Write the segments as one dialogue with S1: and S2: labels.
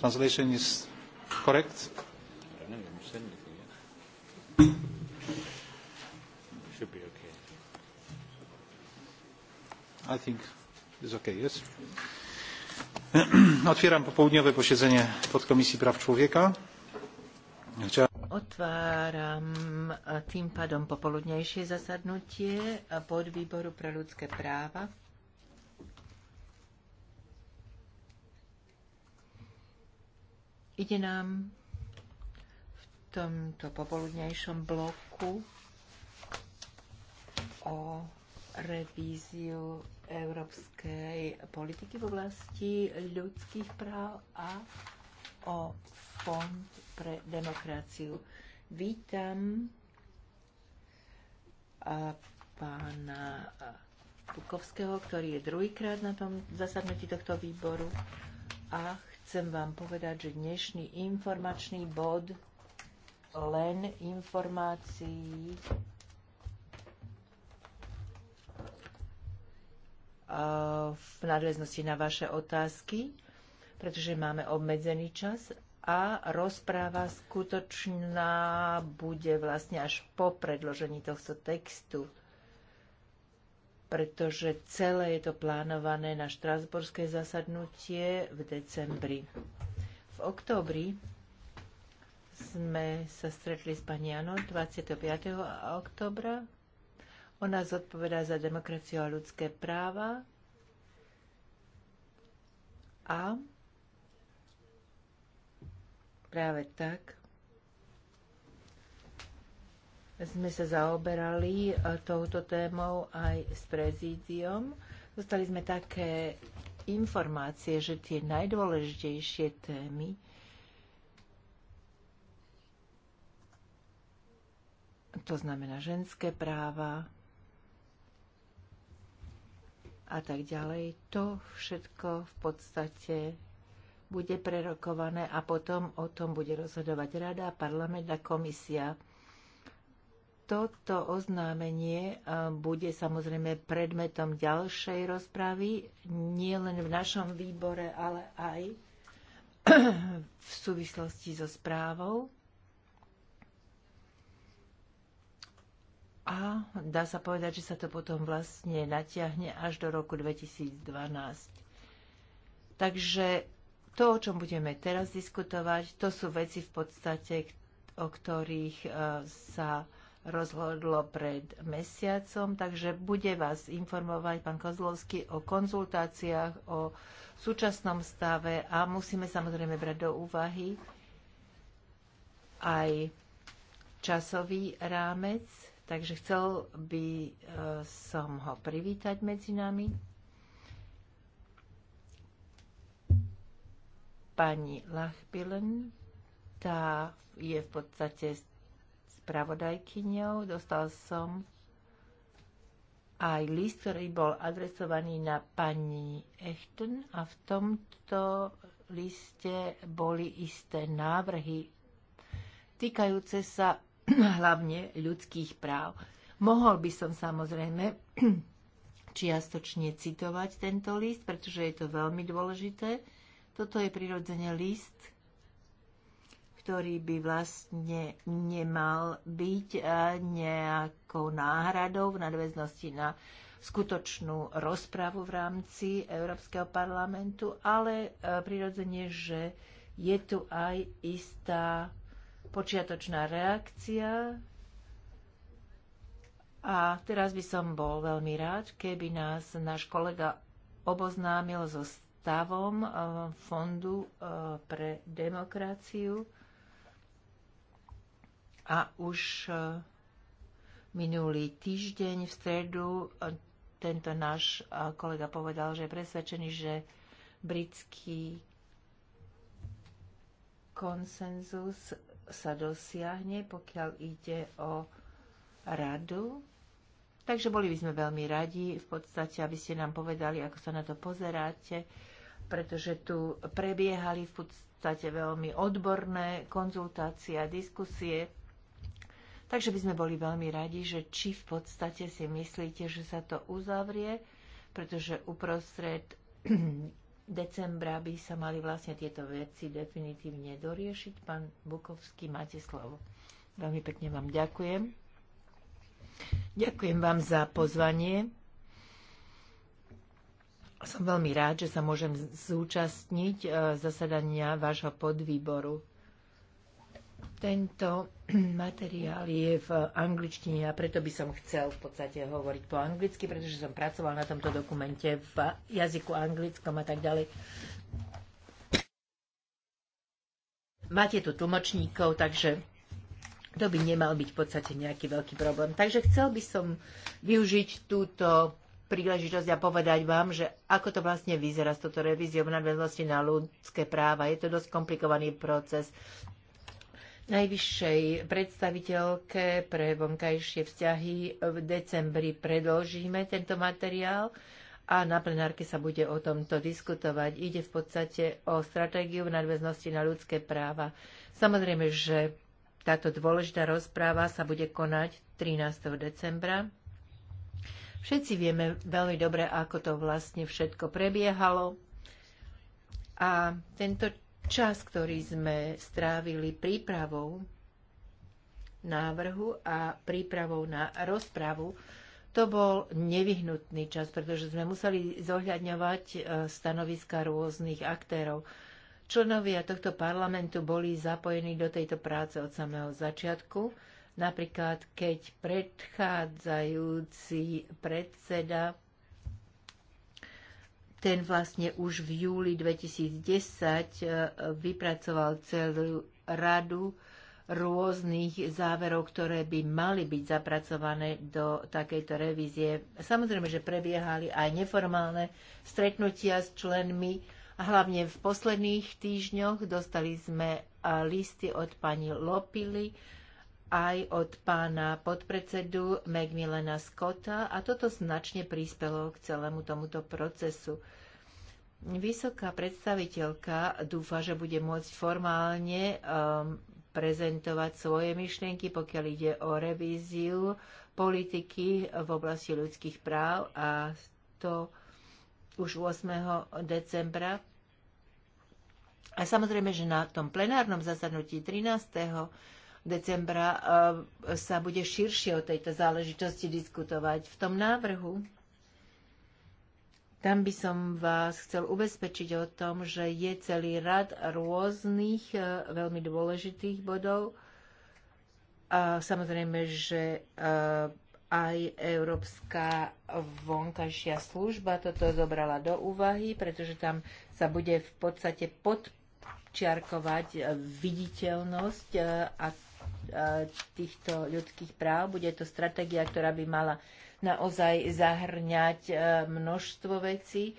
S1: Translation is correct? Should be okay. I think it's okay, yes? Otwieram popołudniowe posiedzenie podkomisji praw człowieka.
S2: Otváram e, tým pádom popoludnejšie zasadnutie e, podvýboru pre ľudské práva. Ide nám v tomto popoludnejšom bloku o revíziu európskej politiky v oblasti ľudských práv a o Fond pre demokraciu. Vítam pána Bukovského, ktorý je druhýkrát na tom zasadnutí tohto výboru a chcem vám povedať, že dnešný informačný bod len informácií v nadväznosti na vaše otázky, pretože máme obmedzený čas a rozpráva skutočná bude vlastne až po predložení tohto textu pretože celé je to plánované na štrasburské zasadnutie v decembri. V októbri sme sa stretli s pani Janou 25. oktobra. Ona zodpovedá za demokraciu a ľudské práva a práve tak sme sa zaoberali e, touto témou aj s prezídiom. Dostali sme také informácie, že tie najdôležitejšie témy to znamená ženské práva a tak ďalej. To všetko v podstate bude prerokované a potom o tom bude rozhodovať rada, parlament a komisia toto oznámenie e, bude samozrejme predmetom ďalšej rozpravy, nie len v našom výbore, ale aj v súvislosti so správou. A dá sa povedať, že sa to potom vlastne natiahne až do roku 2012. Takže to, o čom budeme teraz diskutovať, to sú veci v podstate, o ktorých e, sa rozhodlo pred mesiacom, takže bude vás informovať pán Kozlovský o konzultáciách, o súčasnom stave a musíme samozrejme brať do úvahy aj časový rámec, takže chcel by eh, som ho privítať medzi nami. Pani Lachpilen, tá je v podstate spravodajkyňou. Dostal som aj list, ktorý bol adresovaný na pani Echten a v tomto liste boli isté návrhy týkajúce sa hlavne ľudských práv. Mohol by som samozrejme čiastočne citovať tento list, pretože je to veľmi dôležité. Toto je prirodzene list, ktorý by vlastne nemal byť eh, nejakou náhradou v nadväznosti na skutočnú rozpravu v rámci Európskeho parlamentu, ale eh, prirodzene, že je tu aj istá počiatočná reakcia. A teraz by som bol veľmi rád, keby nás náš kolega oboznámil so stavom eh, Fondu pre demokraciu a už eh, minulý týždeň v stredu eh, tento náš eh, kolega povedal, že je presvedčený, že britský konsenzus sa dosiahne, pokiaľ ide o radu. Takže boli by sme veľmi radi v podstate, aby ste nám povedali, ako sa na to pozeráte, pretože tu prebiehali v podstate veľmi odborné konzultácie a diskusie Takže by sme boli veľmi radi, že či v podstate si myslíte, že sa to uzavrie, pretože uprostred decembra by sa mali vlastne tieto veci definitívne doriešiť. Pán Bukovský, máte slovo. Veľmi pekne vám ďakujem. Ďakujem vám za pozvanie. Som veľmi rád, že sa môžem zúčastniť e, zasadania vášho podvýboru. Tento materiál je v angličtine a preto by som chcel v podstate hovoriť po anglicky, pretože som pracoval na tomto dokumente v jazyku anglickom a tak ďalej. Máte tu tlmočníkov, takže to by nemal byť v podstate nejaký veľký problém. Takže chcel by som využiť túto príležitosť a povedať vám, že ako to vlastne vyzerá s touto revíziou v nadväznosti na ľudské práva. Je to dosť komplikovaný proces najvyššej predstaviteľke pre vonkajšie vzťahy v decembri predložíme tento materiál a na plenárke sa bude o tomto diskutovať. Ide v podstate o stratégiu v nadväznosti na ľudské práva. Samozrejme, že táto dôležitá rozpráva sa bude konať 13. decembra. Všetci vieme veľmi dobre, ako to vlastne všetko prebiehalo. A tento čas, ktorý sme strávili prípravou návrhu a prípravou na rozpravu, to bol nevyhnutný čas, pretože sme museli zohľadňovať e, stanoviska rôznych aktérov. Členovia tohto parlamentu boli zapojení do tejto práce od samého začiatku, napríklad keď predchádzajúci predseda ten vlastne už v júli 2010 e, vypracoval celú radu rôznych záverov, ktoré by mali byť zapracované do takejto revízie. Samozrejme, že prebiehali aj neformálne stretnutia s členmi a hlavne v posledných týždňoch dostali sme listy od pani Lopily, aj od pána podpredsedu Megmilena Scotta a toto značne prispelo k celému tomuto procesu. Vysoká predstaviteľka dúfa, že bude môcť formálne um, prezentovať svoje myšlienky, pokiaľ ide o revíziu politiky v oblasti ľudských práv a to už 8. decembra. A samozrejme, že na tom plenárnom zasadnutí 13 decembra eh, sa bude širšie o tejto záležitosti diskutovať. V tom návrhu tam by som vás chcel ubezpečiť o tom, že je celý rad rôznych eh, veľmi dôležitých bodov. A samozrejme, že eh, aj Európska vonkajšia služba toto zobrala do úvahy, pretože tam sa bude v podstate podčiarkovať viditeľnosť a E, týchto ľudských práv. Bude to stratégia, ktorá by mala naozaj zahrňať e, množstvo vecí.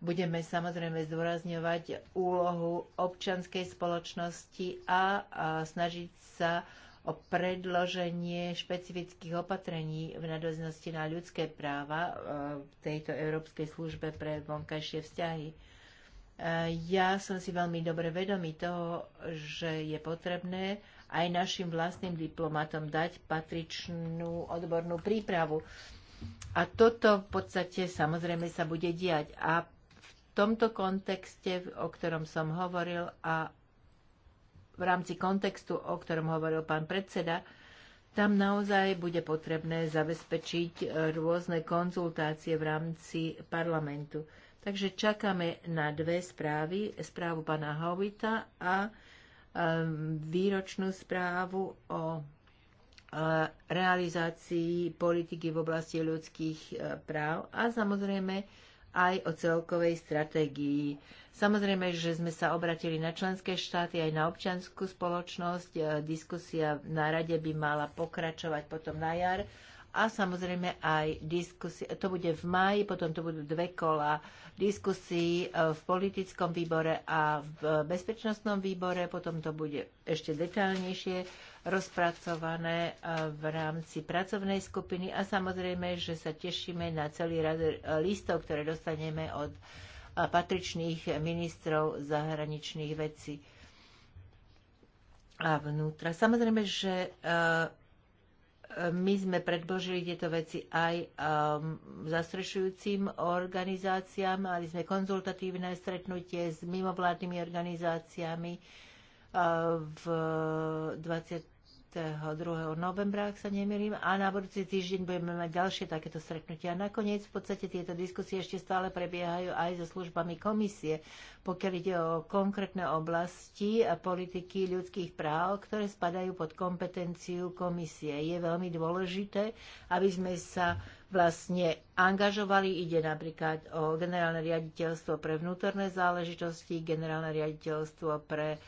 S2: Budeme samozrejme zdôrazňovať úlohu občanskej spoločnosti a, snažiť sa o predloženie špecifických opatrení v nadväznosti na ľudské práva e, v tejto Európskej službe pre vonkajšie vzťahy. Ja som si veľmi dobre vedomý toho, že je potrebné aj našim vlastným diplomatom dať patričnú odbornú prípravu. A toto v podstate samozrejme sa bude diať. A v tomto kontexte, o ktorom som hovoril a v rámci kontextu, o ktorom hovoril pán predseda, tam naozaj bude potrebné zabezpečiť e, rôzne konzultácie v rámci parlamentu. Takže čakáme na dve správy, správu pána Hovita a výročnú správu o e, realizácii politiky v oblasti ľudských e, práv a samozrejme aj o celkovej stratégii. Samozrejme, že sme sa obratili na členské štáty aj na občianskú spoločnosť. E, diskusia na rade by mala pokračovať potom na jar a samozrejme aj diskusie, to bude v maji, potom to budú dve kola diskusí e, v politickom výbore a v bezpečnostnom výbore, potom to bude ešte detaľnejšie rozpracované e, v rámci pracovnej skupiny a samozrejme, že sa tešíme na celý rad listov, ktoré dostaneme od e, patričných ministrov zahraničných vecí a vnútra. Samozrejme, že my sme predložili tieto veci aj um, zastrešujúcim organizáciám, mali sme konzultatívne stretnutie s mimovládnymi organizáciami uh, v 20 22. novembra, ak sa nemýlim, a na budúci týždeň budeme mať ďalšie takéto stretnutia. Nakoniec v podstate tieto diskusie ešte stále prebiehajú aj so službami komisie, pokiaľ ide o konkrétne oblasti a politiky ľudských práv, ktoré spadajú pod kompetenciu komisie. Je veľmi dôležité, aby sme sa vlastne angažovali. Ide napríklad o generálne riaditeľstvo pre vnútorné záležitosti, generálne riaditeľstvo pre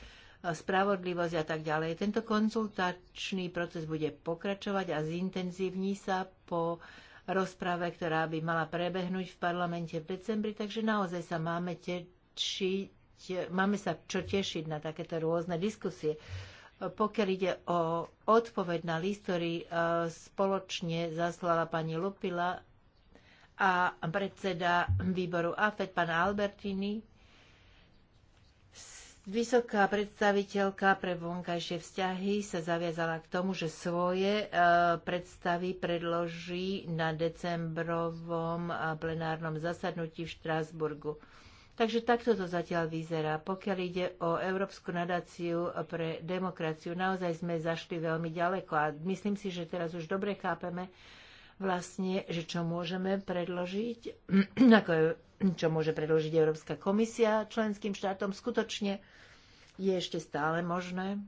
S2: spravodlivosť a tak ďalej. Tento konzultačný proces bude pokračovať a zintenzívni sa po rozprave, ktorá by mala prebehnúť v parlamente v decembri, takže naozaj sa máme tečiť, máme sa čo tešiť na takéto rôzne diskusie. Pokiaľ ide o odpoveď na list, ktorý e, spoločne zaslala pani Lupila a predseda výboru AFED, pán Albertini, Vysoká predstaviteľka pre vonkajšie vzťahy sa zaviazala k tomu, že svoje e, predstavy predloží na decembrovom e, plenárnom zasadnutí v Štrásburgu. Takže takto to zatiaľ vyzerá. Pokiaľ ide o Európsku nadáciu pre demokraciu, naozaj sme zašli veľmi ďaleko a myslím si, že teraz už dobre chápeme vlastne, že čo môžeme predložiť ako čo môže predložiť Európska komisia členským štátom, skutočne je ešte stále možné,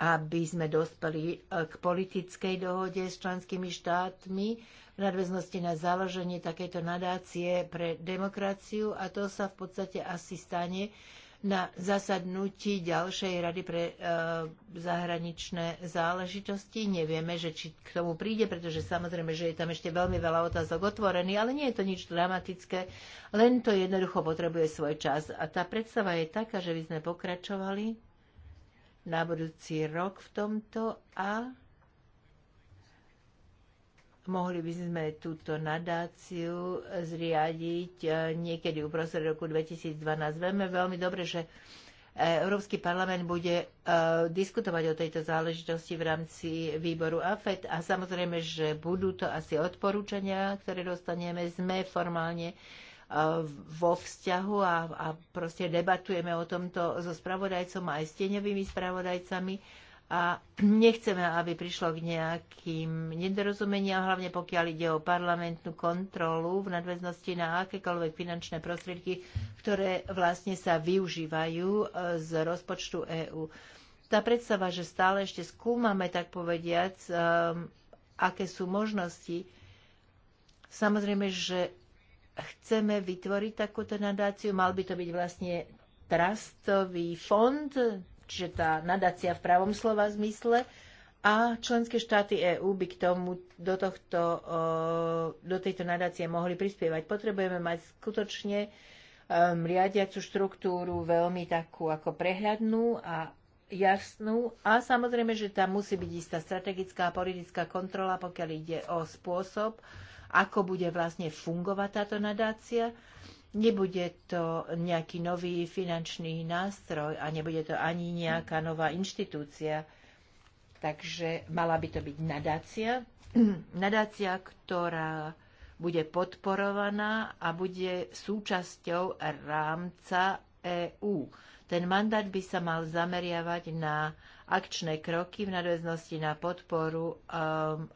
S2: aby sme dospeli e, k politickej dohode s členskými štátmi v nadväznosti na založenie takejto nadácie pre demokraciu a to sa v podstate asi stane na zasadnutí ďalšej rady pre e, zahraničné záležitosti. Nevieme, že či k tomu príde, pretože samozrejme, že je tam ešte veľmi veľa otázok otvorený, ale nie je to nič dramatické, len to jednoducho potrebuje svoj čas. A tá predstava je taká, že by sme pokračovali na budúci rok v tomto a mohli by sme túto nadáciu zriadiť e, niekedy uprostred roku 2012. Veľmi, veľmi dobre, že e, Európsky parlament bude e, diskutovať o tejto záležitosti v rámci výboru AFET a samozrejme, že budú to asi odporúčania, ktoré dostaneme. Sme formálne vo vzťahu a, a proste debatujeme o tomto so spravodajcom aj s tieňovými spravodajcami a nechceme, aby prišlo k nejakým nedorozumeniam, hlavne pokiaľ ide o parlamentnú kontrolu v nadväznosti na akékoľvek finančné prostriedky, ktoré vlastne sa využívajú e, z rozpočtu EÚ. Tá predstava, že stále ešte skúmame, tak povediac, um, aké sú možnosti, samozrejme, že chceme vytvoriť takúto nadáciu, mal by to byť vlastne trustový fond, čiže tá nadácia v pravom slova zmysle, a členské štáty EÚ by k tomu do, tohto, e, do tejto nadácie mohli prispievať. Potrebujeme mať skutočne um, riadiacu štruktúru veľmi takú ako prehľadnú a jasnú a samozrejme, že tam musí byť istá strategická a politická kontrola, pokiaľ ide o spôsob, ako bude vlastne fungovať táto nadácia Nebude to nejaký nový finančný nástroj a nebude to ani nejaká nová inštitúcia. Takže mala by to byť nadácia. nadácia, ktorá bude podporovaná a bude súčasťou rámca EÚ. Ten mandát by sa mal zameriavať na akčné kroky v nadväznosti na podporu um,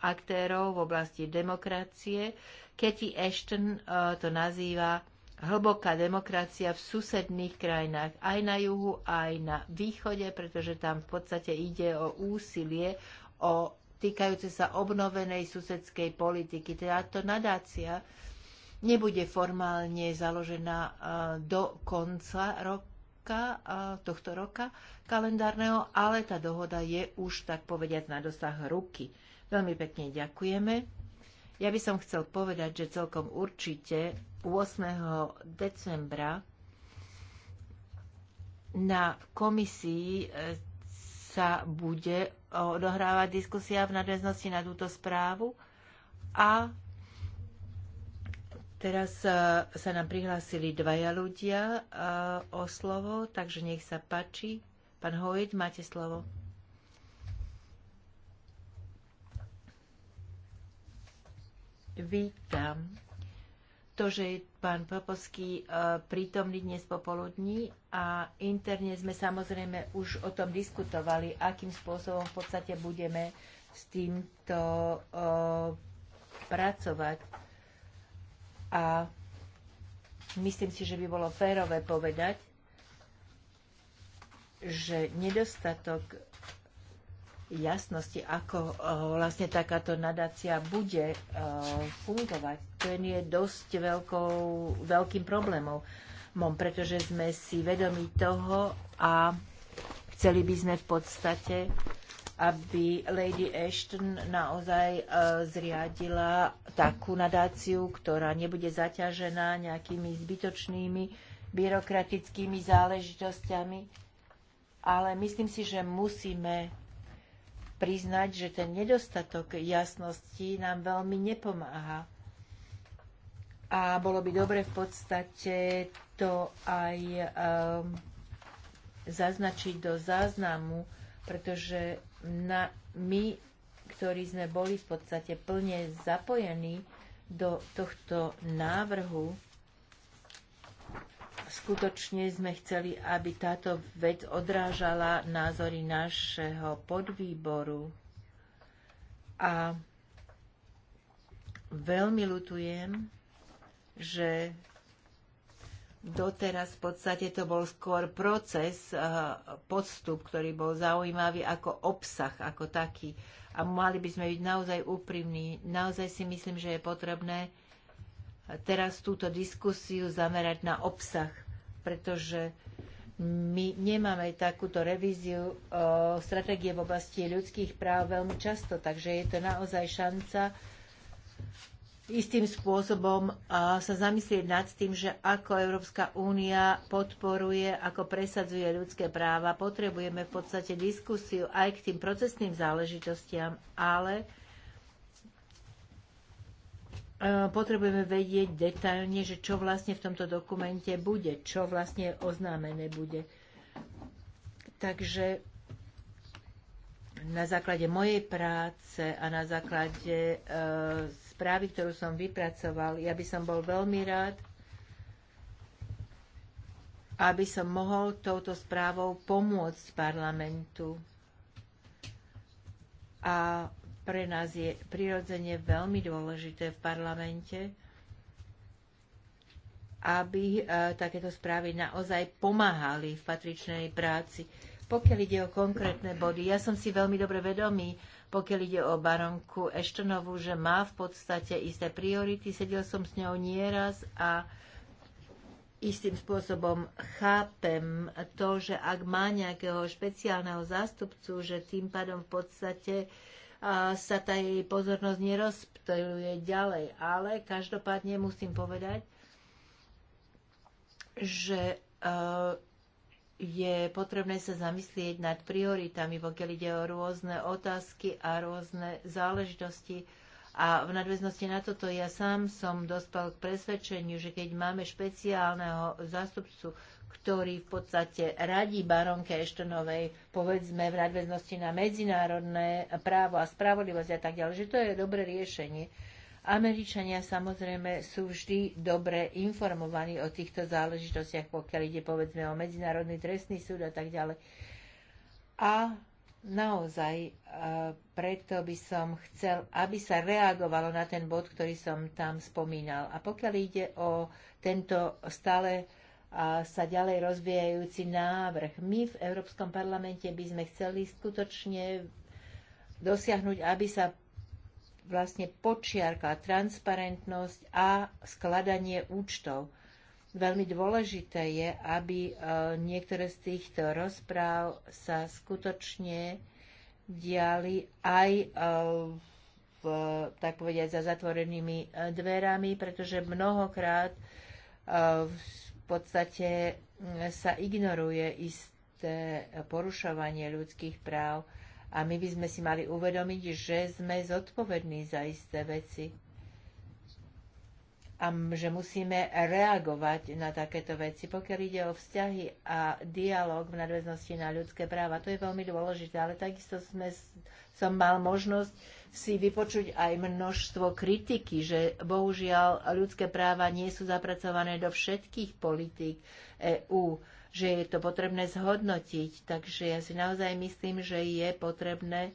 S2: aktérov v oblasti demokracie. Katie Ashton uh, to nazýva hlboká demokracia v susedných krajinách, aj na juhu, aj na východe, pretože tam v podstate ide o úsilie o týkajúce sa obnovenej susedskej politiky. Táto teda nadácia nebude formálne založená do konca roka, tohto roka kalendárneho, ale tá dohoda je už, tak povediať, na dosah ruky. Veľmi pekne ďakujeme. Ja by som chcel povedať, že celkom určite 8. decembra na komisii e, sa bude odohrávať diskusia v nadväznosti na túto správu a Teraz e, sa nám prihlásili dvaja ľudia e, o slovo, takže nech sa páči. Pán Hojď, máte slovo. vítam to, že je pán Popovský e, prítomný dnes popoludní a interne sme samozrejme už o tom diskutovali, akým spôsobom v podstate budeme s týmto e, pracovať. A myslím si, že by bolo férové povedať, že nedostatok jasnosti, ako eh, vlastne takáto nadácia bude eh, fungovať. Ten je dosť veľkou, veľkým problémom, pretože sme si vedomi toho a chceli by sme v podstate, aby Lady Ashton naozaj eh, zriadila takú nadáciu, ktorá nebude zaťažená nejakými zbytočnými byrokratickými záležitosťami, ale myslím si, že musíme priznať, že ten nedostatok jasnosti nám veľmi nepomáha. A bolo by dobre v podstate to aj um, zaznačiť do záznamu, pretože na, my, ktorí sme boli v podstate plne zapojení do tohto návrhu, skutočne sme chceli, aby táto vec odrážala názory našeho podvýboru. A veľmi lutujem, že doteraz v podstate to bol skôr proces, podstup, ktorý bol zaujímavý ako obsah, ako taký. A mali by sme byť naozaj úprimní. Naozaj si myslím, že je potrebné teraz túto diskusiu zamerať na obsah, pretože my nemáme takúto revíziu e, stratégie v oblasti ľudských práv veľmi často, takže je to naozaj šanca istým spôsobom sa zamyslieť nad tým, že ako Európska únia podporuje, ako presadzuje ľudské práva. Potrebujeme v podstate diskusiu aj k tým procesným záležitostiam, ale E, potrebujeme vedieť detailne, že čo vlastne v tomto dokumente bude, čo vlastne oznámené bude. Takže na základe mojej práce a na základe uh, správy, ktorú som vypracoval, ja by som bol veľmi rád, aby som mohol touto správou pomôcť parlamentu. A pre nás je prirodzene veľmi dôležité v parlamente, aby e, takéto správy naozaj pomáhali v patričnej práci. Pokiaľ ide o konkrétne body, ja som si veľmi dobre vedomý, pokiaľ ide o baronku Eštonovú, že má v podstate isté priority. Sedel som s ňou nieraz a istým spôsobom chápem to, že ak má nejakého špeciálneho zástupcu, že tým pádom v podstate e, sa tá jej pozornosť nerozptyluje ďalej. Ale každopádne musím povedať, že e, je potrebné sa zamyslieť nad prioritami, pokiaľ ide o rôzne otázky a rôzne záležitosti, a v nadväznosti na toto ja sám som dospel k presvedčeniu, že keď máme špeciálneho zástupcu, ktorý v podstate radí baronke Eštonovej, povedzme v nadväznosti na medzinárodné právo a spravodlivosť a tak ďalej, že to je dobré riešenie. Američania samozrejme sú vždy dobre informovaní o týchto záležitostiach, pokiaľ ide povedzme o Medzinárodný trestný súd a tak ďalej. A naozaj e, preto by som chcel, aby sa reagovalo na ten bod, ktorý som tam spomínal. A pokiaľ ide o tento stále e, sa ďalej rozvíjajúci návrh, my v Európskom parlamente by sme chceli skutočne dosiahnuť, aby sa vlastne počiarkla transparentnosť a skladanie účtov Veľmi dôležité je, aby e, niektoré z týchto rozpráv sa skutočne diali aj e, v, tak povedať, za zatvorenými e, dverami, pretože mnohokrát v podstate sa ignoruje isté porušovanie ľudských práv a my by sme si mali uvedomiť, že sme zodpovední za isté veci a že musíme reagovať na takéto veci. Pokiaľ ide o vzťahy a dialog v nadväznosti na ľudské práva, to je veľmi dôležité, ale takisto sme, som mal možnosť si vypočuť aj množstvo kritiky, že bohužiaľ ľudské práva nie sú zapracované do všetkých politík EÚ že je to potrebné zhodnotiť. Takže ja si naozaj myslím, že je potrebné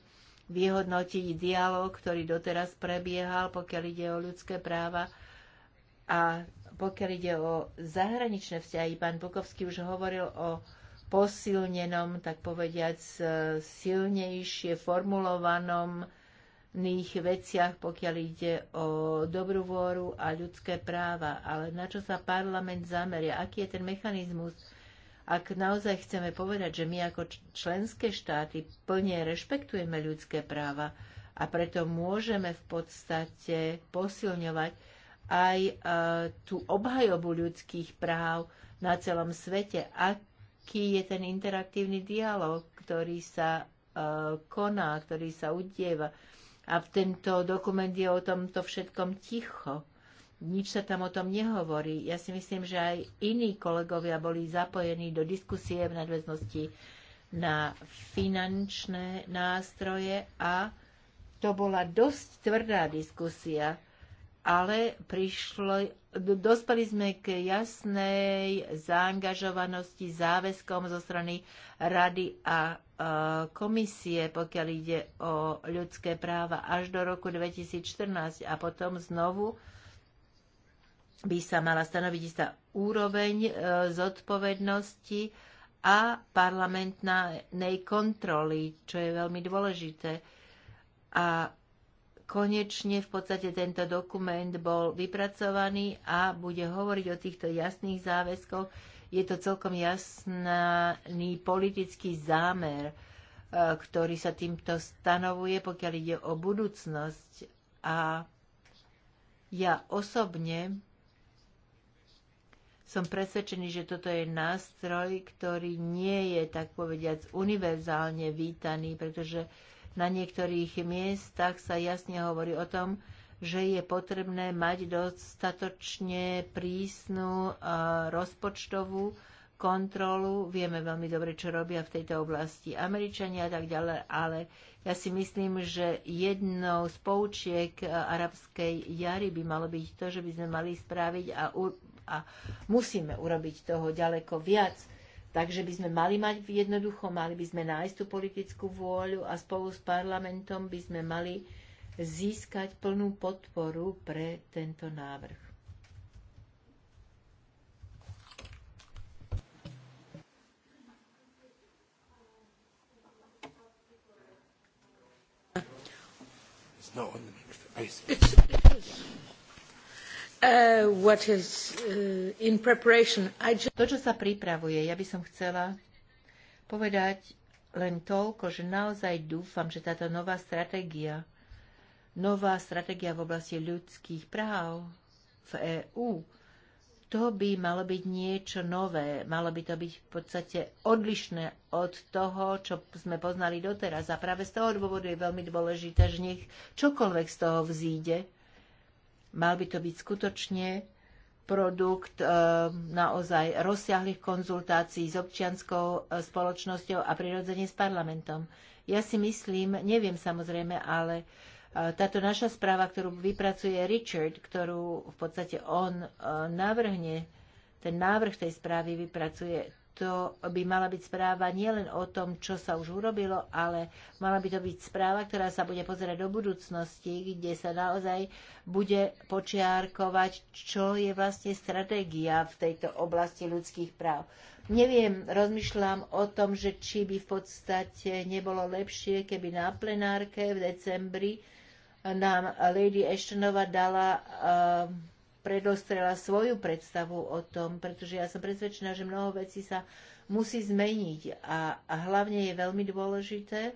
S2: vyhodnotiť dialog, ktorý doteraz prebiehal, pokiaľ ide o ľudské práva a pokiaľ ide o zahraničné vzťahy, pán Bukovský už hovoril o posilnenom, tak povediať, e, silnejšie formulovanom iných veciach, pokiaľ ide o dobrú vôru a ľudské práva. Ale na čo sa parlament zameria? Aký je ten mechanizmus? Ak naozaj chceme povedať, že my ako členské štáty plne rešpektujeme ľudské práva a preto môžeme v podstate posilňovať aj e, tú obhajobu ľudských práv na celom svete. Aký je ten interaktívny dialog, ktorý sa e, koná, ktorý sa udieva. A tento dokument je o tomto všetkom ticho. Nič sa tam o tom nehovorí. Ja si myslím, že aj iní kolegovia boli zapojení do diskusie v nadväznosti na finančné nástroje a to bola dosť tvrdá diskusia ale prišlo, dospeli sme k jasnej zaangažovanosti záväzkom zo strany Rady a komisie, pokiaľ ide o ľudské práva až do roku 2014 a potom znovu by sa mala stanoviť istá úroveň e, zodpovednosti a parlamentnej kontroly, čo je veľmi dôležité. A konečne v podstate tento dokument bol vypracovaný a bude hovoriť o týchto jasných záväzkoch. Je to celkom jasný politický zámer, e, ktorý sa týmto stanovuje, pokiaľ ide o budúcnosť. A ja osobne som presvedčený, že toto je nástroj, ktorý nie je, tak povediac, univerzálne vítaný, pretože na niektorých miestach sa jasne hovorí o tom, že je potrebné mať dostatočne prísnu rozpočtovú kontrolu. Vieme veľmi dobre, čo robia v tejto oblasti Američania a tak ďalej, ale ja si myslím, že jednou z poučiek arabskej jary by malo byť to, že by sme mali spraviť a, a musíme urobiť toho ďaleko viac Takže by sme mali mať jednoducho, mali by sme nájsť tú politickú vôľu a spolu s parlamentom by sme mali získať plnú podporu pre tento návrh.
S3: No, on the next.
S2: Uh, uh, to, čo sa pripravuje, ja by som chcela povedať len toľko, že naozaj dúfam, že táto nová stratégia, nová stratégia v oblasti ľudských práv v EÚ, to by malo byť niečo nové, malo by to byť v podstate odlišné od toho, čo sme poznali doteraz. A práve z toho dôvodu je veľmi dôležité, že nech čokoľvek z toho vzíde, Mal by to byť skutočne produkt eh, naozaj rozsiahlých konzultácií s občianskou eh, spoločnosťou a prirodzene s parlamentom. Ja si myslím, neviem samozrejme, ale eh, táto naša správa, ktorú vypracuje Richard, ktorú v podstate on navrhne, ten návrh tej správy vypracuje, to by mala byť správa nielen o tom, čo sa už urobilo, ale mala by to byť správa, ktorá sa bude pozerať do budúcnosti, kde sa naozaj bude počiarkovať, čo je vlastne stratégia v tejto oblasti ľudských práv. Neviem, rozmýšľam o tom, že či by v podstate nebolo lepšie, keby na plenárke v decembri nám Lady Ashtonová dala uh, predostrela svoju predstavu o tom, pretože ja som presvedčená, že mnoho vecí sa musí zmeniť a, a hlavne je veľmi dôležité,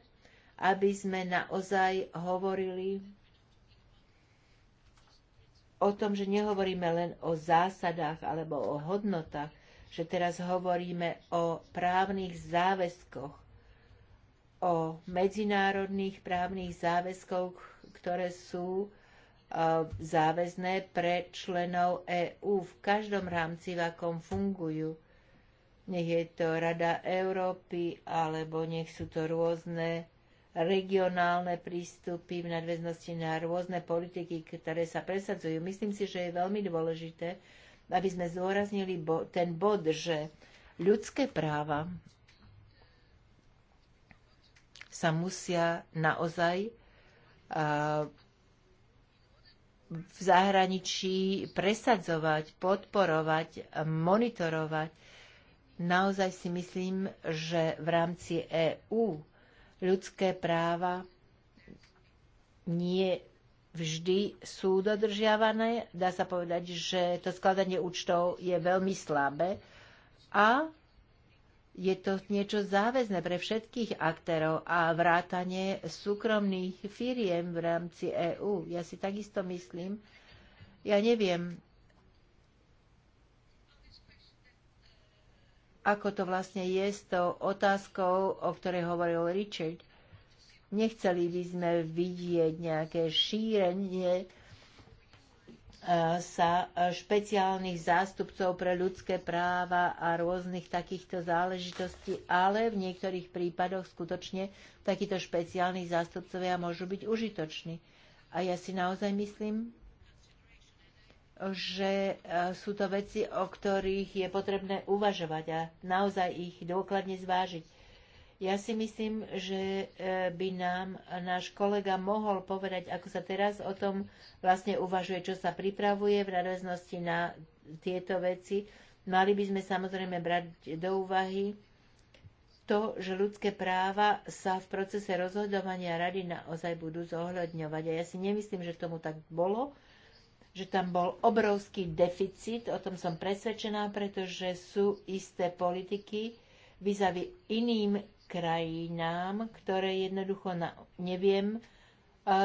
S2: aby sme naozaj hovorili o tom, že nehovoríme len o zásadách alebo o hodnotách, že teraz hovoríme o právnych záväzkoch, o medzinárodných právnych záväzkoch, ktoré sú Eh, záväzné pre členov EÚ v každom rámci, v akom fungujú. Nech je to Rada Európy, alebo nech sú to rôzne regionálne prístupy v nadväznosti na rôzne politiky, ktoré sa presadzujú. Myslím si, že je veľmi dôležité, aby sme zdôraznili bo- ten bod, že ľudské práva sa musia naozaj uh, v zahraničí presadzovať, podporovať, monitorovať. Naozaj si myslím, že v rámci EÚ ľudské práva nie vždy sú dodržiavané. Dá sa povedať, že to skladanie účtov je veľmi slabé a je to niečo záväzné pre všetkých aktérov a vrátanie súkromných firiem v rámci EÚ. Ja si takisto myslím, ja neviem, ako to vlastne je s tou otázkou, o ktorej hovoril Richard. Nechceli by sme vidieť nejaké šírenie sa špeciálnych zástupcov pre ľudské práva a rôznych takýchto záležitostí, ale v niektorých prípadoch skutočne takíto špeciálni zástupcovia môžu byť užitoční. A ja si naozaj myslím, že e, sú to veci, o ktorých je potrebné uvažovať a naozaj ich dôkladne zvážiť ja si myslím, že e, by nám náš kolega mohol povedať, ako sa teraz o tom vlastne uvažuje, čo sa pripravuje v radoznosti na tieto veci. Mali by sme samozrejme brať do úvahy to, že ľudské práva sa v procese rozhodovania rady naozaj budú zohľadňovať. A ja si nemyslím, že tomu tak bolo, že tam bol obrovský deficit, o tom som presvedčená, pretože sú isté politiky, vyzavi iným krajinám, ktoré jednoducho na, neviem e,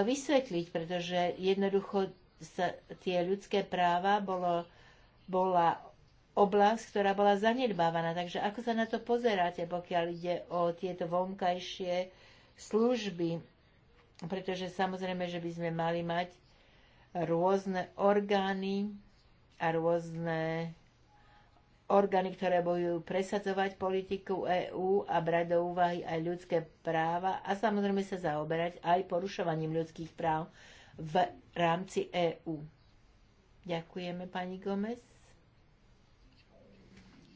S2: vysvetliť, pretože jednoducho sa tie ľudské práva bolo, bola oblasť, ktorá bola zanedbávaná. Takže ako sa na to pozeráte, pokiaľ ide o tieto vonkajšie služby? Pretože samozrejme, že by sme mali mať rôzne orgány a rôzne orgány, ktoré budú presadzovať politiku EÚ a brať do úvahy aj ľudské práva a samozrejme sa zaoberať aj porušovaním ľudských práv v rámci EÚ. Ďakujeme, pani Gomez.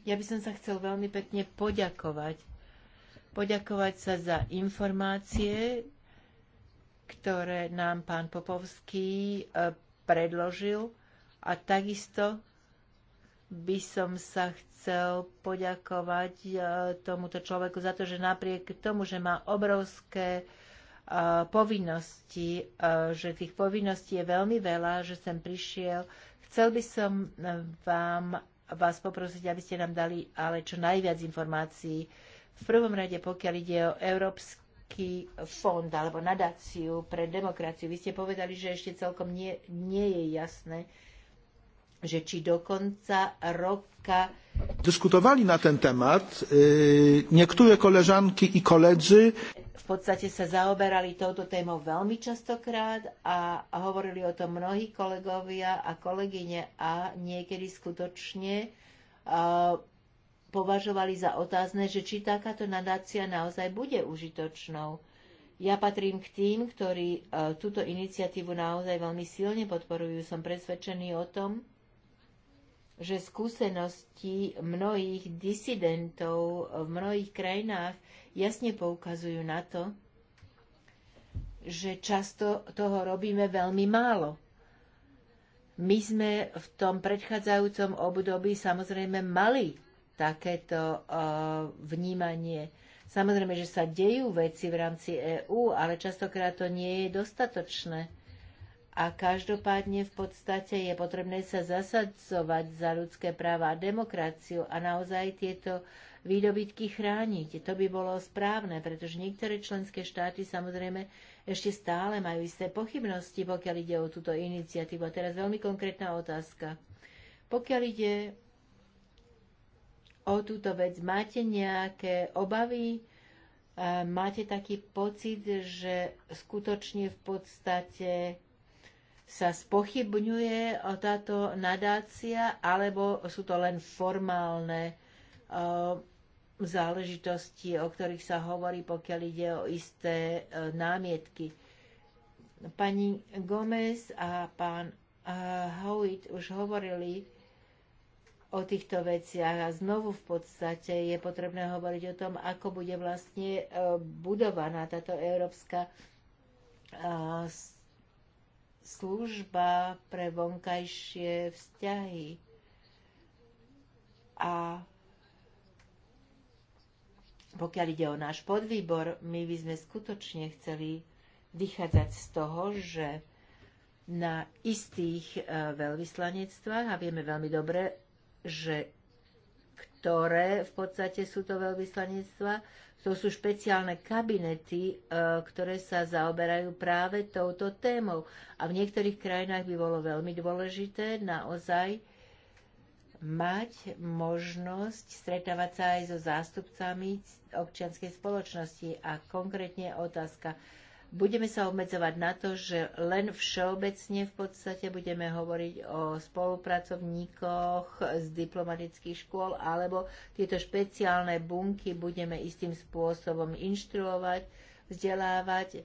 S2: Ja by som sa chcel veľmi pekne poďakovať. Poďakovať sa za informácie, ktoré nám pán Popovský eh, predložil a takisto by som sa chcel poďakovať e, tomuto človeku za to, že napriek tomu, že má obrovské e, povinnosti, e, že tých povinností je veľmi veľa, že sem prišiel. Chcel by som vám, vás poprosiť, aby ste nám dali ale čo najviac informácií. V prvom rade, pokiaľ ide o Európsky fond alebo nadáciu pre demokraciu, vy ste povedali, že ešte celkom nie, nie je jasné, že či do konca roka.
S1: Dyskutowali na ten temat niektóre koleżanki i koledzy.
S2: V podstate sa zaoberali touto temą veľmi častokrát a hovorili o tom mnohí kolegovia a kolegyne a niekedy skutočne e, považovali za otázne, že či takáto nadácia naozaj bude užitočnou. Ja patrím k tým, ktorí e, túto iniciatívu naozaj veľmi silne podporujú. Som presvedčený o tom, že skúsenosti mnohých disidentov v mnohých krajinách jasne poukazujú na to, že často toho robíme veľmi málo. My sme v tom predchádzajúcom období samozrejme mali takéto eh, vnímanie. Samozrejme, že sa dejú veci v rámci EÚ, ale častokrát to nie je dostatočné a každopádne v podstate je potrebné sa zasadzovať za ľudské práva a demokraciu a naozaj tieto výdobytky chrániť. To by bolo správne, pretože niektoré členské štáty samozrejme ešte stále majú isté pochybnosti, pokiaľ ide o túto iniciatívu. A teraz veľmi konkrétna otázka. Pokiaľ ide o túto vec, máte nejaké obavy? E, máte taký pocit, že skutočne v podstate sa spochybňuje táto nadácia, alebo sú to len formálne záležitosti, o ktorých sa hovorí, pokiaľ ide o isté námietky. Pani Gomez a pán Howitt už hovorili o týchto veciach a znovu v podstate je potrebné hovoriť o tom, ako bude vlastne budovaná táto európska služba pre vonkajšie vzťahy. A pokiaľ ide o náš podvýbor, my by sme skutočne chceli vychádzať z toho, že na istých e, veľvyslanectvách, a vieme veľmi dobre, že ktoré v podstate sú to veľvyslanectva, to sú špeciálne kabinety, e, ktoré sa zaoberajú práve touto témou. A v niektorých krajinách by bolo veľmi dôležité naozaj mať možnosť stretávať sa aj so zástupcami občianskej spoločnosti. A konkrétne otázka budeme sa obmedzovať na to, že len všeobecne v podstate budeme hovoriť o spolupracovníkoch z diplomatických škôl, alebo tieto špeciálne bunky budeme istým spôsobom inštruovať, vzdelávať,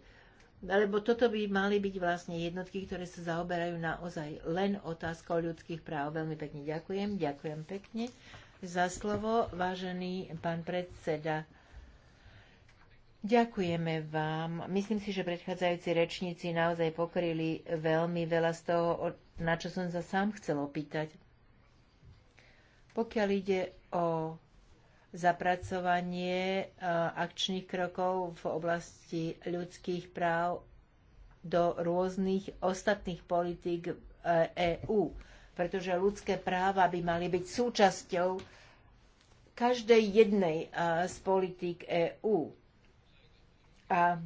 S2: lebo toto by mali byť vlastne jednotky, ktoré sa zaoberajú naozaj len otázkou ľudských práv. Veľmi pekne ďakujem, ďakujem pekne za slovo, vážený pán predseda. Ďakujeme vám. Myslím si, že predchádzajúci rečníci naozaj pokryli veľmi veľa z toho, na čo som sa sám chcel opýtať. Pokiaľ ide o zapracovanie e, akčných krokov v oblasti ľudských práv do rôznych ostatných politík EÚ, e pretože ľudské práva by mali byť súčasťou každej jednej e, z politík EÚ a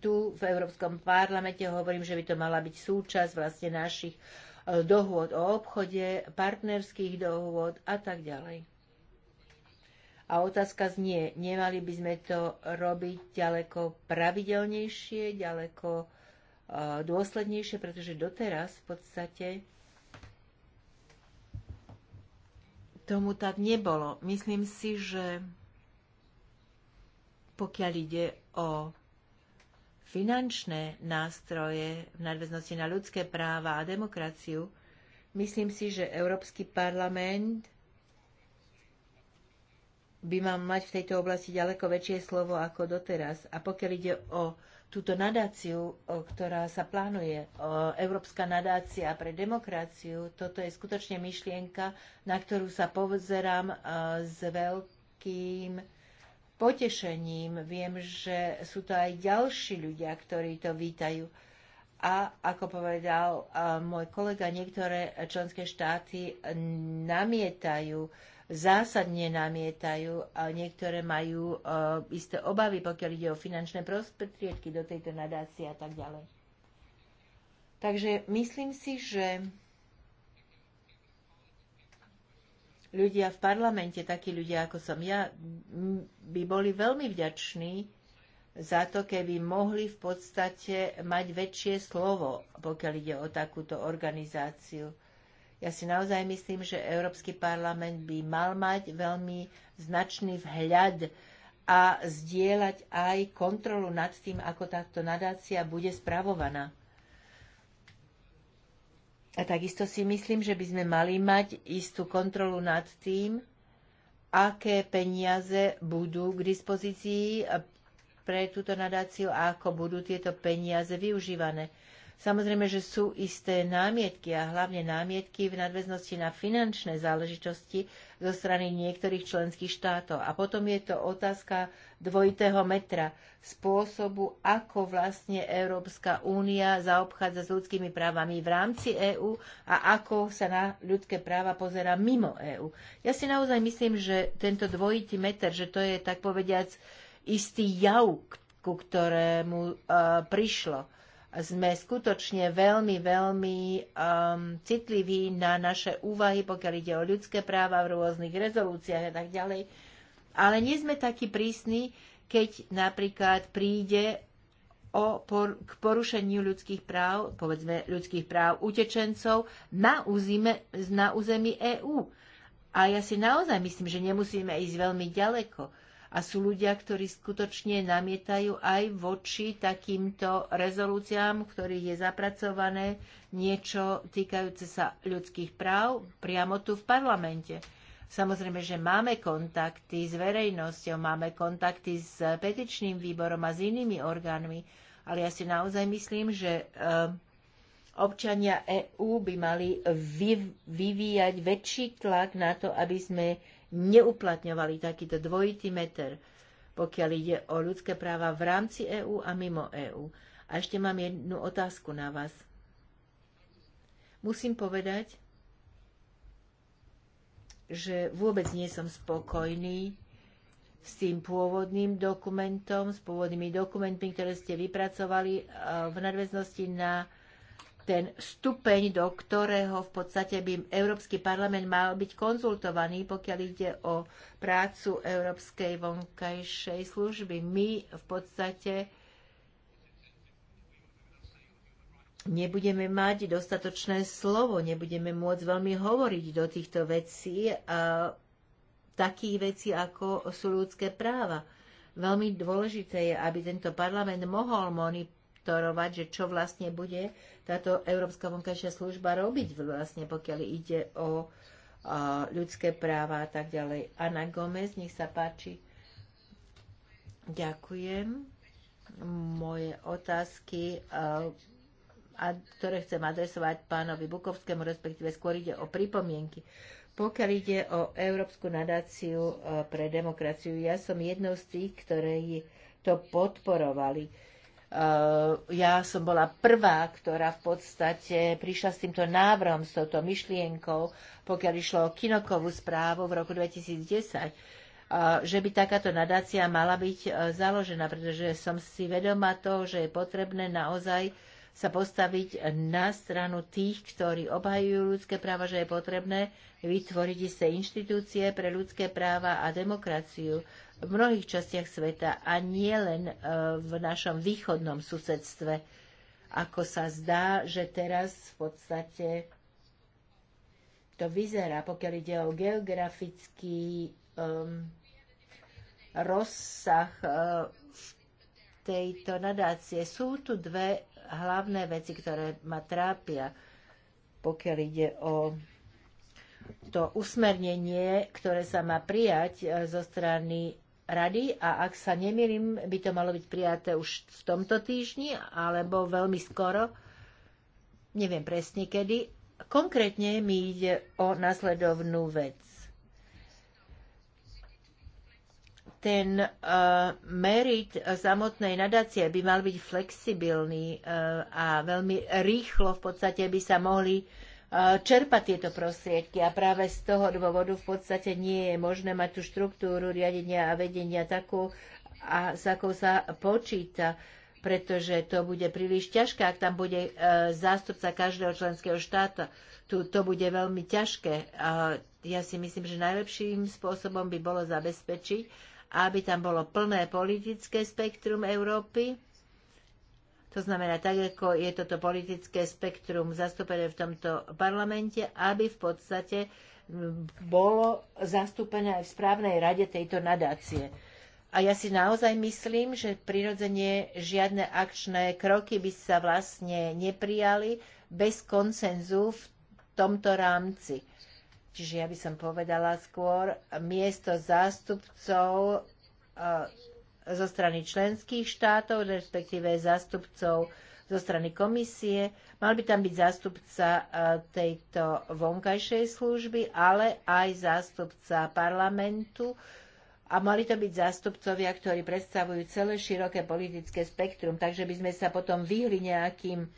S2: tu v Európskom parlamente hovorím, že by to mala byť súčasť vlastne našich e, dohôd o obchode, partnerských dohôd a tak ďalej. A otázka znie, nemali by sme to robiť ďaleko pravidelnejšie, ďaleko e, dôslednejšie, pretože doteraz v podstate tomu tak nebolo. Myslím si, že pokiaľ ide o finančné nástroje v nadväznosti na ľudské práva a demokraciu, myslím si, že Európsky parlament by mal mať v tejto oblasti ďaleko väčšie slovo ako doteraz. A pokiaľ ide o túto nadáciu, o ktorá sa plánuje, o Európska nadácia pre demokraciu, toto je skutočne myšlienka, na ktorú sa povzerám eh, s veľkým potešením. Viem, že sú to aj ďalší ľudia, ktorí to vítajú. A ako povedal môj kolega, niektoré členské štáty namietajú, zásadne namietajú a niektoré majú isté obavy, pokiaľ ide o finančné prostriedky do tejto nadácie a tak ďalej. Takže myslím si, že ľudia v parlamente, takí ľudia ako som ja, by boli veľmi vďační za to, keby mohli v podstate mať väčšie slovo, pokiaľ ide o takúto organizáciu. Ja si naozaj myslím, že Európsky parlament by mal mať veľmi značný vhľad a zdieľať aj kontrolu nad tým, ako táto nadácia bude spravovaná. A takisto si myslím, že by sme mali mať istú kontrolu nad tým, aké peniaze budú k dispozícii pre túto nadáciu a ako budú tieto peniaze využívané. Samozrejme, že sú isté námietky a hlavne námietky v nadväznosti na finančné záležitosti, zo strany niektorých členských štátov. A potom je to otázka dvojitého metra, spôsobu, ako vlastne Európska únia zaobchádza s ľudskými právami v rámci EÚ a ako sa na ľudské práva pozera mimo EÚ. Ja si naozaj myslím, že tento dvojitý meter, že to je tak povediac istý jav, ku ktorému uh, prišlo sme skutočne veľmi, veľmi um, citliví na naše úvahy, pokiaľ ide o ľudské práva v rôznych rezolúciách a tak ďalej. Ale nie sme takí prísni, keď napríklad príde o por- k porušeniu ľudských práv, povedzme ľudských práv utečencov na, úzime, na území EÚ. A ja si naozaj myslím, že nemusíme ísť veľmi ďaleko. A sú ľudia, ktorí skutočne namietajú aj voči takýmto rezolúciám, v ktorých je zapracované niečo týkajúce sa ľudských práv priamo tu v parlamente. Samozrejme, že máme kontakty s verejnosťou, máme kontakty s petičným výborom a s inými orgánmi, ale ja si naozaj myslím, že eh, občania EÚ by mali vyvíjať väčší tlak na to, aby sme neuplatňovali takýto dvojitý meter, pokiaľ ide o ľudské práva v rámci EÚ a mimo EÚ. A ešte mám jednu otázku na vás. Musím povedať, že vôbec nie som spokojný s tým pôvodným dokumentom, s pôvodnými dokumentmi, ktoré ste vypracovali eh, v nadväznosti na ten stupeň, do ktorého v podstate by Európsky parlament mal byť konzultovaný, pokiaľ ide o prácu Európskej vonkajšej služby. My v podstate nebudeme mať dostatočné slovo, nebudeme môcť veľmi hovoriť do týchto vecí, a takých vecí, ako sú ľudské práva. Veľmi dôležité je, aby tento parlament mohol monitorovať monitorovať, že čo vlastne bude táto Európska vonkajšia služba robiť vlastne, pokiaľ ide o ľudské práva a tak ďalej. Ana Gomez, nech sa páči. Ďakujem. Moje otázky, ktoré chcem adresovať pánovi Bukovskému, respektíve skôr ide o pripomienky. Pokiaľ ide o Európsku nadáciu pre demokraciu, ja som jednou z tých, ktorí to podporovali Eh, ja som bola prvá, ktorá v podstate prišla s týmto návrhom, s touto myšlienkou, pokiaľ išlo o kinokovú správu v roku 2010, eh, že by takáto nadácia mala byť eh, založená, pretože som si vedoma toho, že je potrebné naozaj sa postaviť na stranu tých, ktorí obhajujú ľudské práva, že je potrebné vytvoriť isté inštitúcie pre ľudské práva a demokraciu v mnohých častiach sveta a nie len e, v našom východnom susedstve, ako sa zdá, že teraz v podstate to vyzerá, pokiaľ ide o geografický um, rozsah uh, tejto nadácie. Sú tu dve hlavné veci, ktoré ma trápia, pokiaľ ide o to usmernenie, ktoré sa má prijať e, zo strany rady a ak sa nemýlim, by to malo byť prijaté už v tomto týždni alebo veľmi skoro, neviem presne kedy. Konkrétne mi ide o nasledovnú vec. ten e, merit samotnej nadácie by mal byť flexibilný e, a veľmi rýchlo v podstate by sa mohli e, čerpať tieto prostriedky a práve z toho dôvodu v podstate nie je možné mať tú štruktúru riadenia a vedenia takú, a s akou sa počíta pretože to bude príliš ťažké, ak tam bude uh, zástupca každého členského štáta. Tu, to bude veľmi ťažké. Uh, ja si myslím, že najlepším spôsobom by bolo zabezpečiť, aby tam bolo plné politické spektrum Európy. To znamená, tak ako je toto politické spektrum zastúpené v tomto parlamente, aby v podstate bolo zastúpené aj v správnej rade tejto nadácie. A ja si naozaj myslím, že prirodzene žiadne akčné kroky by sa vlastne neprijali bez konsenzu v tomto rámci čiže ja by som povedala skôr miesto zástupcov e, zo strany členských štátov, respektíve zástupcov zo strany komisie. Mal by tam byť zástupca e, tejto vonkajšej služby, ale aj zástupca parlamentu. A mali to byť zástupcovia, ktorí predstavujú celé široké politické spektrum, takže by sme sa potom vyhli nejakým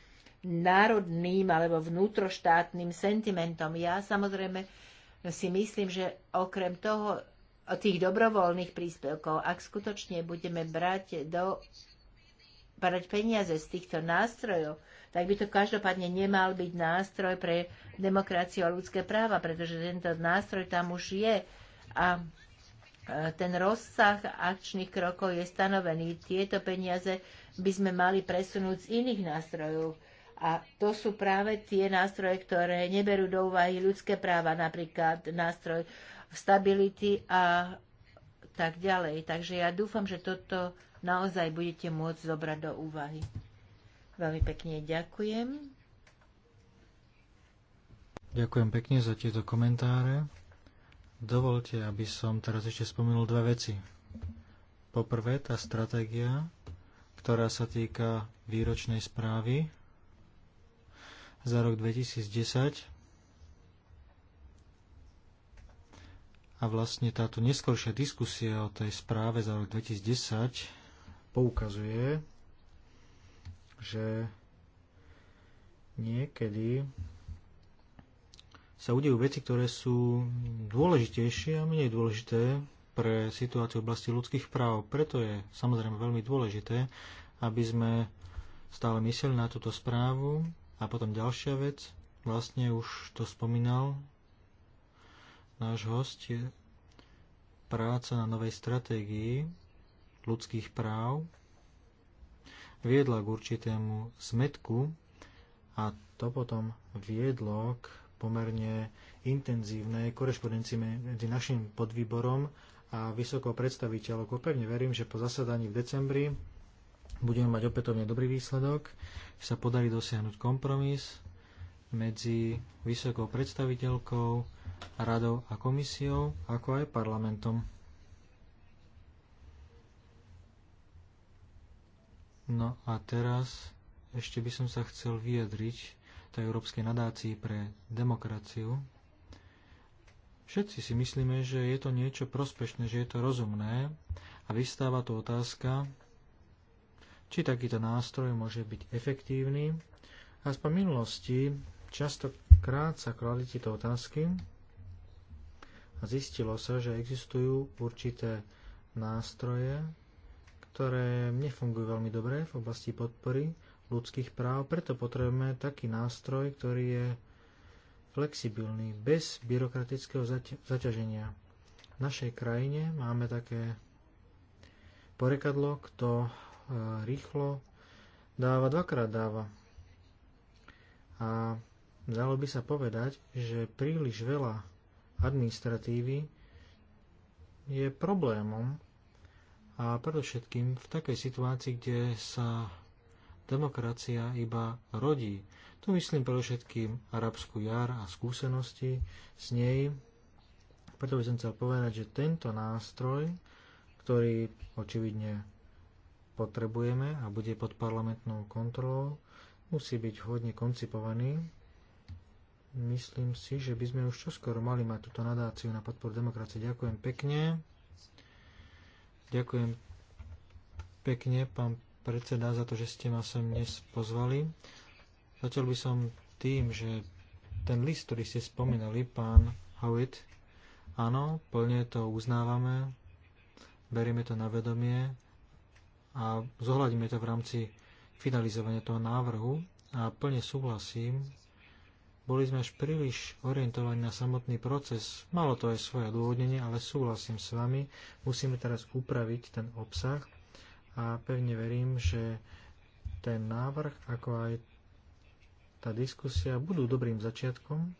S2: národným alebo vnútroštátnym sentimentom. Ja samozrejme si myslím, že okrem toho, tých dobrovoľných príspevkov, ak skutočne budeme brať do brať peniaze z týchto nástrojov, tak by to každopádne nemal byť nástroj pre demokraciu a ľudské práva, pretože tento nástroj tam už je. A e, ten rozsah akčných krokov je stanovený. Tieto peniaze by sme mali presunúť z iných nástrojov. A to sú práve tie nástroje, ktoré neberú do úvahy ľudské práva, napríklad nástroj stability a tak ďalej. Takže ja dúfam, že toto naozaj budete môcť zobrať do úvahy. Veľmi pekne ďakujem.
S3: Ďakujem pekne za tieto komentáre. Dovolte, aby som teraz ešte spomenul dve veci. Poprvé, tá stratégia, ktorá sa týka výročnej správy za rok 2010 a vlastne táto neskoršia diskusia o tej správe za rok 2010 poukazuje, že niekedy sa udejú veci, ktoré sú dôležitejšie a menej dôležité pre situáciu v oblasti ľudských práv. Preto je samozrejme veľmi dôležité, aby sme stále mysleli na túto správu a potom ďalšia vec, vlastne už to spomínal náš host, je práca na novej stratégii ľudských práv viedla k určitému zmetku a to potom viedlo k pomerne intenzívnej korešpondencii medzi našim podvýborom a vysokou predstaviteľkou. Pevne verím, že po zasadaní v decembri budeme mať opätovne dobrý výsledok, sa podarí dosiahnuť kompromis medzi vysokou predstaviteľkou, radou a komisiou, ako aj parlamentom. No a teraz ešte by som sa chcel vyjadriť tej Európskej nadácii pre demokraciu. Všetci si myslíme, že je to niečo prospešné, že je to rozumné a vystáva tu otázka, či takýto nástroj môže byť efektívny. A z minulosti častokrát sa kladli tieto otázky a zistilo sa, že existujú určité nástroje, ktoré nefungujú veľmi dobre v oblasti podpory ľudských práv, preto potrebujeme taký nástroj, ktorý je flexibilný, bez byrokratického zaťa zaťaženia. V našej krajine máme také porekadlo, kto rýchlo dáva, dvakrát dáva. A dalo by sa povedať, že príliš veľa administratívy je problémom a predovšetkým v takej situácii, kde sa demokracia iba rodí. Tu myslím predovšetkým arabskú jar a skúsenosti s nej. Preto by som chcel povedať, že tento nástroj, ktorý očividne potrebujeme a bude pod parlamentnou kontrolou, musí byť hodne koncipovaný. Myslím si, že by sme už čoskoro mali mať túto nadáciu na podporu demokracie. Ďakujem pekne. Ďakujem pekne, pán predseda, za to, že ste ma sem dnes pozvali. Začal by som tým, že ten list, ktorý ste spomínali, pán Howitt, áno, plne to uznávame, berieme to na vedomie, a zohľadíme to v rámci finalizovania toho návrhu a plne súhlasím. Boli sme až príliš orientovaní na samotný proces. Malo to aj svoje odôvodnenie, ale súhlasím s vami. Musíme teraz upraviť ten obsah a pevne verím, že ten návrh, ako aj tá diskusia budú dobrým začiatkom.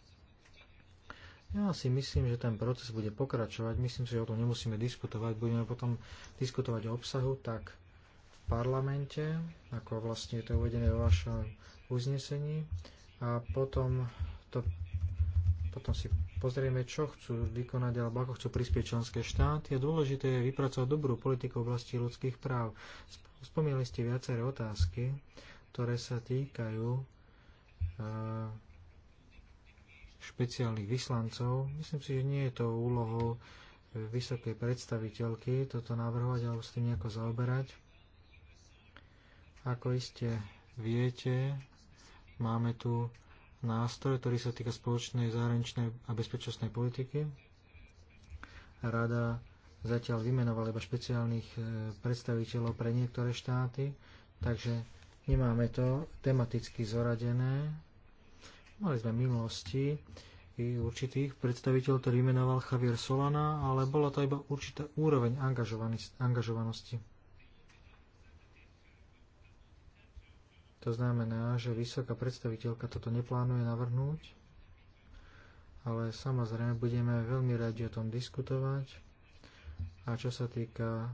S3: Ja si myslím, že ten proces bude pokračovať. Myslím si, že o tom nemusíme diskutovať. Budeme potom diskutovať o obsahu, tak parlamente, ako vlastne je to uvedené vo vašom uznesení. A potom, to, potom si pozrieme, čo chcú vykonať alebo ako chcú prispieť členské štáty. A dôležité je vypracovať dobrú politiku v oblasti ľudských práv. Spomínali ste viaceré otázky, ktoré sa týkajú e, špeciálnych vyslancov. Myslím si, že nie je to úlohou e, vysokej predstaviteľky toto navrhovať alebo s tým nejako zaoberať. Ako iste viete, máme tu nástroj, ktorý sa týka spoločnej zahraničnej a bezpečnostnej politiky. Rada zatiaľ vymenovala iba špeciálnych e, predstaviteľov pre niektoré štáty, takže nemáme to tematicky zoradené. Mali sme minulosti i určitých predstaviteľov, ktorý vymenoval Javier Solana, ale bola to iba určitá úroveň angažovanosti. To znamená, že vysoká predstaviteľka toto neplánuje navrhnúť, ale samozrejme budeme veľmi radi o tom diskutovať. A čo sa týka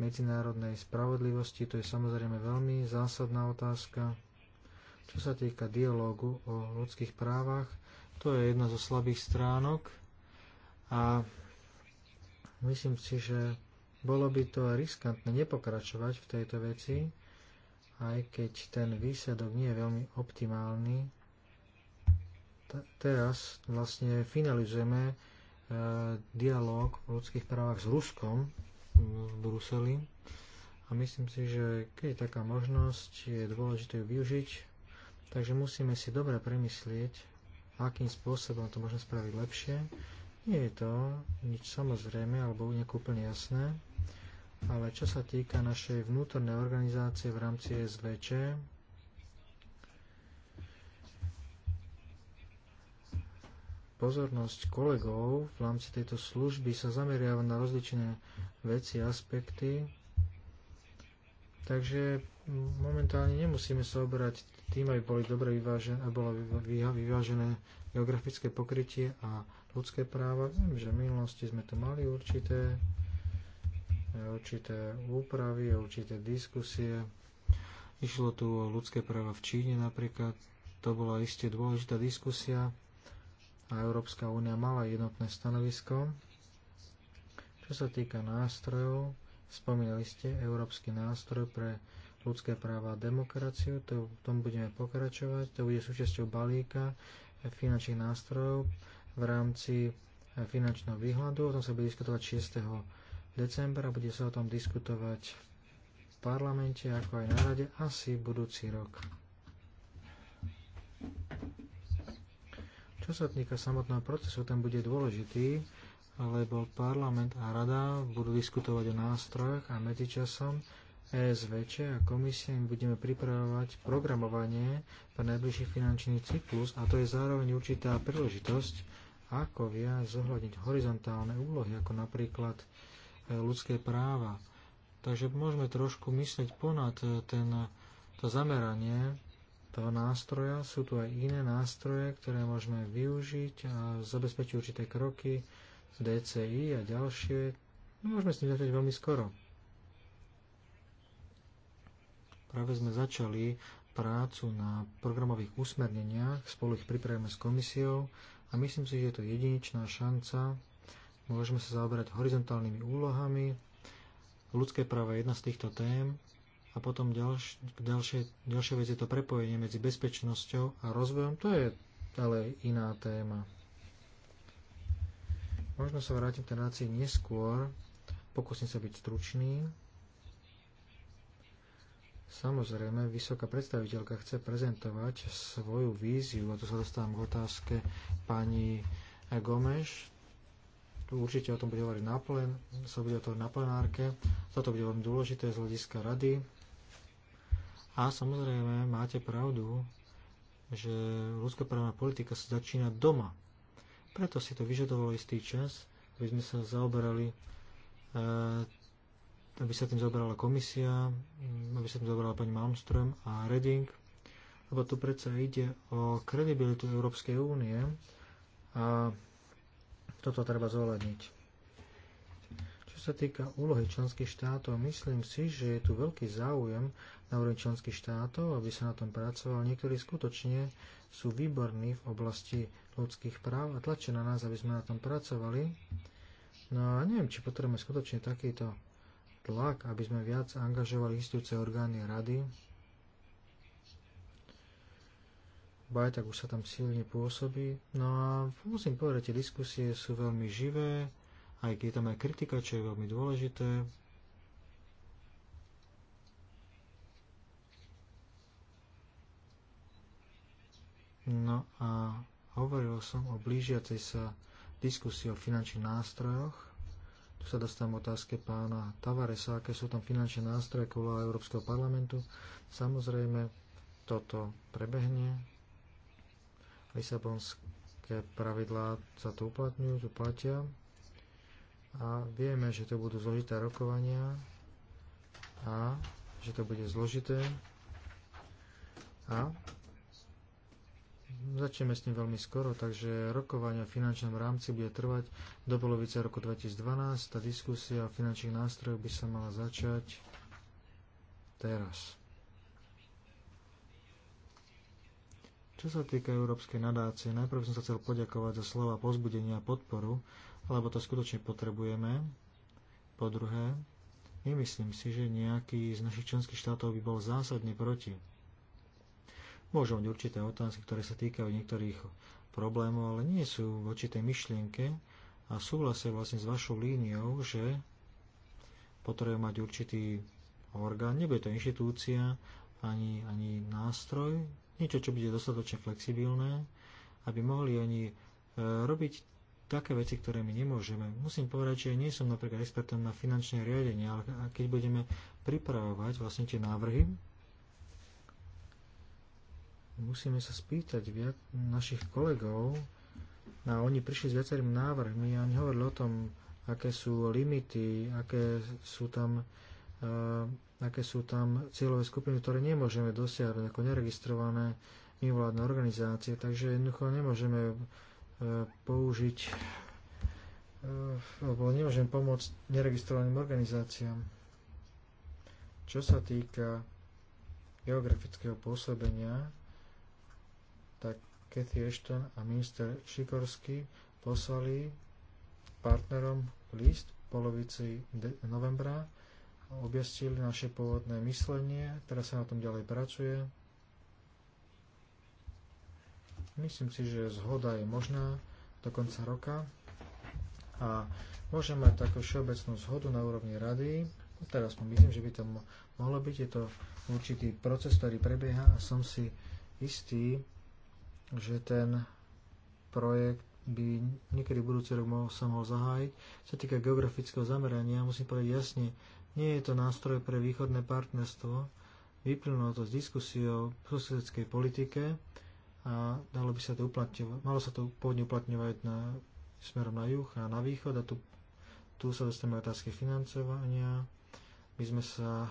S3: medzinárodnej spravodlivosti, to je samozrejme veľmi zásadná otázka. Čo sa týka dialógu o ľudských právach, to je jedna zo slabých stránok a myslím si, že bolo by to riskantné nepokračovať v tejto veci, aj keď ten výsledok nie je veľmi optimálny. Teraz vlastne finalizujeme e, dialog o ľudských právach s Ruskom v Bruseli a myslím si, že keď je taká možnosť, je dôležité ju využiť, takže musíme si dobre premyslieť, akým spôsobom to môžeme spraviť lepšie. Nie je to nič samozrejme alebo nekúplne úplne jasné, ale čo sa týka našej vnútornej organizácie v rámci SVČ, pozornosť kolegov v rámci tejto služby sa zameriava na rozličné veci, aspekty. Takže momentálne nemusíme sa obrať tým, aby boli dobre vyvážené, bolo vyvážené geografické pokrytie a ľudské práva. Viem, že v minulosti sme to mali určité E, určité úpravy, určité diskusie. Išlo tu o ľudské práva v Číne napríklad. To bola iste dôležitá diskusia a Európska únia mala jednotné stanovisko. Čo sa týka nástrojov, spomínali ste Európsky nástroj pre ľudské práva a demokraciu, to, v tom budeme pokračovať, to bude súčasťou balíka e, finančných nástrojov v rámci e, finančného výhľadu, o tom sa bude diskutovať 6 decembra, bude sa o tom diskutovať v parlamente, ako aj na rade, asi budúci rok. Čo sa týka samotného procesu, ten bude dôležitý, lebo parlament a rada budú diskutovať o nástrojoch a medzičasom ESVČ a komisie my budeme pripravovať programovanie pre najbližší finančný cyklus a to je zároveň určitá príležitosť, ako viac zohľadniť horizontálne úlohy, ako napríklad E, ľudské práva. Takže môžeme trošku myslieť ponad e, ten, to zameranie toho nástroja. Sú tu aj iné nástroje, ktoré môžeme využiť a zabezpečiť určité kroky, DCI a ďalšie. No, môžeme s tým začať veľmi skoro. Práve sme začali prácu na programových usmerneniach, spolu ich pripravíme s komisiou a myslím si, že je to jedinečná šanca Môžeme sa zaoberať horizontálnymi úlohami. Ľudské práva je jedna z týchto tém. A potom ďalš, ďalšie, ďalšia vec je to prepojenie medzi bezpečnosťou a rozvojom. To je ale iná téma. Možno sa vrátim teda k relácii neskôr. Pokúsim sa byť stručný. Samozrejme, vysoká predstaviteľka chce prezentovať svoju víziu, a tu sa dostávam k otázke pani Gomeš, určite o tom bude hovoriť na plen, sa bude o to na plenárke, toto bude veľmi dôležité z hľadiska rady. A samozrejme, máte pravdu, že ľudskoprávna politika sa začína doma. Preto si to vyžadovalo istý čas, aby sme sa zaoberali, eh, aby sa tým zaoberala komisia, aby sa tým zaoberala pani Malmström a Reding, lebo tu predsa ide o kredibilitu Európskej únie a toto treba zohľadniť. Čo sa týka úlohy členských štátov, myslím si, že je tu veľký záujem na úrovni členských štátov, aby sa na tom pracoval. Niektorí skutočne sú výborní v oblasti ľudských práv a tlačia na nás, aby sme na tom pracovali. No a neviem, či potrebujeme skutočne takýto tlak, aby sme viac angažovali istujúce orgány rady, Baj, tak už sa tam silne pôsobí. No a musím povedať, tie diskusie sú veľmi živé, aj keď je tam aj kritika, čo je veľmi dôležité. No a hovoril som o blížiacej sa diskusii o finančných nástrojoch. Tu sa dostávam otázke pána Tavaresa, aké sú tam finančné nástroje kola Európskeho parlamentu. Samozrejme, toto prebehne Lisabonské pravidlá sa tu uplatňujú, tu platia a vieme, že to budú zložité rokovania a že to bude zložité a začneme s tým veľmi skoro, takže rokovania o finančnom rámci bude trvať do polovice roku 2012. Tá diskusia o finančných nástrojoch by sa mala začať teraz. Čo sa týka Európskej nadácie, najprv som sa chcel poďakovať za slova pozbudenia a podporu, lebo to skutočne potrebujeme. Po druhé, nemyslím si, že nejaký z našich členských štátov by bol zásadne proti. Môžu mať určité otázky, ktoré sa týkajú niektorých problémov, ale nie sú v určitej myšlienke a súhlasia vlastne s vašou líniou, že potrebujú mať určitý orgán, nebude to inštitúcia, ani, ani nástroj, niečo, čo bude dostatočne flexibilné, aby mohli oni e, robiť také veci, ktoré my nemôžeme. Musím povedať, že nie som napríklad expertom na finančné riadenie, ale keď budeme pripravovať vlastne tie návrhy, musíme sa spýtať viac našich kolegov, a oni prišli s viacerými návrhmi a oni hovorili o tom, aké sú limity, aké sú tam uh, aké sú tam cieľové skupiny, ktoré nemôžeme dosiahnuť ako neregistrované mimovládne organizácie, takže jednoducho nemôžeme e, použiť e, alebo nemôžem pomôcť neregistrovaným organizáciám. Čo sa týka geografického pôsobenia, tak Cathy Ashton a minister Šikorsky poslali partnerom list v polovici novembra, objasnili naše pôvodné myslenie, teraz sa na tom ďalej pracuje. Myslím si, že zhoda je možná do konca roka a môžeme mať takú všeobecnú zhodu na úrovni rady. Teraz myslím, že by to mohlo byť. Je to určitý proces, ktorý prebieha a som si istý, že ten projekt by niekedy budúci rok mohol, sa mohol zahájiť. Čo týka geografického zamerania, musím povedať jasne, nie je to nástroj pre východné partnerstvo. Vyplynulo to z diskusie o susedskej politike a dalo by sa to uplatňovať, malo sa to pôvodne uplatňovať na, smerom na juh a na východ a tu, tu sa dostaneme otázky financovania. My sme sa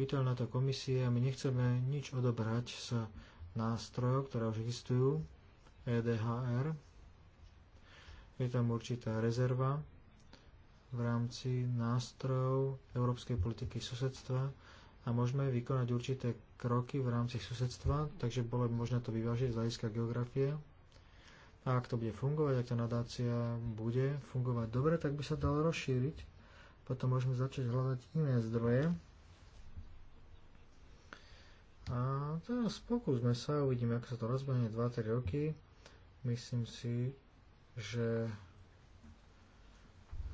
S3: pýtali na to komisie a my nechceme nič odobrať z nástrojov, ktoré už existujú, EDHR. Je tam určitá rezerva, v rámci nástrojov európskej politiky susedstva a môžeme vykonať určité kroky v rámci susedstva, takže bolo by možné to vyvážiť z hľadiska geografie. A ak to bude fungovať, ak tá nadácia bude fungovať dobre, tak by sa dalo rozšíriť. Potom môžeme začať hľadať iné zdroje. A teraz pokúsme sa, uvidíme, ako sa to rozbehne 2-3 roky. Myslím si, že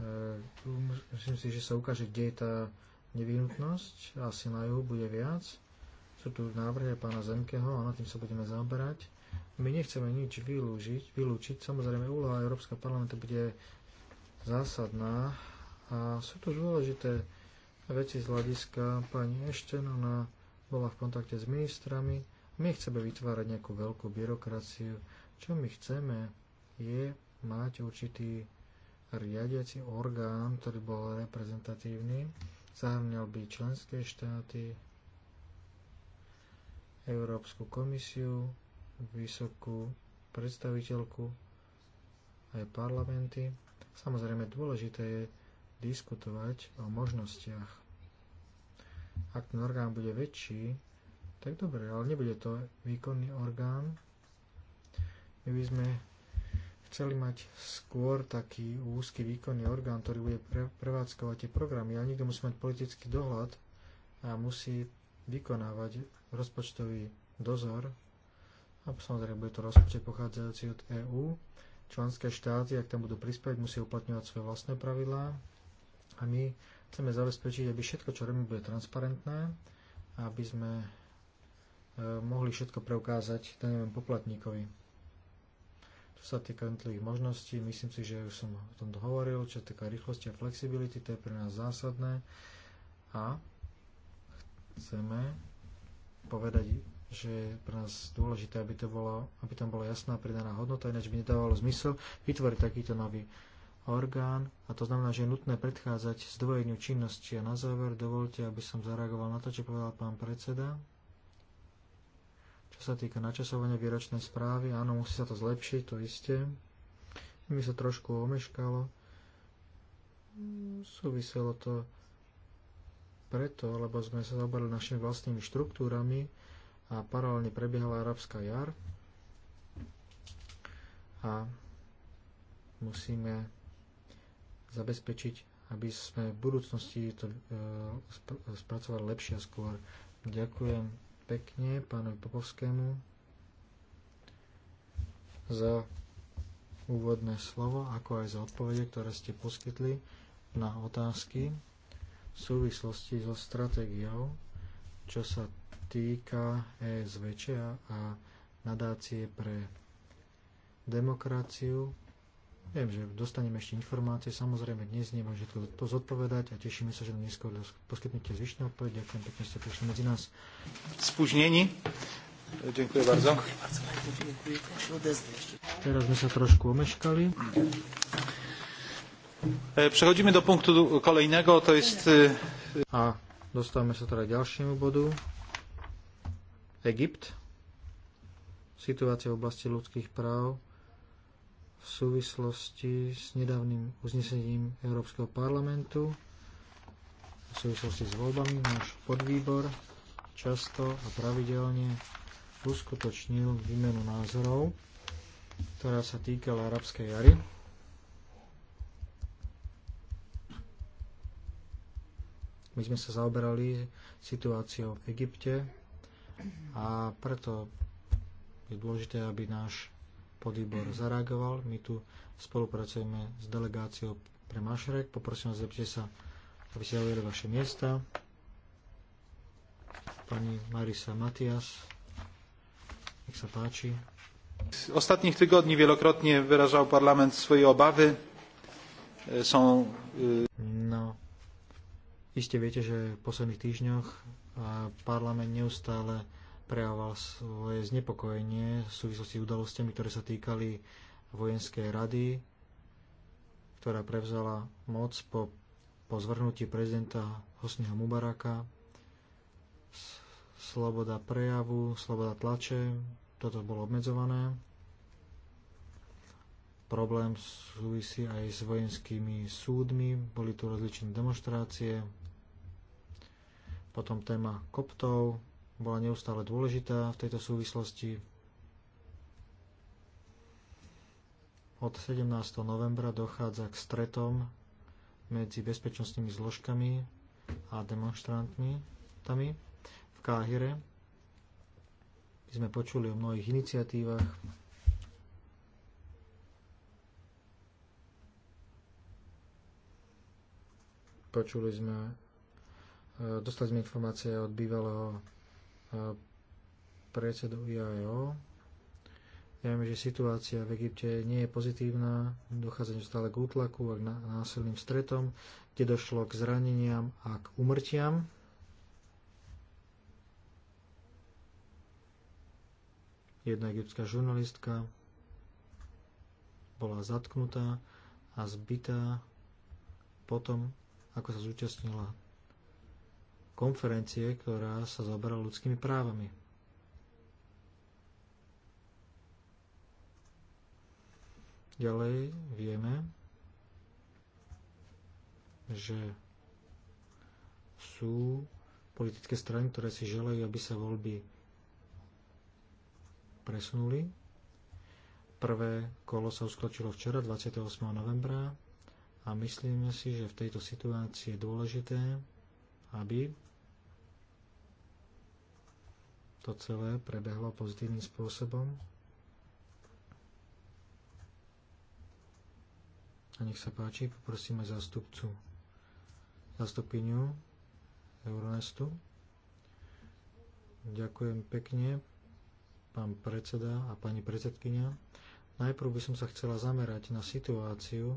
S3: E, tu myslím si, že sa ukáže, kde je tá nevyhnutnosť. Asi na juhu bude viac. Sú tu návrhy pána Zemkeho a na tým sa budeme zaoberať. My nechceme nič vylúžiť, vylúčiť. Samozrejme, úloha Európskeho parlamentu bude zásadná a sú tu dôležité veci z hľadiska pani Ešten, ona bola v kontakte s ministrami. My chceme vytvárať nejakú veľkú byrokraciu. Čo my chceme je mať určitý riadiaci orgán, ktorý bol reprezentatívny, zahrňal by členské štáty, Európsku komisiu, vysokú predstaviteľku, aj parlamenty. Samozrejme dôležité je diskutovať o možnostiach. Ak ten orgán bude väčší, tak dobre, ale nebude to výkonný orgán. My by sme chceli mať skôr taký úzky výkonný orgán, ktorý bude pre, prevádzkovať tie programy, ale niekto musí mať politický dohľad a musí vykonávať rozpočtový dozor a samozrejme bude to rozpočet pochádzajúci od EÚ. Členské štáty, ak tam budú prispäť, musí uplatňovať svoje vlastné pravidlá a my chceme zabezpečiť, aby všetko, čo robíme, bude transparentné, aby sme e, mohli všetko preukázať daňovému poplatníkovi sa týka jednotlivých možností, myslím si, že už som o tom hovoril, čo týka rýchlosti a flexibility, to je pre nás zásadné a chceme povedať, že je pre nás dôležité, aby, to bolo, aby tam bola jasná pridaná hodnota, ináč by nedávalo zmysel vytvoriť takýto nový orgán a to znamená, že je nutné predchádzať zdvojeniu činnosti. A na záver dovolte, aby som zareagoval na to, čo povedal pán predseda čo sa týka načasovania výročnej správy, áno, musí sa to zlepšiť, to isté. Mi sa trošku omeškalo. Súviselo to preto, lebo sme sa zaoberali našimi vlastnými štruktúrami a paralelne prebiehala arabská jar. A musíme zabezpečiť aby sme v budúcnosti to e, e, spracovali lepšie a skôr. Ďakujem pekne pánovi Popovskému za úvodné slovo, ako aj za odpovede, ktoré ste poskytli na otázky v súvislosti so stratégiou, čo sa týka ESVČ a nadácie pre demokraciu Viem, že dostaneme ešte informácie, samozrejme dnes nemôžete to, to zodpovedať a tešíme sa, že nám neskôr poskytnete zvyšné odpovede. Ďakujem pekne, že ste prišli medzi nás.
S1: Spúžnení. Ďakujem bardzo.
S3: Teraz sme sa trošku omeškali.
S1: E, Przechodzimy do punktu kolejnego, to jest... E, a
S3: dostávame sa teda ďalšiemu bodu. Egypt. Situácia v oblasti ľudských práv v súvislosti s nedávnym uznesením Európskeho parlamentu, v súvislosti s voľbami, náš podvýbor často a pravidelne uskutočnil výmenu názorov, ktorá sa týkala arabskej jary. My sme sa zaoberali situáciou v Egypte a preto je dôležité, aby náš podvýbor zareagoval. My tu spolupracujeme s delegáciou pre Mašrek. Poprosím vás, zepte sa, aby ste zaujali vaše miesta. Pani Marisa Matias, nech sa páči.
S1: Z ostatnich tygodni wielokrotnie wyrażał parlament swoje obawy. E, są... E, no,
S3: iście wiecie, że w ostatnich tygodniach e, parlament neustále prejavoval svoje znepokojenie v súvislosti s udalostiami, ktoré sa týkali vojenskej rady, ktorá prevzala moc po, po zvrhnutí prezidenta Hosniho Mubaraka. Sloboda prejavu, sloboda tlače, toto bolo obmedzované problém súvisí aj s vojenskými súdmi, boli tu rozličné demonstrácie, potom téma koptov, bola neustále dôležitá v tejto súvislosti. Od 17. novembra dochádza k stretom medzi bezpečnostnými zložkami a demonstrantmi v Káhire. My sme počuli o mnohých iniciatívach, počuli sme, e, dostali sme informácie od bývalého predsedu IAO. E Vieme, že situácia v Egypte nie je pozitívna, dochádza stále k útlaku a k násilným stretom, kde došlo k zraneniam a k umrtiam. Jedna egyptská žurnalistka bola zatknutá a zbytá potom, ako sa zúčastnila konferencie, ktorá sa zaoberala ľudskými právami. Ďalej vieme, že sú politické strany, ktoré si želajú, aby sa voľby presunuli. Prvé kolo sa uskločilo včera, 28. novembra a myslíme si, že v tejto situácii je dôležité, aby to celé prebehlo pozitívnym spôsobom. A nech sa páči, poprosíme zástupcu, zastupiniu Euronestu. Ďakujem pekne, pán predseda a pani predsedkynia. Najprv by som sa chcela zamerať na situáciu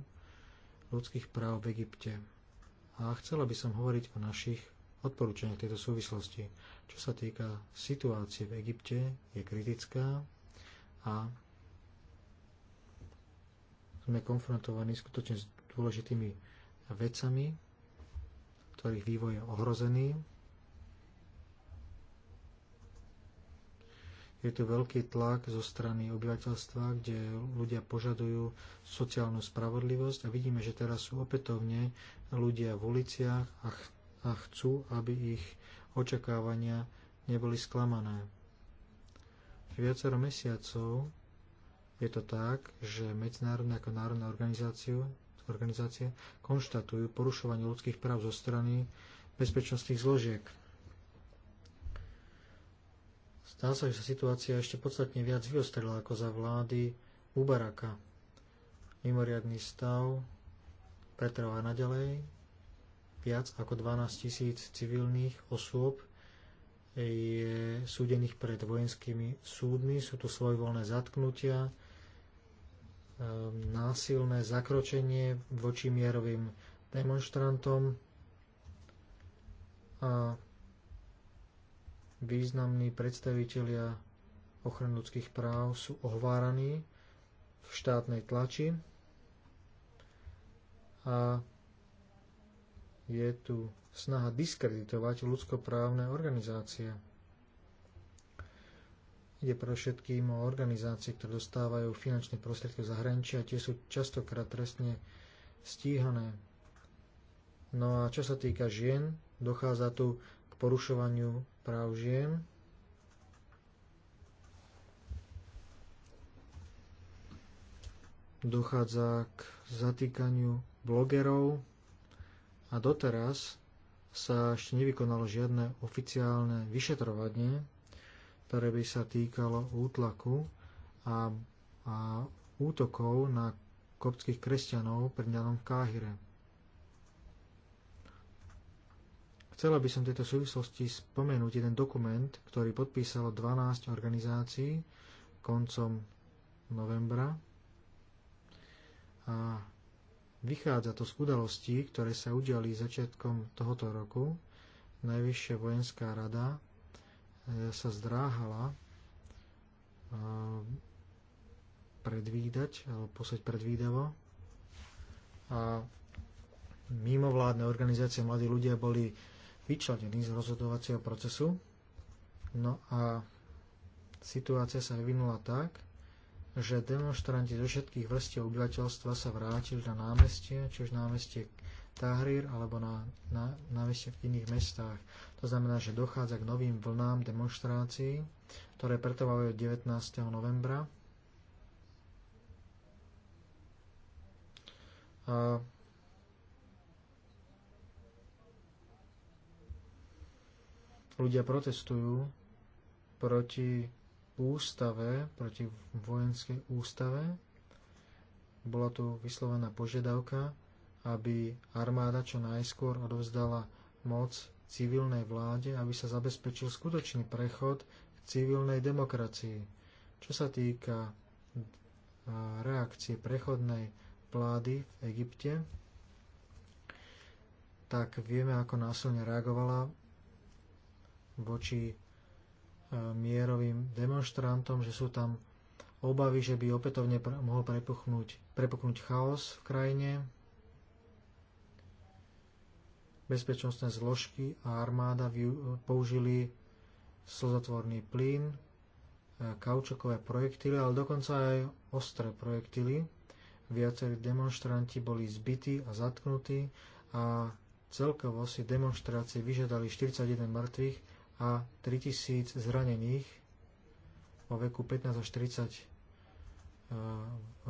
S3: ľudských práv v Egypte. A chcela by som hovoriť o našich Odporúčanie v tejto súvislosti. Čo sa týka situácie v Egypte, je kritická a sme konfrontovaní skutočne s dôležitými vecami, ktorých vývoj je ohrozený. Je tu veľký tlak zo strany obyvateľstva, kde ľudia požadujú sociálnu spravodlivosť a vidíme, že teraz sú opätovne ľudia v uliciach a a chcú, aby ich očakávania neboli sklamané. Viacero mesiacov je to tak, že medzinárodné ako národné organizácie, konštatujú porušovanie ľudských práv zo strany bezpečnostných zložiek. Zdá sa, že sa situácia ešte podstatne viac vyostrila ako za vlády Ubaraka. Mimoriadný stav pretrvá naďalej, viac ako 12 tisíc civilných osôb je súdených pred vojenskými súdmi. Sú tu svojvoľné zatknutia, um, násilné zakročenie voči mierovým demonstrantom a významní predstavitelia ochrany ľudských práv sú ohváraní v štátnej tlači a je tu snaha diskreditovať ľudskoprávne organizácie. Ide pre všetkým o organizácie, ktoré dostávajú finančné prostriedky v zahraničí a tie sú častokrát trestne stíhané. No a čo sa týka žien, dochádza tu k porušovaniu práv žien. Dochádza k zatýkaniu blogerov, a doteraz sa ešte nevykonalo žiadne oficiálne vyšetrovanie, ktoré by sa týkalo útlaku a, a útokov na koptských kresťanov pri ňanom v Káhire. Chcela by som v tejto súvislosti spomenúť jeden dokument, ktorý podpísalo 12 organizácií koncom novembra. A Vychádza to z udalostí, ktoré sa udiali začiatkom tohoto roku. Najvyššia vojenská rada e, sa zdráhala e, predvídať, alebo posať predvídavo. A mimovládne organizácie mladí ľudia boli vyčlenení z rozhodovacieho procesu. No a situácia sa vyvinula tak, že demonstranti zo všetkých vrstiev obyvateľstva sa vrátili na námestie, či už námestie Tahrir alebo na, na v iných mestách. To znamená, že dochádza k novým vlnám demonstrácií, ktoré pretrvajú od 19. novembra. A ľudia protestujú proti ústave, proti vojenskej ústave. Bola tu vyslovená požiadavka, aby armáda čo najskôr odovzdala moc civilnej vláde, aby sa zabezpečil skutočný prechod k civilnej demokracii. Čo sa týka reakcie prechodnej vlády v Egypte, tak vieme, ako násilne reagovala voči mierovým demonstrantom, že sú tam obavy, že by opätovne mohol prepuchnúť, prepuchnúť chaos v krajine. Bezpečnostné zložky a armáda použili slzotvorný plyn, e, kaučokové projektily, ale dokonca aj ostré projektily. Viacerí demonstranti boli zbytí a zatknutí a celkovo si demonstrácie vyžiadali 41 mŕtvych a 3000 zranených vo veku 15 až 40 e,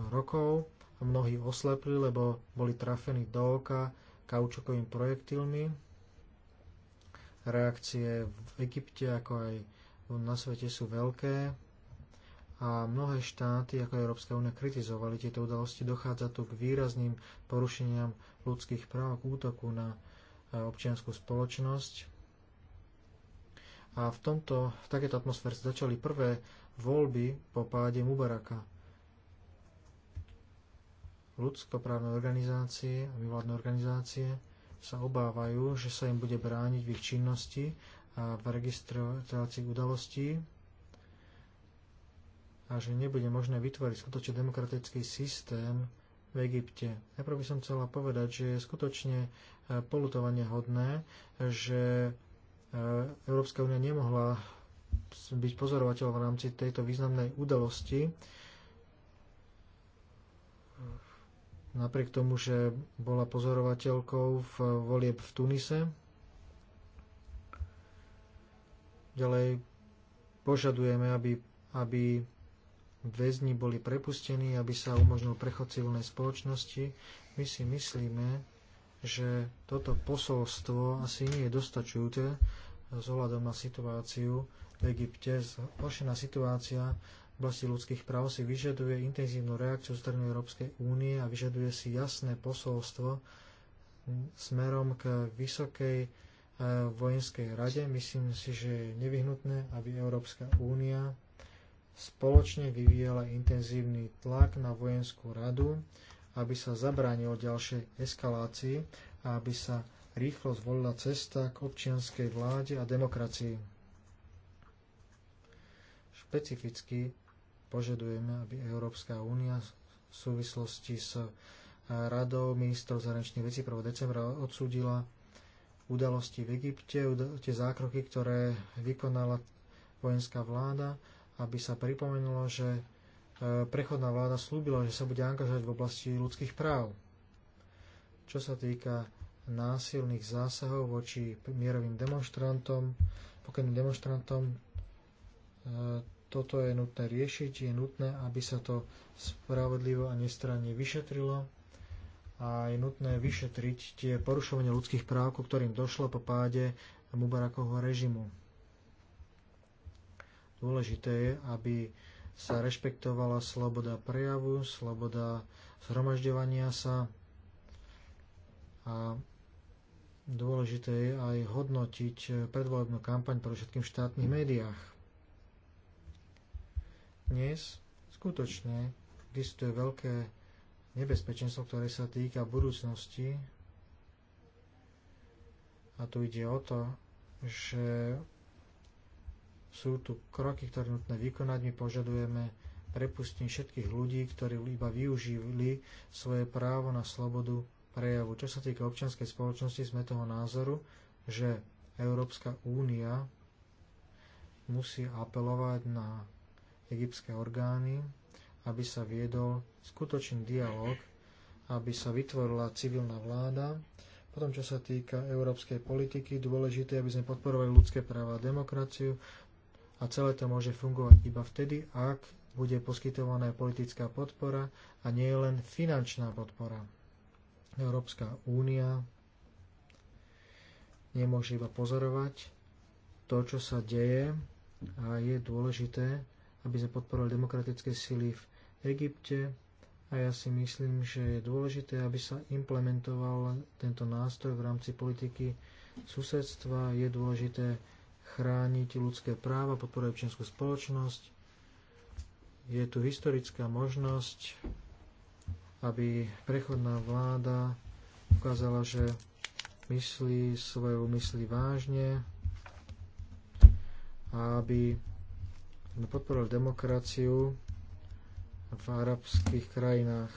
S3: rokov a mnohí oslepli, lebo boli trafení do oka kaučukovými projektilmi. Reakcie v Egypte ako aj na svete sú veľké a mnohé štáty ako Európska únia kritizovali tieto udalosti. Dochádza tu k výrazným porušeniam ľudských práv, k útoku na e, občianskú spoločnosť. A v, tomto, v takéto atmosfére sa začali prvé voľby po páde Mubaraka. Ľudskoprávne organizácie a mimovládne organizácie sa obávajú, že sa im bude brániť v ich činnosti a v registrácii udalostí a že nebude možné vytvoriť skutočne demokratický systém v Egypte. Najprv by som chcela povedať, že je skutočne eh, polutovanie hodné, že E, Európska únia nemohla byť pozorovateľom v rámci tejto významnej udalosti, e, napriek tomu, že bola pozorovateľkou v volieb v Tunise. Ďalej požadujeme, aby, aby väzni boli prepustení, aby sa umožnil prechod civilnej spoločnosti. My si myslíme, že toto posolstvo asi nie je dostačujúce s ohľadom na situáciu v Egypte. Zhoršená situácia v oblasti ľudských práv si vyžaduje intenzívnu reakciu zo strany Európskej únie a vyžaduje si jasné posolstvo smerom k vysokej e, vojenskej rade. Myslím si, že je nevyhnutné, aby Európska únia spoločne vyvíjala intenzívny tlak na vojenskú radu, aby sa zabránilo ďalšej eskalácii a aby sa rýchlo zvolila cesta k občianskej vláde a demokracii. Špecificky požadujeme, aby Európska únia v súvislosti s eh, radou ministrov zahraničných vecí 1. decembra odsúdila udalosti v Egypte, tie zákroky, ktoré vykonala vojenská vláda, aby sa pripomenulo, že eh, prechodná vláda slúbila, že sa bude angažovať v oblasti ľudských práv. Čo sa týka násilných zásahov voči mierovým demonstrantom, pokojným demonstrantom. E, toto je nutné riešiť, je nutné, aby sa to spravodlivo a nestranne vyšetrilo a je nutné vyšetriť tie porušovania ľudských práv, ku ktorým došlo po páde Mubarakovho režimu. Dôležité je, aby sa rešpektovala sloboda prejavu, sloboda zhromažďovania sa a Dôležité je aj hodnotiť eh, predvolebnú kampaň pre všetkým v štátnych médiách. Dnes skutočne existuje veľké nebezpečenstvo, ktoré sa týka budúcnosti. A tu ide o to, že sú tu kroky, ktoré nutné vykonať. My požadujeme prepustiť všetkých ľudí, ktorí iba využili svoje právo na slobodu prejavu. Čo sa týka občianskej spoločnosti, sme toho názoru, že Európska únia musí apelovať na egyptské orgány, aby sa viedol skutočný dialog, aby sa vytvorila civilná vláda. Potom, čo sa týka európskej politiky, dôležité, aby sme podporovali ľudské práva a demokraciu a celé to môže fungovať iba vtedy, ak bude poskytovaná politická podpora a nie len finančná podpora. Európska únia nemôže iba pozorovať to, čo sa deje a je dôležité, aby sme podporovali demokratické sily v Egypte a ja si myslím, že je dôležité, aby sa implementoval tento nástroj v rámci politiky susedstva. Je dôležité chrániť ľudské práva, podporovať občianskú spoločnosť. Je tu historická možnosť aby prechodná vláda ukázala, že myslí svoje mysli vážne a aby sme demokraciu v arabských krajinách.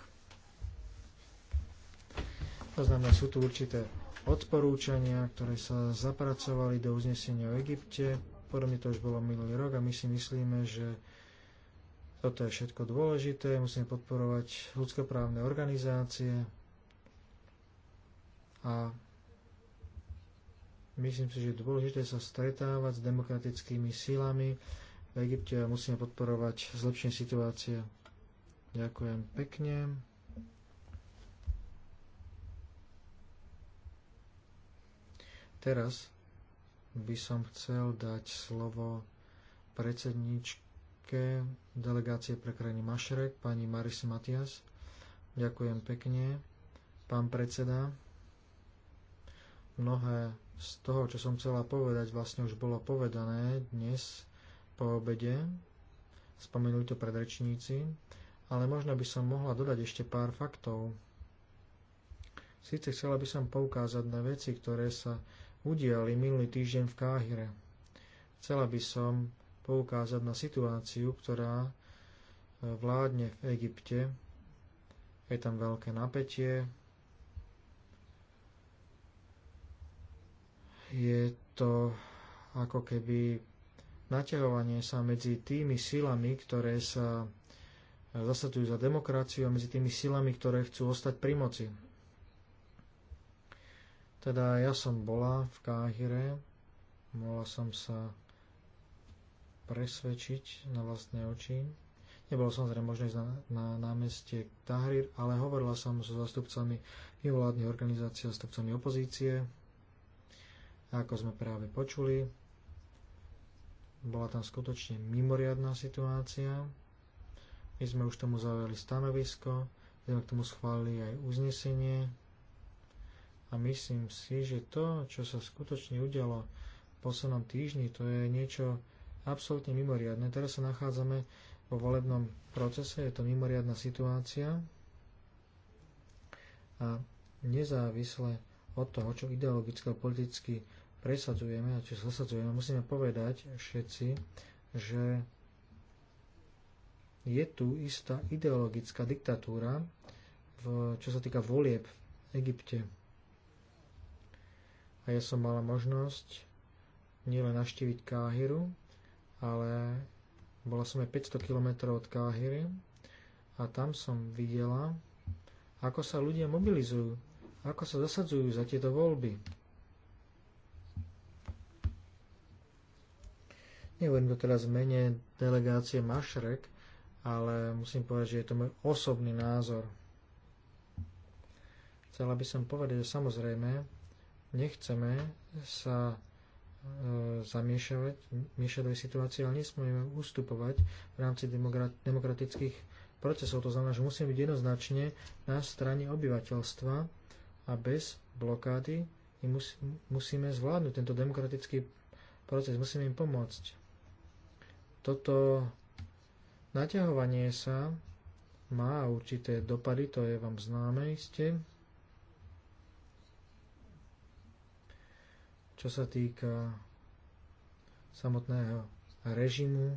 S3: To znamená, sú tu určité odporúčania, ktoré sa zapracovali do uznesenia o Egypte. Podobne to už bolo minulý rok a my si myslíme, že toto je všetko dôležité, musíme podporovať ľudskoprávne organizácie a myslím si, že je dôležité sa stretávať s demokratickými silami v Egypte a musíme podporovať zlepšenie situácie. Ďakujem pekne. Teraz by som chcel dať slovo predsedničke šéfke delegácie pre krajiny Mašrek, pani Marisi Matias. Ďakujem pekne. Pán predseda, mnohé z toho, čo som chcela povedať, vlastne už bolo povedané dnes po obede. Spomenuli to predrečníci, ale možno by som mohla dodať ešte pár faktov. Sice chcela by som poukázať na veci, ktoré sa udiali minulý týždeň v Káhire. Chcela by som poukázať na situáciu, ktorá e, vládne v Egypte. Je tam veľké napätie. Je to ako keby naťahovanie sa medzi tými silami, ktoré sa e, zasadujú za demokraciu a medzi tými silami, ktoré chcú ostať pri moci. Teda ja som bola v Káhire, mohla som sa presvedčiť na vlastné oči. Nebolo samozrejme možné ísť na, na námestie Tahrir, ale hovorila som so zastupcami mimovládnych organizácií, zastupcami opozície. A ako sme práve počuli, bola tam skutočne mimoriadná situácia. My sme už tomu zaujali stanovisko, my sme k tomu schválili aj uznesenie a myslím si, že to, čo sa skutočne udialo v poslednom týždni, to je niečo absolútne mimoriadne. Teraz sa nachádzame vo volebnom procese, je to mimoriadná situácia a nezávisle od toho, čo ideologicky a politicky presadzujeme a čo zasadzujeme, musíme povedať všetci, že je tu istá ideologická diktatúra, v, čo sa týka volieb v Egypte. A ja som mala možnosť nielen naštíviť Káhiru, ale bola som aj 500 km od Káhiry a tam som videla, ako sa ľudia mobilizujú, ako sa zasadzujú za tieto voľby. Nehovorím to teraz mene delegácie Mašrek, ale musím povedať, že je to môj osobný názor. Chcela by som povedať, že samozrejme nechceme sa E, zamiešavať situácie, ale nesmieme ustupovať v rámci demokratických procesov. To znamená, že musíme byť jednoznačne na strane obyvateľstva a bez blokády musíme zvládnuť tento demokratický proces, musíme im pomôcť. Toto naťahovanie sa má určité dopady, to je vám známe iste, Čo sa týka samotného režimu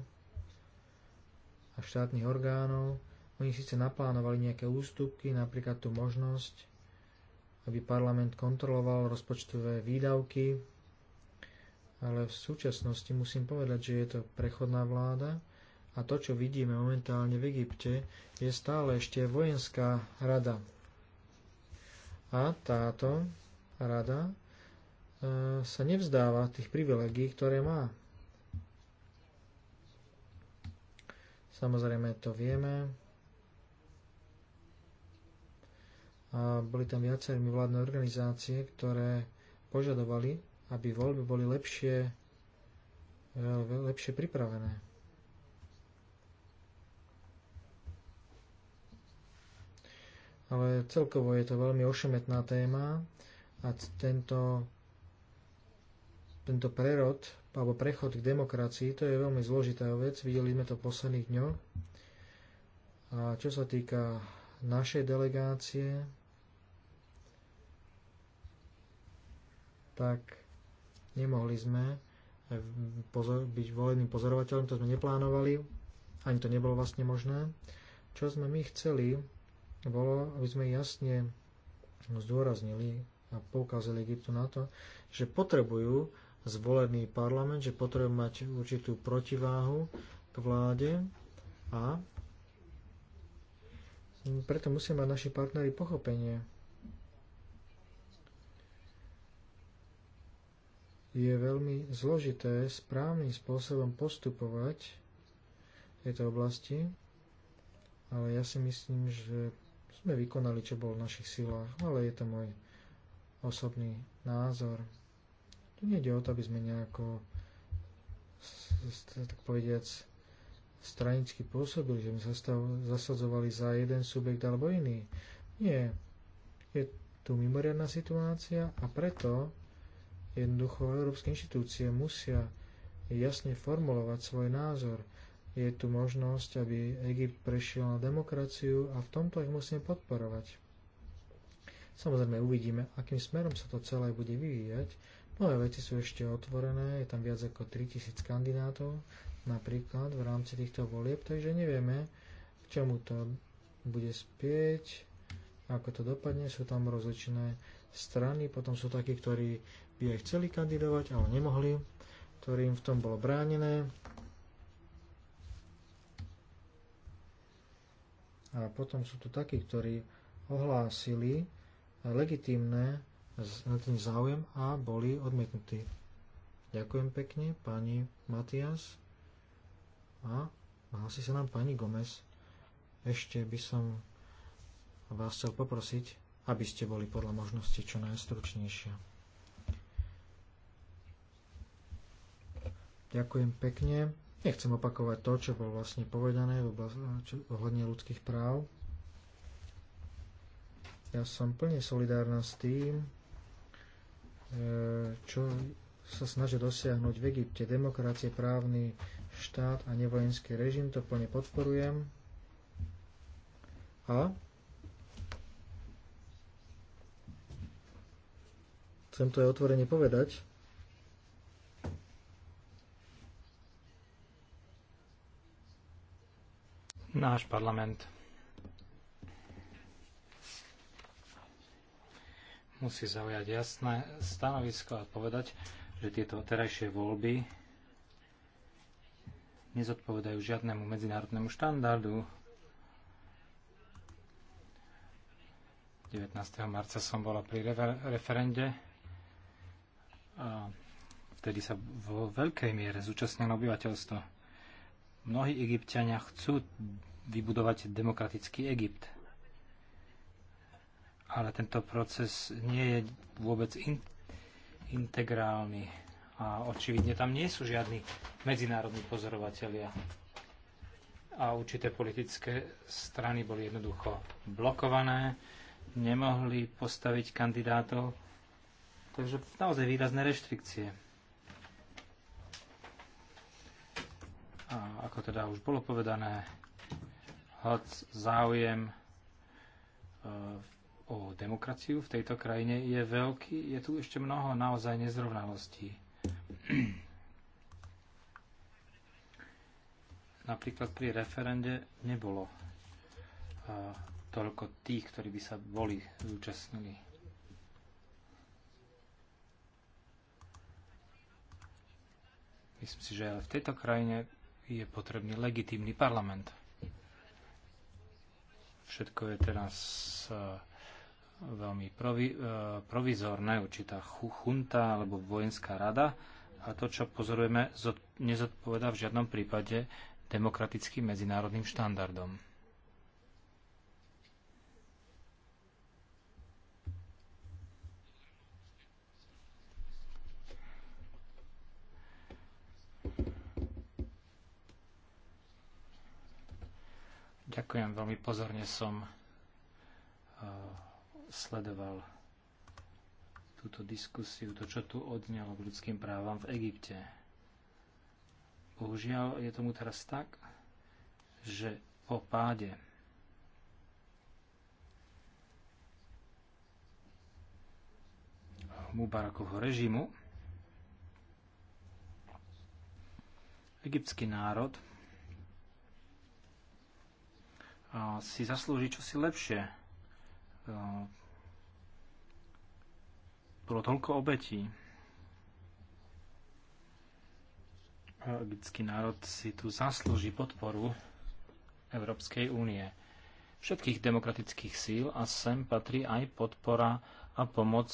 S3: a štátnych orgánov, oni síce naplánovali nejaké ústupky, napríklad tú možnosť, aby parlament kontroloval rozpočtové výdavky, ale v súčasnosti musím povedať, že je to prechodná vláda a to, čo vidíme momentálne v Egypte, je stále ešte vojenská rada. A táto rada E, sa nevzdáva tých privilegií, ktoré má. Samozrejme to vieme. A boli tam viaceré vládne organizácie, ktoré požadovali, aby voľby boli lepšie, e, lepšie pripravené. Ale celkovo je to veľmi ošemetná téma a tento tento prerod alebo prechod k demokracii, to je veľmi zložitá vec, videli sme to v posledných dňoch. A čo sa týka našej delegácie, tak nemohli sme pozor, byť voleným pozorovateľom, to sme neplánovali, ani to nebolo vlastne možné. Čo sme my chceli, bolo, aby sme jasne zdôraznili a poukázali Egyptu na to, že potrebujú zvolený parlament, že potrebujeme mať určitú protiváhu k vláde a preto musia mať naši partnery pochopenie. Je veľmi zložité správnym spôsobom postupovať v tejto oblasti, ale ja si myslím, že sme vykonali, čo bolo v našich silách, ale je to môj osobný názor. Tu nejde o to, aby sme nejako, tak povediac, stranicky pôsobili, že sme sa stav, zasadzovali za jeden subjekt alebo iný. Nie. Je tu mimoriadná situácia a preto jednoducho európske inštitúcie musia jasne formulovať svoj názor. Je tu možnosť, aby Egypt prešiel na demokraciu a v tomto ich musíme podporovať. Samozrejme uvidíme, akým smerom sa to celé bude vyvíjať, Mnohé veci sú ešte otvorené, je tam viac ako 3000 kandidátov napríklad v rámci týchto volieb, takže nevieme, k čomu to bude spieť, ako to dopadne, sú tam rozličné strany, potom sú takí, ktorí by aj chceli kandidovať, ale nemohli, ktorým v tom bolo bránené. A potom sú tu takí, ktorí ohlásili legitímne na ten záujem a boli odmietnutí. Ďakujem pekne, pani Matias. A hlási sa nám pani Gomez. Ešte by som vás chcel poprosiť, aby ste boli podľa možnosti čo najstručnejšia. Ďakujem pekne. Nechcem opakovať to, čo bolo vlastne povedané v ohľadne ľudských práv. Ja som plne solidárna s tým, E, čo sa snažia dosiahnuť v Egypte. Demokracie, právny štát a nevojenský režim, to plne podporujem. A chcem to aj otvorene povedať,
S4: náš parlament musí zaujať jasné stanovisko a povedať, že tieto terajšie voľby nezodpovedajú žiadnemu medzinárodnému štandardu. 19. marca som bola pri referende a vtedy sa vo veľkej miere zúčastnilo obyvateľstvo. Mnohí egyptiania chcú vybudovať demokratický Egypt ale tento proces nie je vôbec in, integrálny a očividne tam nie sú žiadni medzinárodní pozorovatelia. A určité politické strany boli jednoducho blokované, nemohli postaviť kandidátov, takže naozaj výrazné reštrikcie. A ako teda už bolo povedané, hoc záujem v e, o demokraciu v tejto krajine je veľký. Je tu ešte mnoho naozaj nezrovnalostí. Napríklad pri referende nebolo toľko tých, ktorí by sa boli zúčastnili. Myslím si, že v tejto krajine je potrebný legitímny parlament. Všetko je teraz uh, veľmi provi, e, provizorné, určitá chunta alebo vojenská rada a to, čo pozorujeme, nezodpoveda v žiadnom prípade demokratickým medzinárodným štandardom. Ďakujem veľmi pozorne som sledoval túto diskusiu, to, čo tu odňalo k ľudským právam v Egypte. Bohužiaľ je tomu teraz tak, že po páde Mubarakovho režimu egyptský národ si zaslúži čosi lepšie bolo toľko obetí. Egyptský národ si tu zaslúži podporu Európskej únie, všetkých demokratických síl a sem patrí aj podpora a pomoc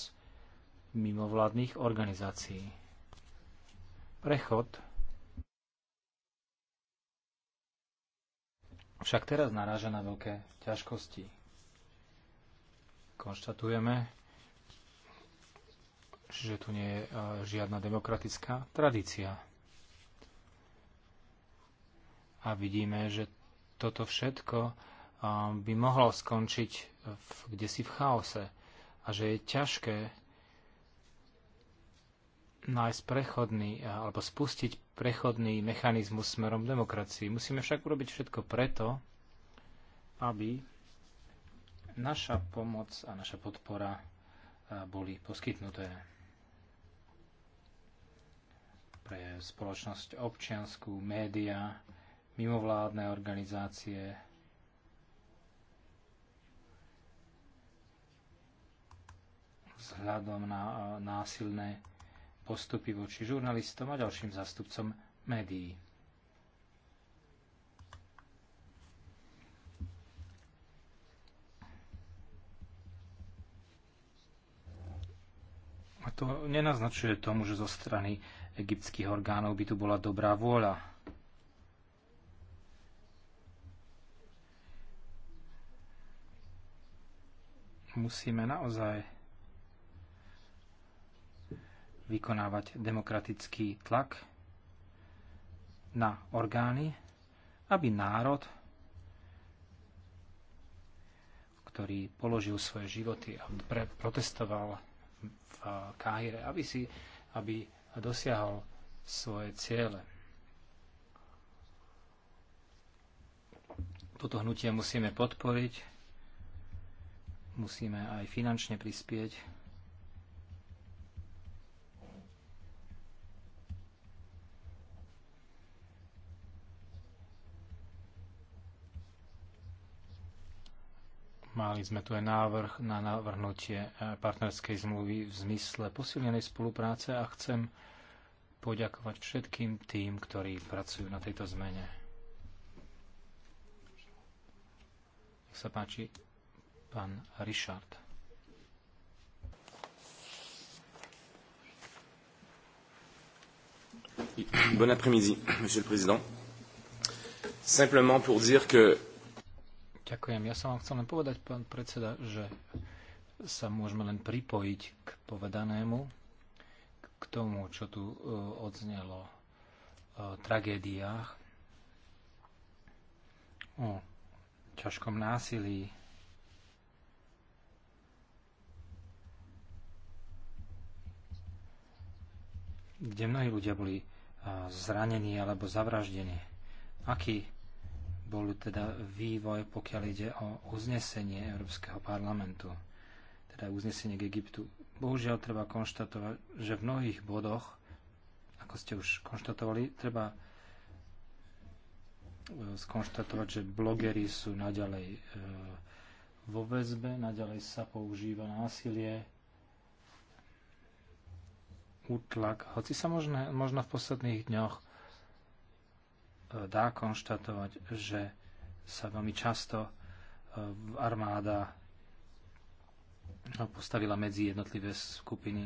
S4: mimovládnych organizácií. Prechod však teraz naráža na veľké ťažkosti. Konštatujeme, Čiže tu nie je e, žiadna demokratická tradícia. A vidíme, že toto všetko e, by mohlo skončiť v, kde si v chaose a že je ťažké nájsť prechodný e, alebo spustiť prechodný mechanizmus smerom demokracii. Musíme však urobiť všetko preto, aby naša pomoc a naša podpora boli poskytnuté pre spoločnosť občianskú, média, mimovládne organizácie, vzhľadom na násilné postupy voči žurnalistom a ďalším zastupcom médií. A to nenaznačuje tomu, že zo strany egyptských orgánov by tu bola dobrá vôľa. Musíme naozaj vykonávať demokratický tlak na orgány, aby národ, ktorý položil svoje životy a protestoval v Káhire, aby si aby a dosiahol svoje ciele. Toto hnutie musíme podporiť, musíme aj finančne prispieť Mali sme tu aj návrh na navrhnutie e, partnerskej zmluvy v zmysle posilnenej spolupráce a chcem poďakovať všetkým tým, ktorí pracujú na tejto zmene. Nech sa páči, pán Richard. Bon après-midi, Monsieur le Président.
S5: Simplement pour dire que
S4: Ďakujem. Ja som vám chcel len povedať, pán predseda, že sa môžeme len pripojiť k povedanému, k tomu, čo tu e, odznelo o e, tragédiách, o ťažkom násilí, kde mnohí ľudia boli e, zranení alebo zavraždení. Aký bol teda vývoj, pokiaľ ide o uznesenie Európskeho parlamentu, teda uznesenie k Egyptu. Bohužiaľ treba konštatovať, že v mnohých bodoch, ako ste už konštatovali, treba e, skonštatovať, že blogery sú naďalej e, vo väzbe, naďalej sa používa násilie, útlak, hoci sa možno, možno v posledných dňoch dá konštatovať, že sa veľmi často e, armáda postavila medzi jednotlivé skupiny,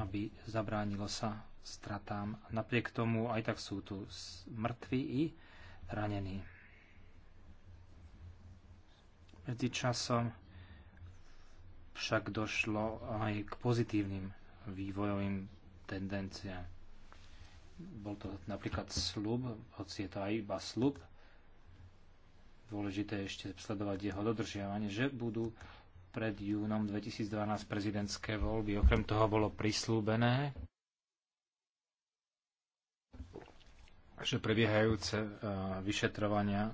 S4: aby zabránilo sa stratám. Napriek tomu aj tak sú tu mŕtvi i ranení. Medzi časom však došlo aj k pozitívnym vývojovým tendenciám. Bol to napríklad slub, hoci je to aj iba slub, dôležité ešte sledovať jeho dodržiavanie, že budú pred júnom 2012 prezidentské voľby. Okrem toho bolo prislúbené, že prebiehajúce e, vyšetrovania,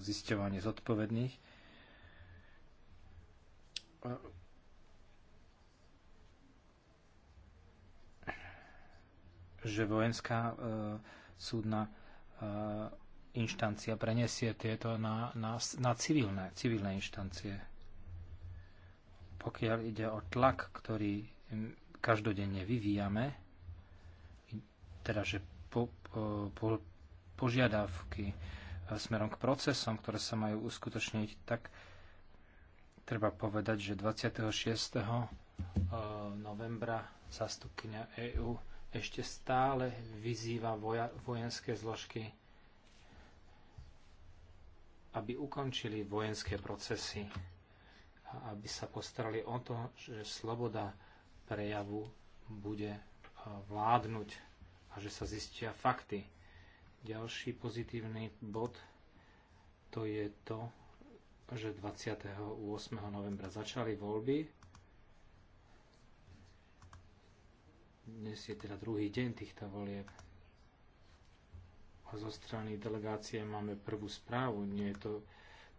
S4: zisťovanie zodpovedných e, že vojenská e, súdna e, inštancia prenesie tieto na, na, na civilné, civilné inštancie. Pokiaľ ide o tlak, ktorý každodenne vyvíjame, teda že po, po, po, požiadavky e, smerom k procesom, ktoré sa majú uskutočniť, tak treba povedať, že 26. E, novembra zastupkynia EÚ ešte stále vyzýva voja, vojenské zložky, aby ukončili vojenské procesy a aby sa postarali o to, že sloboda prejavu bude e, vládnuť a že sa zistia fakty. Ďalší pozitívny bod to je to, že 28. novembra začali voľby Dnes je teda druhý deň týchto volieb. A zo strany delegácie máme prvú správu. Nie je to,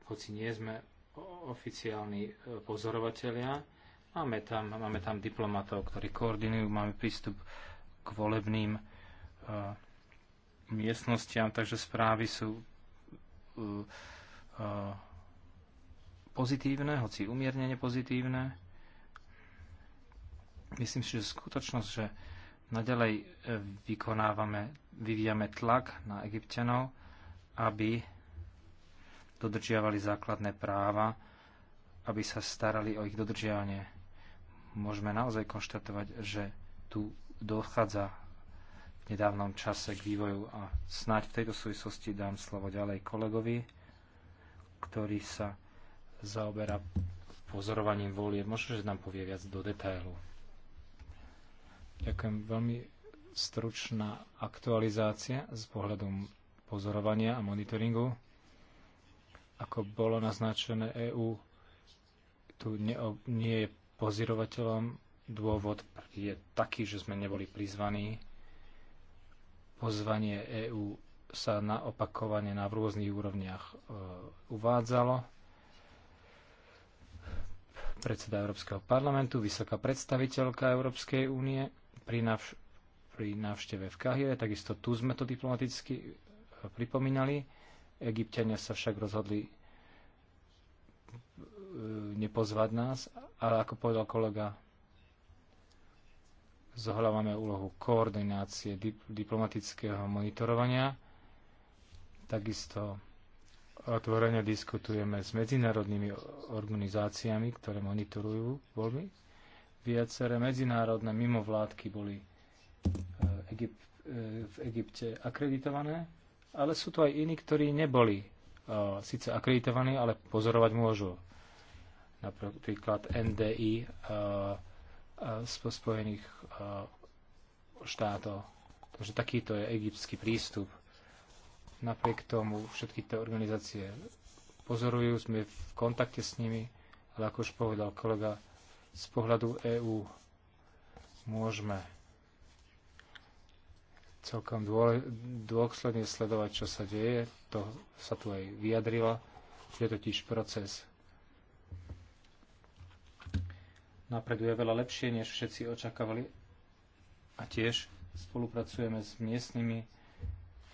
S4: hoci nie sme oficiálni e, pozorovatelia, máme tam, máme tam diplomatov, ktorí koordinujú, máme prístup k volebným uh, miestnostiam, takže správy sú uh, uh, pozitívne, hoci umiernene pozitívne. Myslím si, že skutočnosť, že naďalej e, vykonávame, vyvíjame tlak na egyptianov, aby dodržiavali základné práva, aby sa starali o ich dodržiavanie. Môžeme naozaj konštatovať, že tu dochádza v nedávnom čase k vývoju a snáď v tejto súvislosti dám slovo ďalej kolegovi, ktorý sa zaoberá pozorovaním volie. Možno, že nám povie viac do detailu. Ďakujem veľmi stručná aktualizácia z pohľadu pozorovania a monitoringu. Ako bolo naznačené, EÚ tu nie je pozorovateľom. Dôvod je taký, že sme neboli prizvaní. Pozvanie EÚ sa na opakovanie na rôznych úrovniach e, uvádzalo. Predseda Európskeho parlamentu, vysoká predstaviteľka Európskej únie pri, navš- pri návšteve v Kahire, takisto tu sme to diplomaticky e, pripomínali. Egyptiania sa však rozhodli e, nepozvať nás, ale ako povedal kolega, zohľávame úlohu koordinácie diplomatického monitorovania. Takisto otvorene diskutujeme s medzinárodnými organizáciami, ktoré monitorujú voľby Viaceré medzinárodné mimovládky boli e, e, v Egypte akreditované, ale sú to aj iní, ktorí neboli e, síce akreditovaní, ale pozorovať môžu. Napríklad NDI z Spojených štátov. Takže takýto je egyptský prístup. Napriek tomu všetky tie organizácie pozorujú, sme v kontakte s nimi, ale ako už povedal kolega, z pohľadu EÚ môžeme celkom dôsledne sledovať, čo sa deje. To sa tu aj vyjadrilo, Je totiž proces napreduje veľa lepšie, než všetci očakávali. A tiež spolupracujeme s miestnymi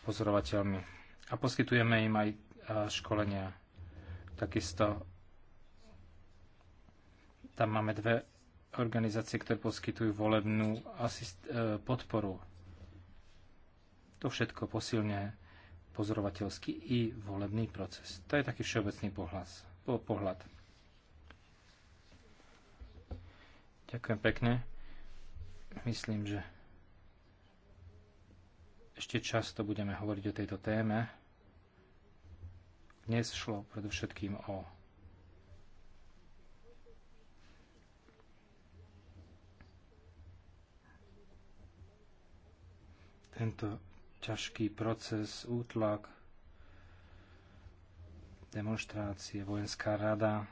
S4: pozorovateľmi a poskytujeme im aj školenia. Takisto tam máme dve organizácie, ktoré poskytujú volebnú asist- e, podporu. To všetko posilňuje pozorovateľský i volebný proces. To je taký všeobecný pohľad. Po, pohľad. Ďakujem pekne. Myslím, že ešte často budeme hovoriť o tejto téme. Dnes šlo predovšetkým o tento ťažký proces, útlak, demonstrácie, vojenská rada.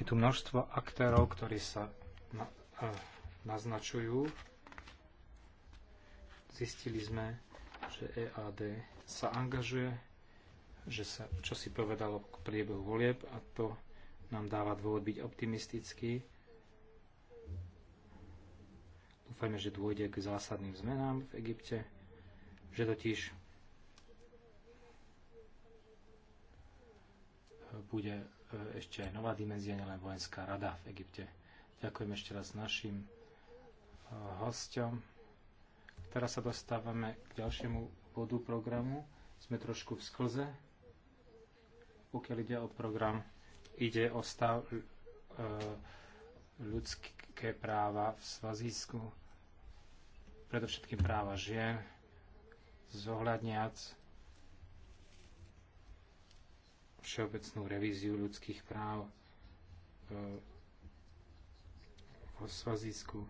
S4: Je tu množstvo aktérov, ktorí sa na, eh, naznačujú. Zistili sme, že EAD sa angažuje, že sa čo si povedalo k priebehu volieb a to nám dáva dôvod byť optimistický. Dúfajme, že dôjde k zásadným zmenám v Egypte, že totiž bude e, ešte aj nová dimenzia, nielen vojenská rada v Egypte. Ďakujem ešte raz našim e, hostom. Teraz sa dostávame k ďalšiemu bodu programu. Sme trošku v sklze, pokiaľ ide o program ide o stav e, ľudské práva v Svazísku, predovšetkým práva žien, zohľadniac všeobecnú revíziu ľudských práv e, vo Svazísku.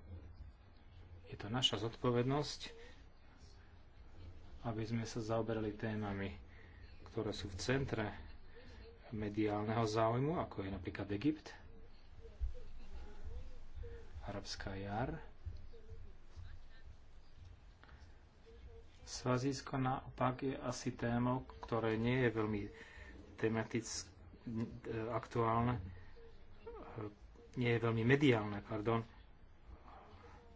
S4: Je to naša zodpovednosť, aby sme sa zaoberali témami, ktoré sú v centre mediálneho záujmu, ako je napríklad Egypt, Arabská jar, Svazísko naopak je asi téma, ktoré nie je veľmi tematické eh, aktuálne, eh, nie je veľmi mediálne, pardon.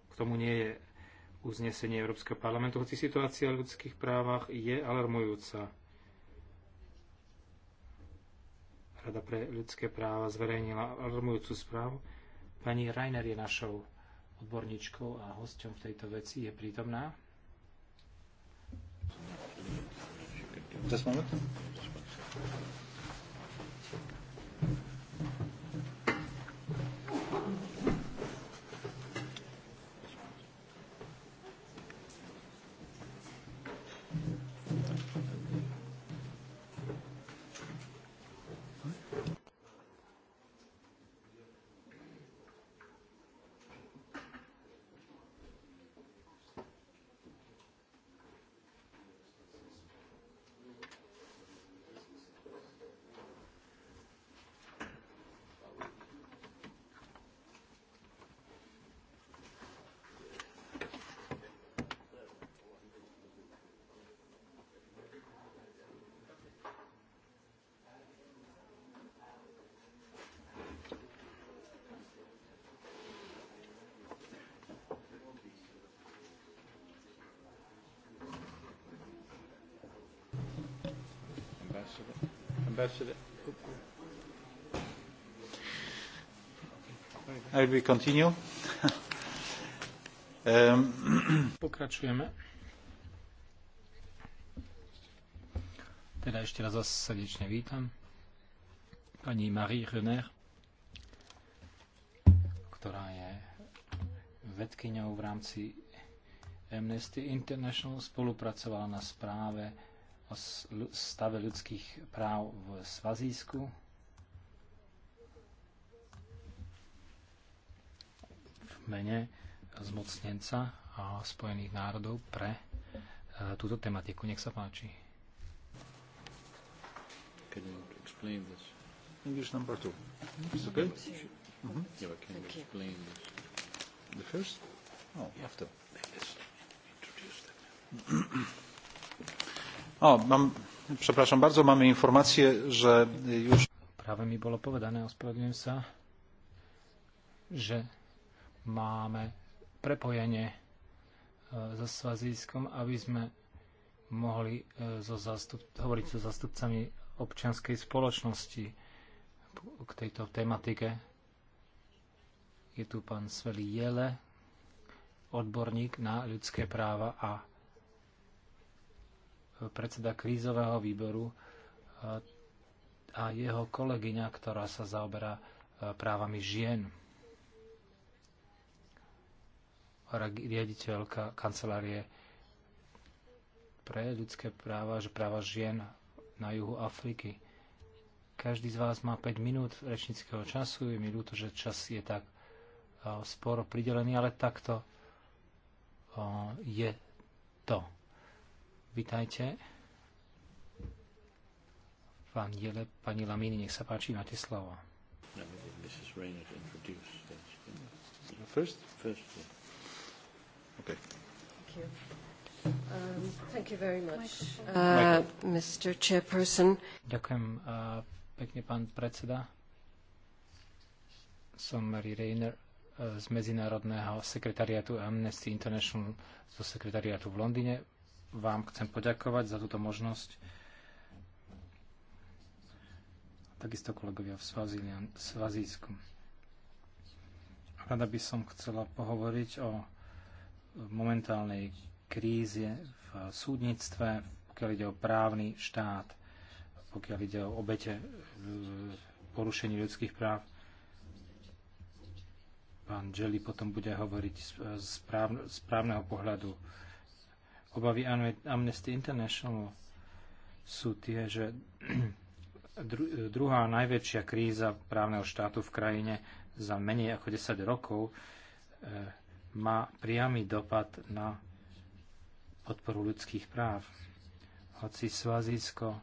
S4: K tomu nie je uznesenie Európskeho parlamentu, hoci situácia v ľudských právach je alarmujúca. Rada pre ľudské práva zverejnila alarmujúcu správu. Pani Rainer je našou odborníčkou a hosťom v tejto veci. Je prítomná?
S1: Just moment. Ambassador. I will continue. Um, Pokračujeme.
S4: Teda ešte raz vás srdečne vítam. Pani Marie Renner, ktorá je vedkyňou v rámci Amnesty International, spolupracovala na správe o stave ľudských práv v Svazísku. V mene zmocnenca a Spojených národov pre e, túto tematiku. Nech sa páči.
S1: Can you explain this? English number two. It's mm-hmm. okay? Mm-hmm. Yeah, can you explain this? The first? Oh, after. Introduce them. przepraszam bardzo, mamy informację, że już... Práve mi bolo povedané, ospravedlňujem sa,
S4: že máme prepojenie so e, Svazískom, aby sme mohli e, zastup, hovoriť so zastupcami občianskej spoločnosti k tejto tematike. Je tu pán Sveli Jele, odborník na ľudské práva a predseda krízového výboru a jeho kolegyňa, ktorá sa zaoberá právami žien. Riaditeľka kancelárie pre ľudské práva, že práva žien na juhu Afriky. Každý z vás má 5 minút rečníckého času. Je mi ľúto, že čas je tak sporo pridelený, ale takto je to. Vítajte. Pán Diele, pani Lamini, nech sa páči, máte slovo. No,
S3: no, first? First, okay.
S4: Thank you. Um, thank you very much, uh, Mr. Chairperson. Ďakujem uh, pekne, pán predseda. Som Mary Reiner uh, z Medzinárodného sekretariátu Amnesty International zo sekretariátu v Londýne vám chcem poďakovať za túto možnosť. Takisto kolegovia v Svazísku. Rada by som chcela pohovoriť o momentálnej kríze v súdnictve, pokiaľ ide o právny štát, pokiaľ ide o obete e, porušení ľudských práv. Pán Dželi potom bude hovoriť z, e, právneho pohľadu obavy Amnesty International sú tie, že druhá najväčšia kríza právneho štátu v krajine za menej ako 10 rokov e, má priamy dopad na podporu ľudských práv. Hoci Svazísko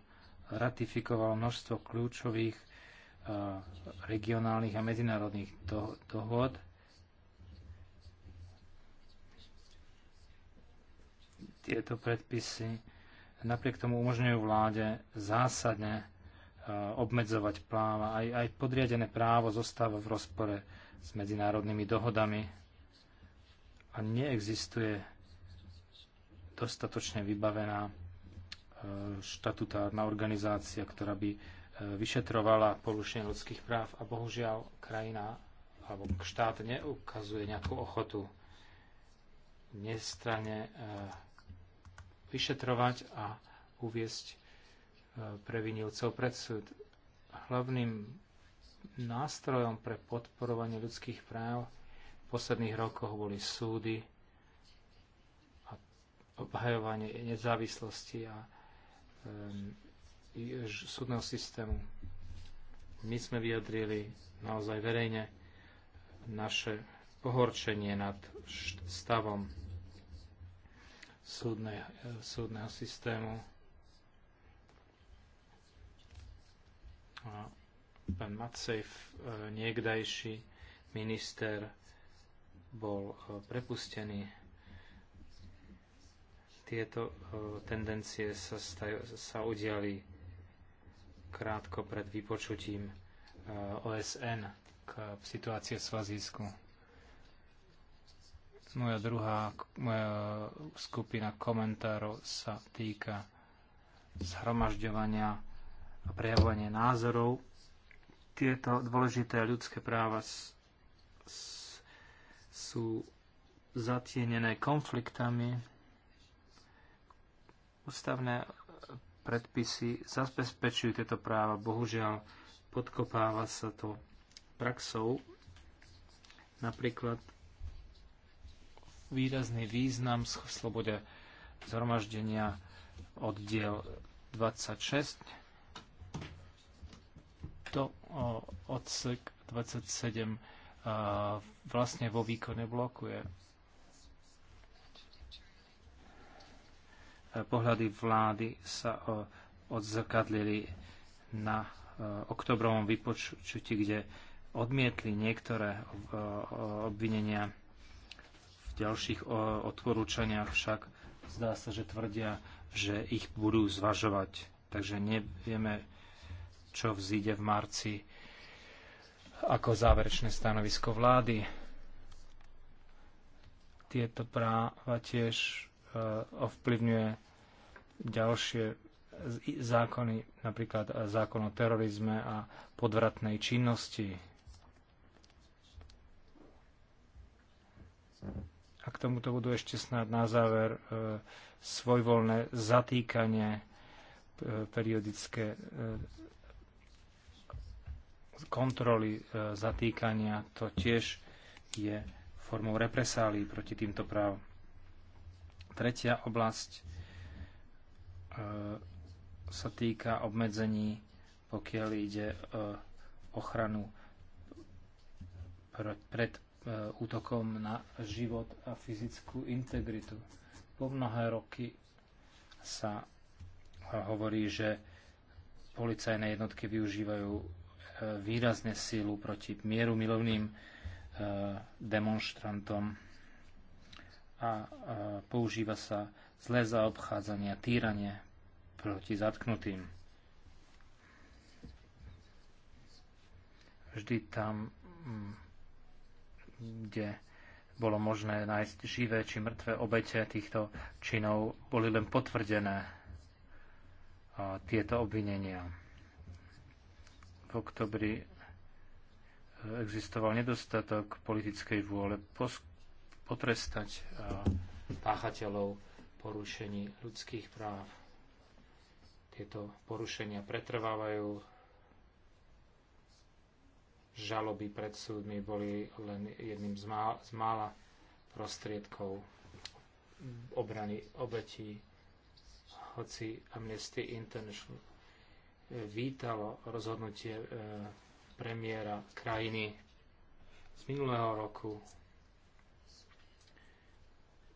S4: ratifikovalo množstvo kľúčových e, regionálnych a medzinárodných do- tieto predpisy napriek tomu umožňujú vláde zásadne e, obmedzovať práva. Aj, aj podriadené právo zostáva v rozpore s medzinárodnými dohodami a neexistuje dostatočne vybavená e, štatutárna organizácia, ktorá by e, vyšetrovala porušenie ľudských práv a bohužiaľ krajina alebo štát neukazuje nejakú ochotu nestrane vyšetrovať a uviesť e, previnilcov pred súd. Hlavným nástrojom pre podporovanie ľudských práv v posledných rokoch boli súdy a obhajovanie nezávislosti a e, súdneho systému. My sme vyjadrili naozaj verejne naše pohorčenie nad stavom súdne, súdneho systému. A pán Macejf, e, niekdajší minister, bol e, prepustený. Tieto e, tendencie sa, staj- sa udiali krátko pred vypočutím OSN k situácie v Svazísku. Moja druhá moja skupina komentárov sa týka zhromažďovania a prejavovania názorov. Tieto dôležité ľudské práva s, s, sú zatienené konfliktami. Ústavné predpisy zabezpečujú tieto práva, bohužiaľ podkopáva sa to praxou. Napríklad výrazný význam slobode zhromaždenia oddiel 26 To odsek 27 vlastne vo výkone blokuje. E, pohľady vlády sa odzrkadlili na e, oktobrovom vypočutí, kde odmietli niektoré obvinenia ďalších odporúčaniach však zdá sa, že tvrdia, že ich budú zvažovať. Takže nevieme, čo vzíde v marci ako záverečné stanovisko vlády. Tieto práva tiež e, ovplyvňuje ďalšie zákony, napríklad zákon o terorizme a podvratnej činnosti k tomuto budú ešte snad na záver e, svojvoľné zatýkanie e, periodické e, kontroly zatýkania, to tiež je formou represálií proti týmto práv. Tretia oblasť sa týka obmedzení, pokiaľ ide o ochranu pred E, útokom na život a fyzickú integritu. Po mnohé roky sa e, hovorí, že policajné jednotky využívajú e, výrazne sílu proti mieru milovným demonstrantom a používa sa zlé zaobchádzanie, týranie proti zatknutým. Vždy tam mm, kde bolo možné nájsť živé či mŕtve obete týchto činov, boli len potvrdené tieto obvinenia. V oktobri e, existoval nedostatok politickej vôle potrestať e, páchateľov porušení ľudských práv. Tieto porušenia pretrvávajú žaloby pred súdmi boli len jedným z, má, z mála prostriedkov obrany obetí, hoci Amnesty International vítalo rozhodnutie e, premiéra krajiny z minulého roku,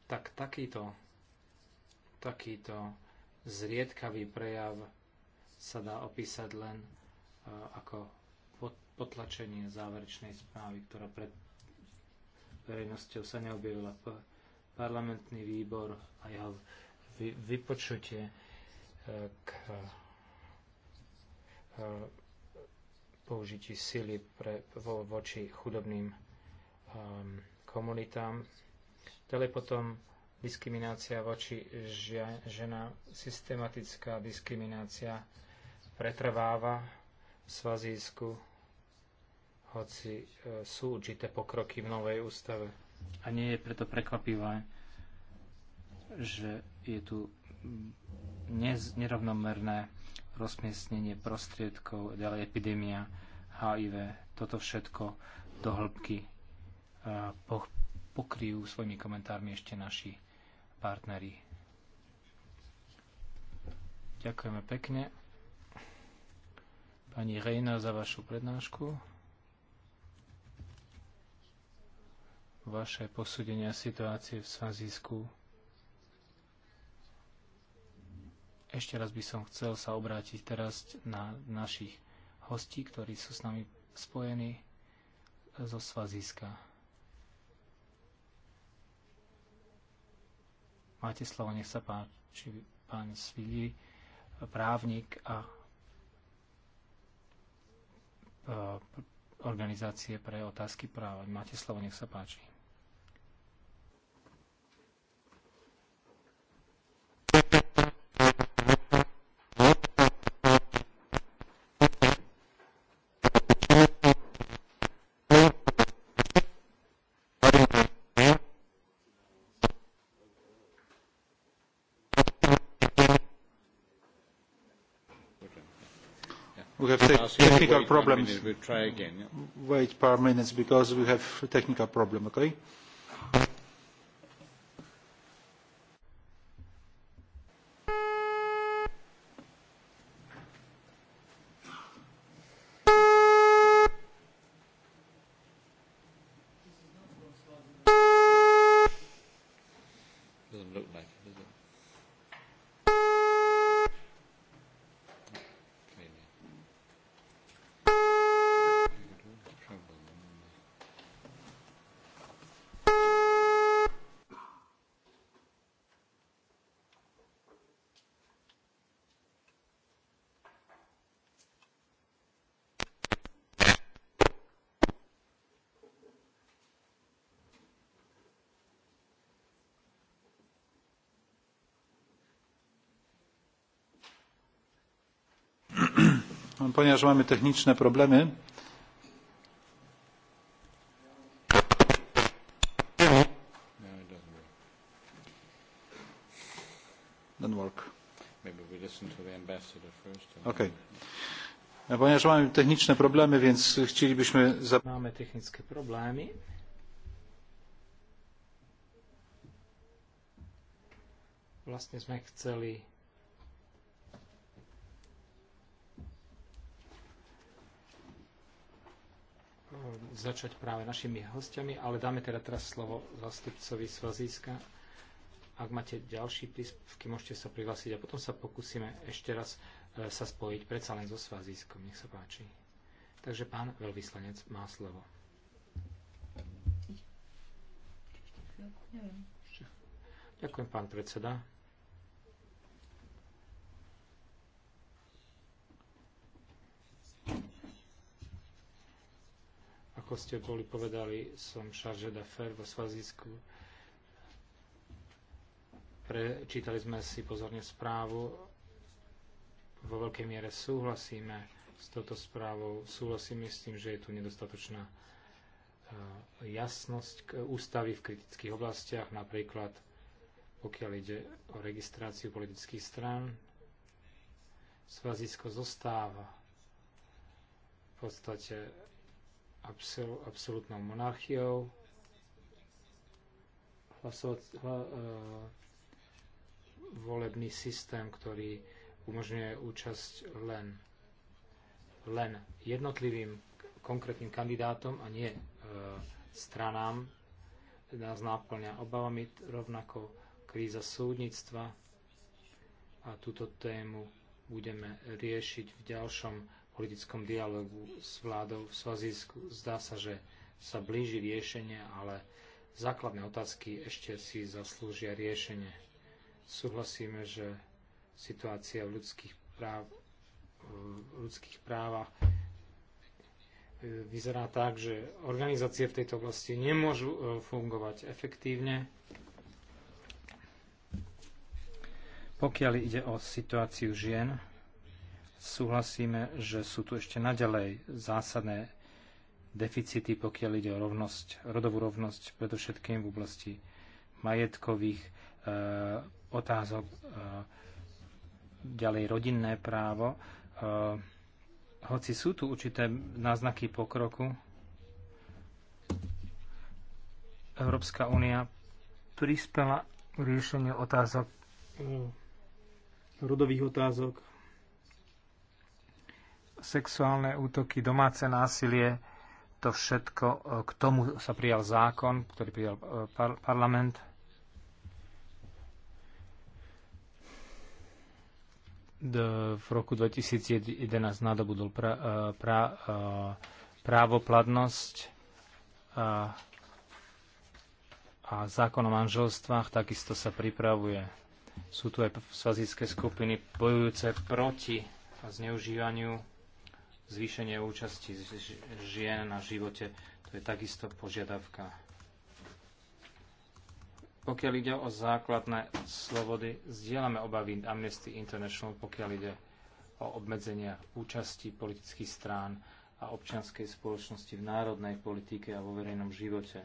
S4: tak takýto, takýto zriedkavý prejav sa dá opísať len e, ako potlačenie záverečnej správy, ktorá pred verejnosťou sa neobjavila. Parlamentný výbor a jeho vypočutie e, k e, použití sily pre, vo, voči chudobným um, komunitám. Ďalej potom diskriminácia voči žia, žena, systematická diskriminácia pretrváva v Svazísku hoci e, sú určité pokroky v novej ústave. A nie je preto prekvapivé, že je tu nerovnomerné rozmiestnenie prostriedkov, ďalej epidémia, HIV, toto všetko do hĺbky e, pokryjú svojimi komentármi ešte naši partneri. Ďakujeme pekne pani Rejna za vašu prednášku. vaše posúdenia situácie v Svazísku. Ešte raz by som chcel sa obrátiť teraz na našich hostí, ktorí sú s nami spojení zo Svazíska. Máte slovo, nech sa páči, pán Svili, právnik a e, organizácie pre otázky práva. Máte slovo, nech sa páči.
S1: We have technical problems. Wait a paar minutes because we have a technical problem, okay? ponieważ mamy techniczne problemy Okay. Ponieważ mamy techniczne problemy, więc chcielibyśmy...
S4: Mamy techniczne problemy. Vlastne sme chceli Eh, začať práve našimi hostiami, ale dáme teda teraz slovo zastupcovi Svazíska. Ak máte ďalší príspevky, môžete sa prihlásiť a potom sa pokúsime ešte raz eh, sa spojiť predsa len so Svazískom. Nech sa páči. Takže pán veľvyslanec má slovo. Ďakujem, pán predseda. Ako ste boli povedali, som Charge d'Affaires vo Svazisku. Prečítali sme si pozorne správu. Vo veľkej miere súhlasíme s touto správou. Súhlasíme s tým, že je tu nedostatočná e, jasnosť ústavy v kritických oblastiach, napríklad pokiaľ ide o registráciu politických strán. Svazisko zostáva v podstate absol, absolútnou monarchiou. Hlasovať, hla, e, volebný systém, ktorý umožňuje účasť len, len jednotlivým konkrétnym kandidátom a nie uh, stranám nás náplňa obavami rovnako kríza súdnictva a túto tému budeme riešiť v ďalšom politickom dialogu s vládou v Svazísku. Zdá sa, že sa blíži riešenie, ale základné otázky ešte si zaslúžia riešenie. Súhlasíme, že situácia v ľudských, práv, v ľudských právach e, vyzerá tak, že organizácie v tejto oblasti nemôžu e, fungovať efektívne. Pokiaľ ide o situáciu žien, Súhlasíme, že sú tu ešte naďalej zásadné deficity, pokiaľ ide o rovnosť, rodovú rovnosť, predovšetkým v oblasti majetkových e, otázok, e, ďalej rodinné právo. E, hoci sú tu určité náznaky pokroku, Európska únia prispela riešenie otázok e,
S3: rodových otázok
S4: sexuálne útoky, domáce násilie, to všetko, e, k tomu sa prijal zákon, ktorý prijal e, par- parlament. D- v roku 2011 nadobudol pra- e, pra- právoplatnosť a, a zákon o manželstvách takisto sa pripravuje. Sú tu aj svazické skupiny bojujúce proti zneužívaniu zvýšenie účasti žien na živote, to je takisto požiadavka. Pokiaľ ide o základné slobody, zdieľame obavy Amnesty International, pokiaľ ide o obmedzenia účasti politických strán a občianskej spoločnosti v národnej politike a vo verejnom živote.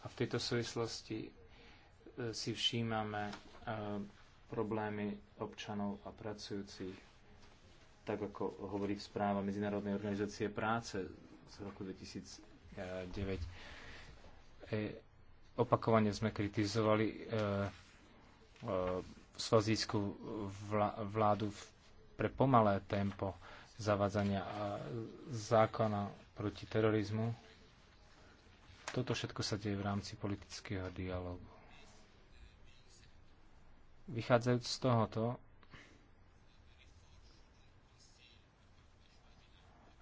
S4: A v tejto súvislosti e, si všímame e, problémy občanov a pracujúcich tak ako hovorí správa Medzinárodnej organizácie práce z roku 2009. E, opakovane sme kritizovali e, e, svazísku vla, vládu v, pre pomalé tempo zavadzania zákona proti terorizmu. Toto všetko sa deje v rámci politického dialogu. Vychádzajúc z tohoto,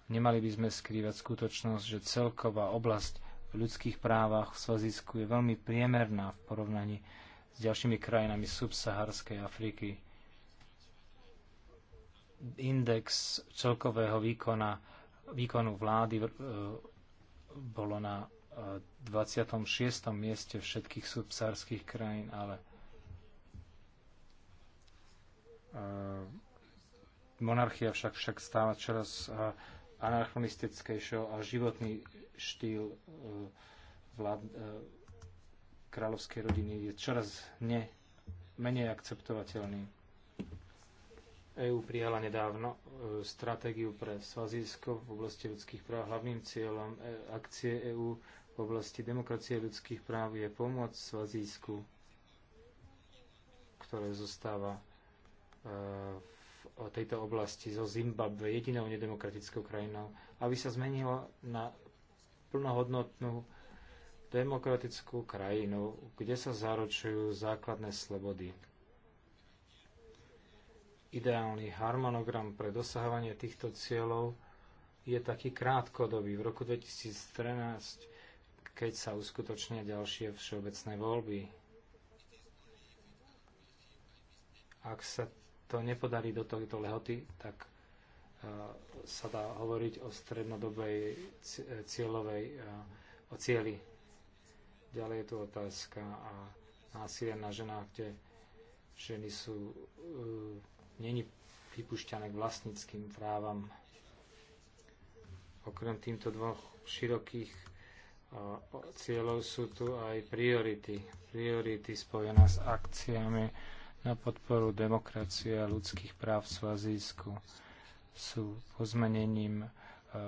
S4: Nemali by sme skrývať skutočnosť, že celková oblasť v ľudských právach v Svazisku je veľmi priemerná v porovnaní s ďalšími krajinami subsaharskej Afriky. Index celkového výkona, výkonu vlády e, bolo na 26. E, mieste všetkých subsaharských krajín, ale e, monarchia však, však stáva čoraz anachronistickejšieho a životný štýl e, vlád, e, kráľovskej rodiny je čoraz ne, menej akceptovateľný. EU prijala nedávno e, stratégiu pre Svazísko v oblasti ľudských práv. Hlavným cieľom akcie EU v oblasti demokracie ľudských práv je pomoc Svazísku, ktoré zostáva v o tejto oblasti zo Zimbabwe, jedinou nedemokratickou krajinou, aby sa zmenila na plnohodnotnú demokratickú krajinu, kde sa zaručujú základné slobody. Ideálny harmonogram pre dosahovanie týchto cieľov je taký krátkodobý. V roku 2013, keď sa uskutočnia ďalšie všeobecné voľby, ak sa to nepodarí do tohto lehoty, tak e, sa dá hovoriť o strednodobej e, cieľovej, e, o cieli. Ďalej je tu otázka a násilie na ženách, kde ženy sú, není vypušťané k vlastníckým právam. Okrem týmto dvoch širokých cieľov sú tu aj priority. Priority spojené s akciami, na podporu demokracie a ľudských práv v Svazísku sú pozmenením, e,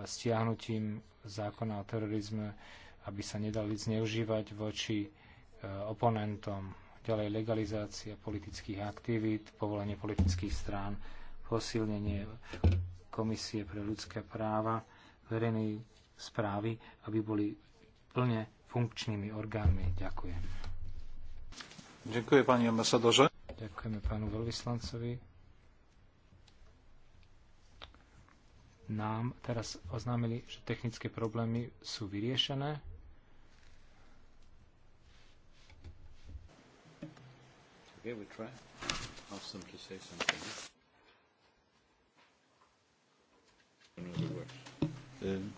S4: stiahnutím zákona o terorizme, aby sa nedali zneužívať voči e, oponentom. Ďalej legalizácia politických aktivít, povolenie politických strán, posilnenie Komisie pre ľudské práva, verejnej správy, aby boli plne funkčnými orgánmi.
S1: Ďakujem. Ďakujem, pani ambasadože.
S4: Ďakujeme pánu veľvyslancovi. Nám teraz oznámili, že technické problémy sú vyriešené.
S3: Okay, we try. Ask them to say something.
S1: Um.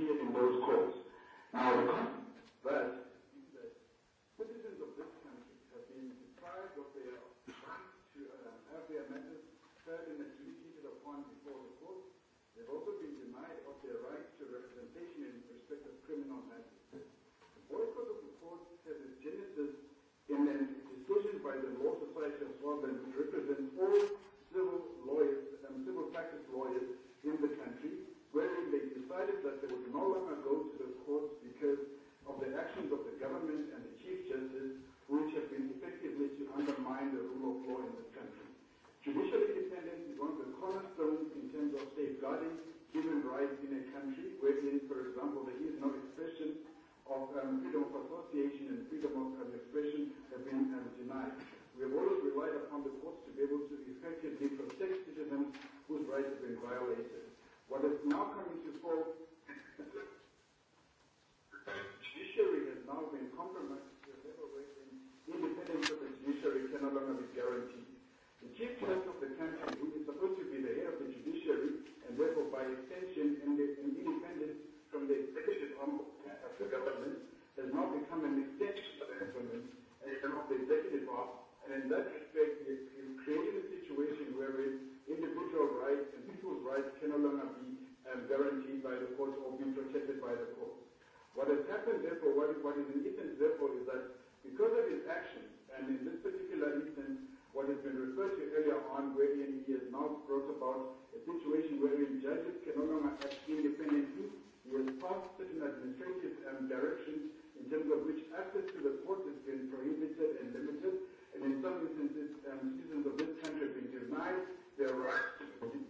S6: interfere in those calls. Now, the but citizens of this country have been deprived of their right to um, have their matters heard and adjudicated upon before the court. They've also been denied of their right to representation in respect of criminal matters. The boycott of the court has its genesis
S3: in a decision by the Law Society of Swaziland, which represents all civil
S6: lawyers and um, civil practice lawyers in the country, wherein they decided that they would no longer go to the courts because of the actions of the government and the chief justice, which have been effectively to undermine the rule of law in this country. Judicial independence is one of the cornerstones in terms of safeguarding human rights in a country wherein, for example, there is no expression of um, freedom of association and freedom of um, expression have been um, denied. We have always relied upon the courts to be able to effectively protect citizens whose rights have been violated. What is now coming to full judiciary has now been compromised to a level where independence of the judiciary can no longer be guaranteed. The chief judge of the country, who is supposed to be the head of the judiciary, and therefore by extension and, the, and independence from the executive arm of the government, has now become an extension of the government and of the executive arm. And in that respect, it, it created a situation wherein individual rights, and people's rights can no longer be um, guaranteed by the court or be protected by the court. What has happened, therefore, what, what is in instance, therefore, is that because of his actions, and in this particular instance, what has been referred to earlier on, where he has now brought about a situation wherein judges can no longer act independently. He has passed certain administrative um, directions in terms of which access to the court has been prohibited and limited, and in some instances, um, citizens of this country have been denied their right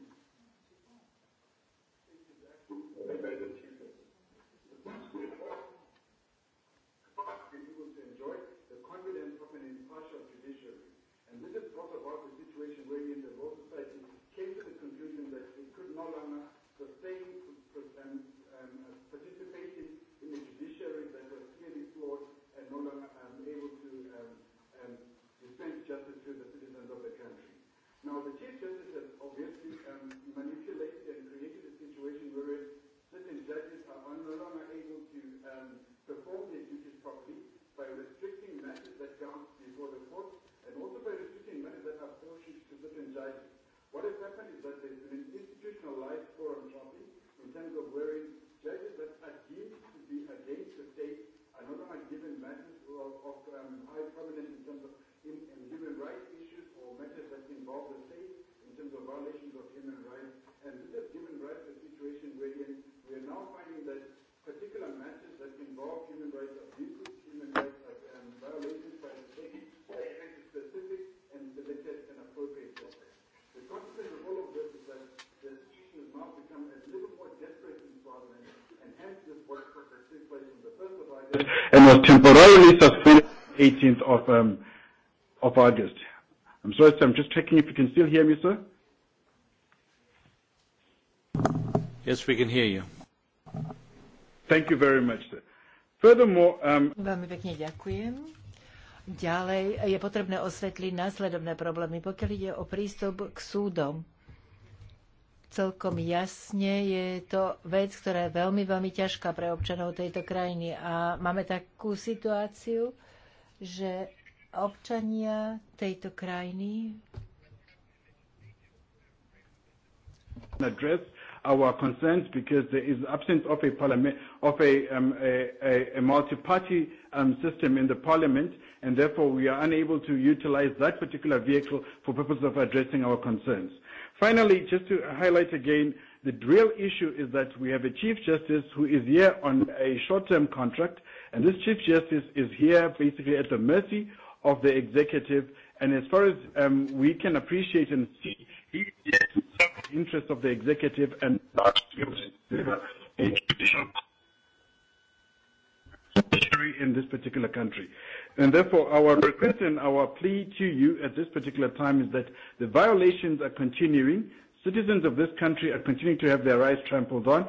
S6: Now, the Chief Justice has obviously um, manipulated and created a situation wherein certain judges are no longer able to um, perform their duties properly by restricting matters that come before the court and also by restricting matters that are portioned to certain judges. What has happened is that there's been an institutionalized forum shopping in terms of wherein judges that are deemed to be against the state are no longer given matters of, of um, high prominence in terms of in, in human rights involve the state in terms of violations of human rights. And this has given rise to a situation where we are now finding that particular matters that involve human rights abuses, human rights um, violations by the state, are specific and selected and appropriate topics. The consequence of all of this is that the situation has now become a little more desperate in Parliament, and hence this for that state place on the 1st of August and was temporarily suspended 18th of, um, of August. I'm sorry, sir. I'm just checking if you can still hear me, sir. Yes, we can hear you. Thank you very much, sir.
S2: Furthermore, um... Veľmi pekne ďakujem. Ďalej je potrebné osvetliť následovné problémy, pokiaľ ide o prístup k súdom. Celkom jasne je to vec, ktorá je veľmi, veľmi ťažká pre občanov tejto krajiny. A máme takú situáciu, že občania tejto krajiny
S6: address our concerns because there is absence of a parliament of a um, a, a, a multi-party um, system in the parliament, and therefore we are unable to utilize that particular vehicle for purpose of addressing our concerns. Finally, just to highlight again, the real issue is that we have a chief justice who is here on a short-term contract, and this chief justice is here basically at the mercy of the executive. And as far as um, we can appreciate and see, he is the interest of the executive and not in this particular country. And therefore, our request and our plea to you at this particular time is that the violations are continuing. Citizens of this country are continuing to have their rights trampled on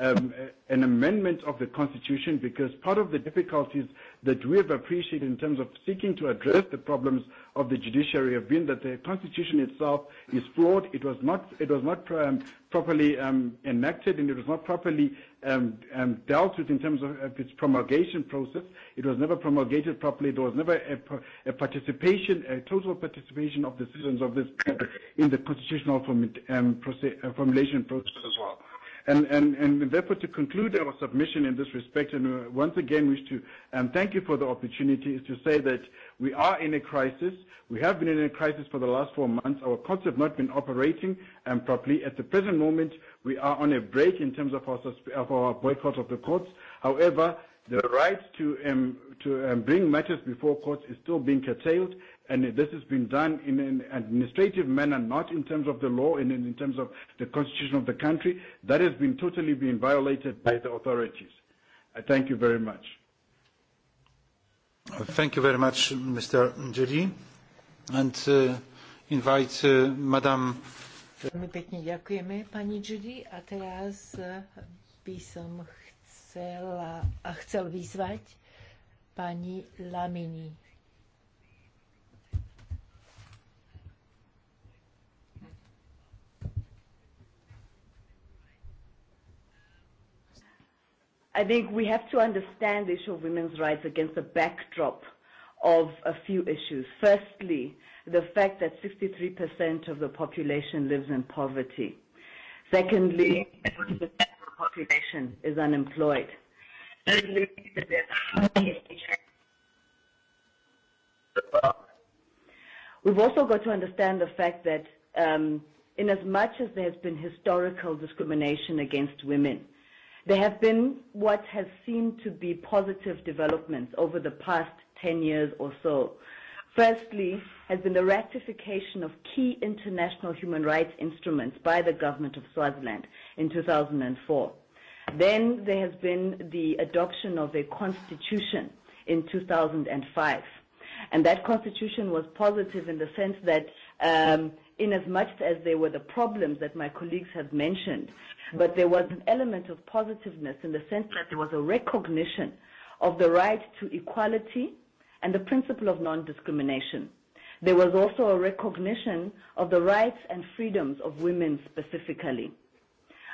S6: um, an amendment of the constitution because part of the difficulties that we have appreciated in terms of seeking to address the problems of the judiciary have been that the constitution itself is flawed. It was not, it was not um, properly um, enacted and it was not properly um, um, dealt with in terms of, its promulgation process. It was never promulgated properly. There was never a, a participation, a total participation of the citizens of this country in the constitutional form, um, uh, formulation process as well. And, and, and therefore, to conclude our submission in this respect, and uh, once again wish to um, thank you for the opportunity, is to say that we are in a crisis. We have been in a crisis for the last four months. Our courts have not been operating um, properly. At the present moment, we are on a break in terms of our, of our boycott of the courts. However, the right to, um, to um, bring matters before courts is still being curtailed, and this has been done in an administrative manner, not in terms of the law and in terms of the constitution of the country. That has been totally been violated by the authorities.
S1: I thank you very much. Thank you very much, Mr. Njeri. And uh, invite uh, Madam... Uh,
S2: Veľmi pekne ďakujeme, pani Judy. A teraz uh, by som chcela, a chcel vyzvať pani Lamini.
S5: I think we have to understand the issue of women's rights against the backdrop of a few issues. Firstly, the fact that 63% of the population lives in poverty.
S1: Secondly,
S5: the population is unemployed. Thirdly, We've also got to understand the fact that um, in as much as there has been historical discrimination against women, There have been what has seemed to be positive developments over the past 10 years or so. Firstly, has been the ratification of key international human rights instruments by the government of Swaziland in 2004. Then there has been the adoption of a constitution in 2005. And that constitution was positive in the sense that um, in as much as there were the problems that my colleagues have mentioned, but there was an element of positiveness in the sense that there was a recognition of the right to equality and the principle of non-discrimination. There was also a recognition of the rights and freedoms of women specifically.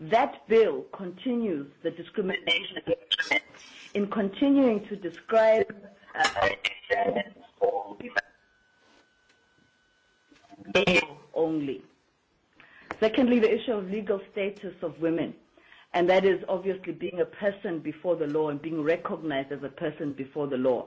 S5: That bill continues the discrimination in continuing to describe uh, only. Secondly, the issue of legal status of women, and that is obviously being a person before the law and being recognized as a person before the law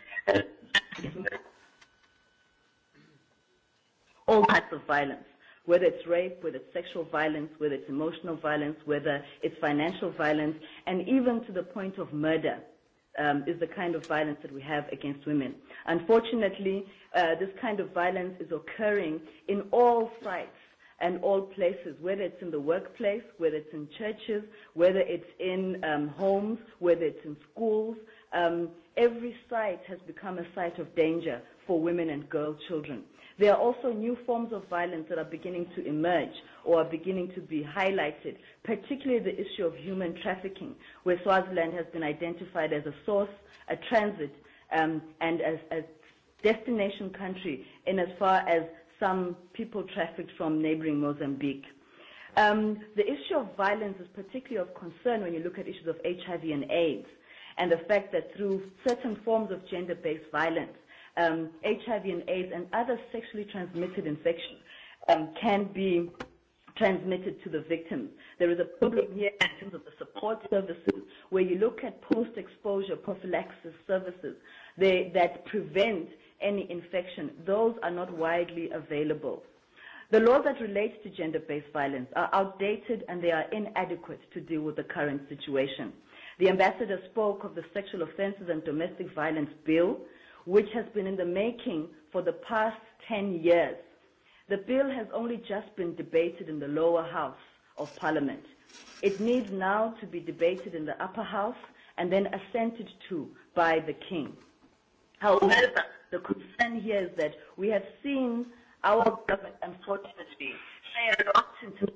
S5: all types of violence, whether it's rape, whether it's sexual violence, whether it's emotional violence, whether it's financial violence, and even to the point of murder um, is the kind of violence that we have against women. Unfortunately, uh, this kind of violence is occurring in all sites and all places, whether it's in the workplace, whether it's in churches, whether it's in um, homes, whether it's in schools. Um, Every site has become a site of danger for women and girl children. There are also new forms of violence that are beginning to emerge or are beginning to be highlighted, particularly the issue of human trafficking, where Swaziland has been identified as a source, a transit, um, and as a destination country in as far as some people trafficked from neighboring Mozambique. Um, the issue of violence is particularly of concern when you look at issues of HIV and AIDS and the fact that through certain forms of gender-based violence, um, HIV and AIDS and other sexually transmitted infections um, can be transmitted to the victims. There is a problem here in terms of the support services, where you look at post-exposure prophylaxis services they, that prevent any infection. Those are not widely available. The laws that relate to gender-based violence are outdated and they are inadequate to deal with the current situation. The ambassador spoke of the Sexual Offences and Domestic Violence Bill, which has been in the making for the past 10 years. The bill has only just been debated in the lower house of parliament. It needs now to be debated in the upper house and then assented to by the king. However, the concern here is that we have seen our government, unfortunately, say a lot into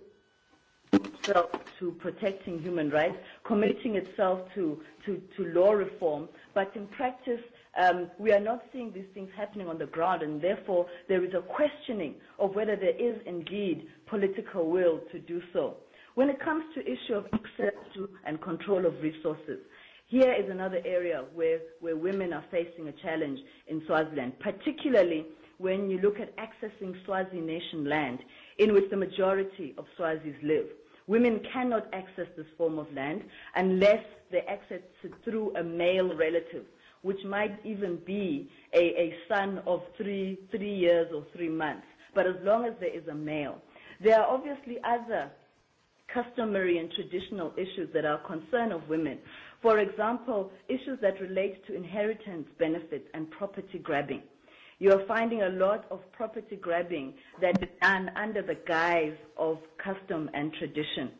S5: itself to protecting human rights, committing itself to, to, to law reform, but in practice, um, we are not seeing these things happening on the ground, and therefore there is a questioning of whether there is indeed political will to do so. When it comes to issue of access to and control of resources, here is another area where, where women are facing a challenge in Swaziland, particularly when you look at accessing Swazi nation land in which the majority of Swazis live. Women cannot access this form of land unless they access it through a male relative, which might even be a, a son of three, three years or three months, but as long as there is a male. There are obviously other customary and traditional issues that are a concern of women. For example, issues that relate to inheritance benefits and property grabbing you are finding a lot of property grabbing that is done under the guise of custom and tradition.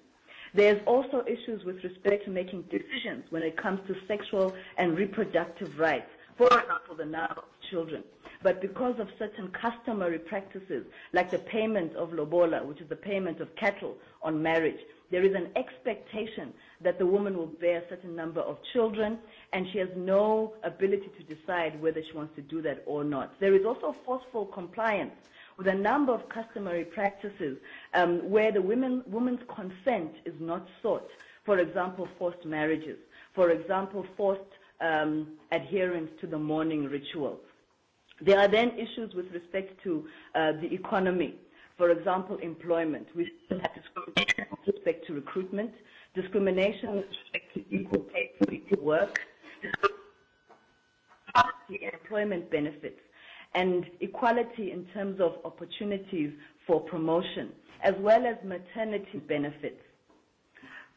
S5: There's also issues with respect to making decisions when it comes to sexual and reproductive rights, for example, the now children. But because of certain customary practices, like the payment of lobola, which is the payment of cattle on marriage, There is an expectation that the woman will bear a certain number of children, and she has no ability to decide whether she wants to do that or not. There is also forceful compliance with a number of customary practices um, where the women, woman's consent is not sought. For example, forced marriages. For example, forced um, adherence to the mourning rituals. There are then issues with respect to uh, the economy For example, employment. We still have discrimination with respect to recruitment, discrimination with respect to equal pay for equal work, employment benefits, and equality in terms of opportunities for promotion, as well as maternity benefits.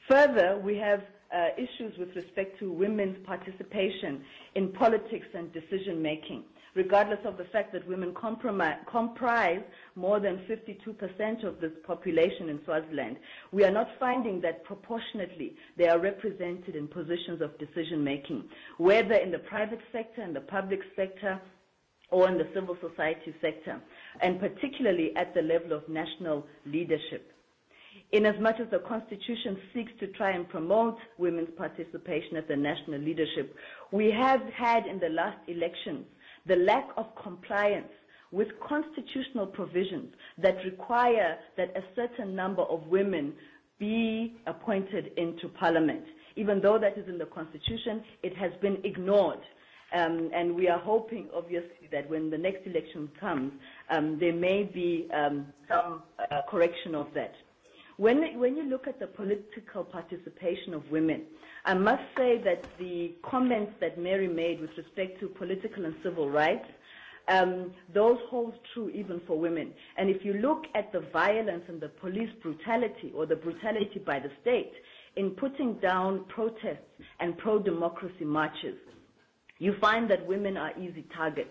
S5: Further, we have uh, issues with respect to women's participation in politics and decision making regardless of the fact that women comprise more than 52% of this population in Swaziland. We are not finding that proportionately they are represented in positions of decision making, whether in the private sector and the public sector or in the civil society sector, and particularly at the level of national leadership. Inasmuch as as the Constitution seeks to try and promote women's participation at the national leadership, we have had in the last elections the lack of compliance with constitutional provisions that require that a certain number of women be appointed into parliament. Even though that is in the constitution, it has been ignored. Um, and we are hoping, obviously, that when the next election comes, um, there may be um, some uh, correction of that. When, when you look at the political participation of women, I must say that the comments that Mary made with respect to political and civil rights, um, those hold true even for women. And if you look at the violence and the police brutality or the brutality by the state in putting down protests and pro-democracy marches, you find that women are easy targets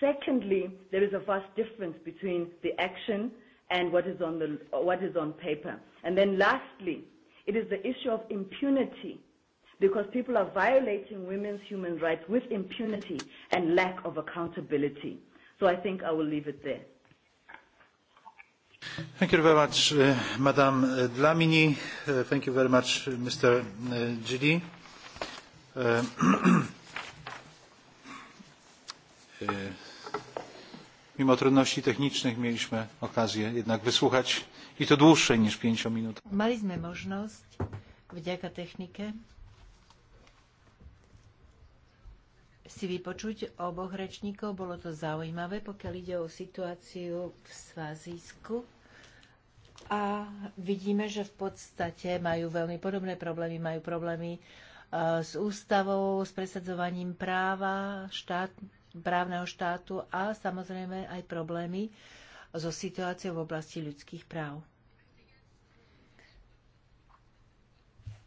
S5: Secondly, there is a vast difference between the action and what is on, the, what is on paper. And then lastly, it is the issue of impunity because people are violating women's human rights with impunity and lack of accountability. So I think I will leave it there.
S1: Thank you very much, uh, Madame Dlamini. Uh, thank you very much, Mr. Uh, Gidi. Uh, E, mimo trudności technicznych mieliśmy okazję jednak wysłuchać i to dłuższej niż pięciominutowej. Mali sme
S2: možnosť vďaka technike si vypočuť oboch rečníkov. Bolo to zaujímavé, pokiaľ ide o situáciu v Svazísku. A vidíme, že v podstate majú veľmi podobné problémy. Majú problémy e, s ústavou, s presadzovaním práva, štát, právneho štátu a samozrejme aj problémy so situáciou v oblasti ľudských práv.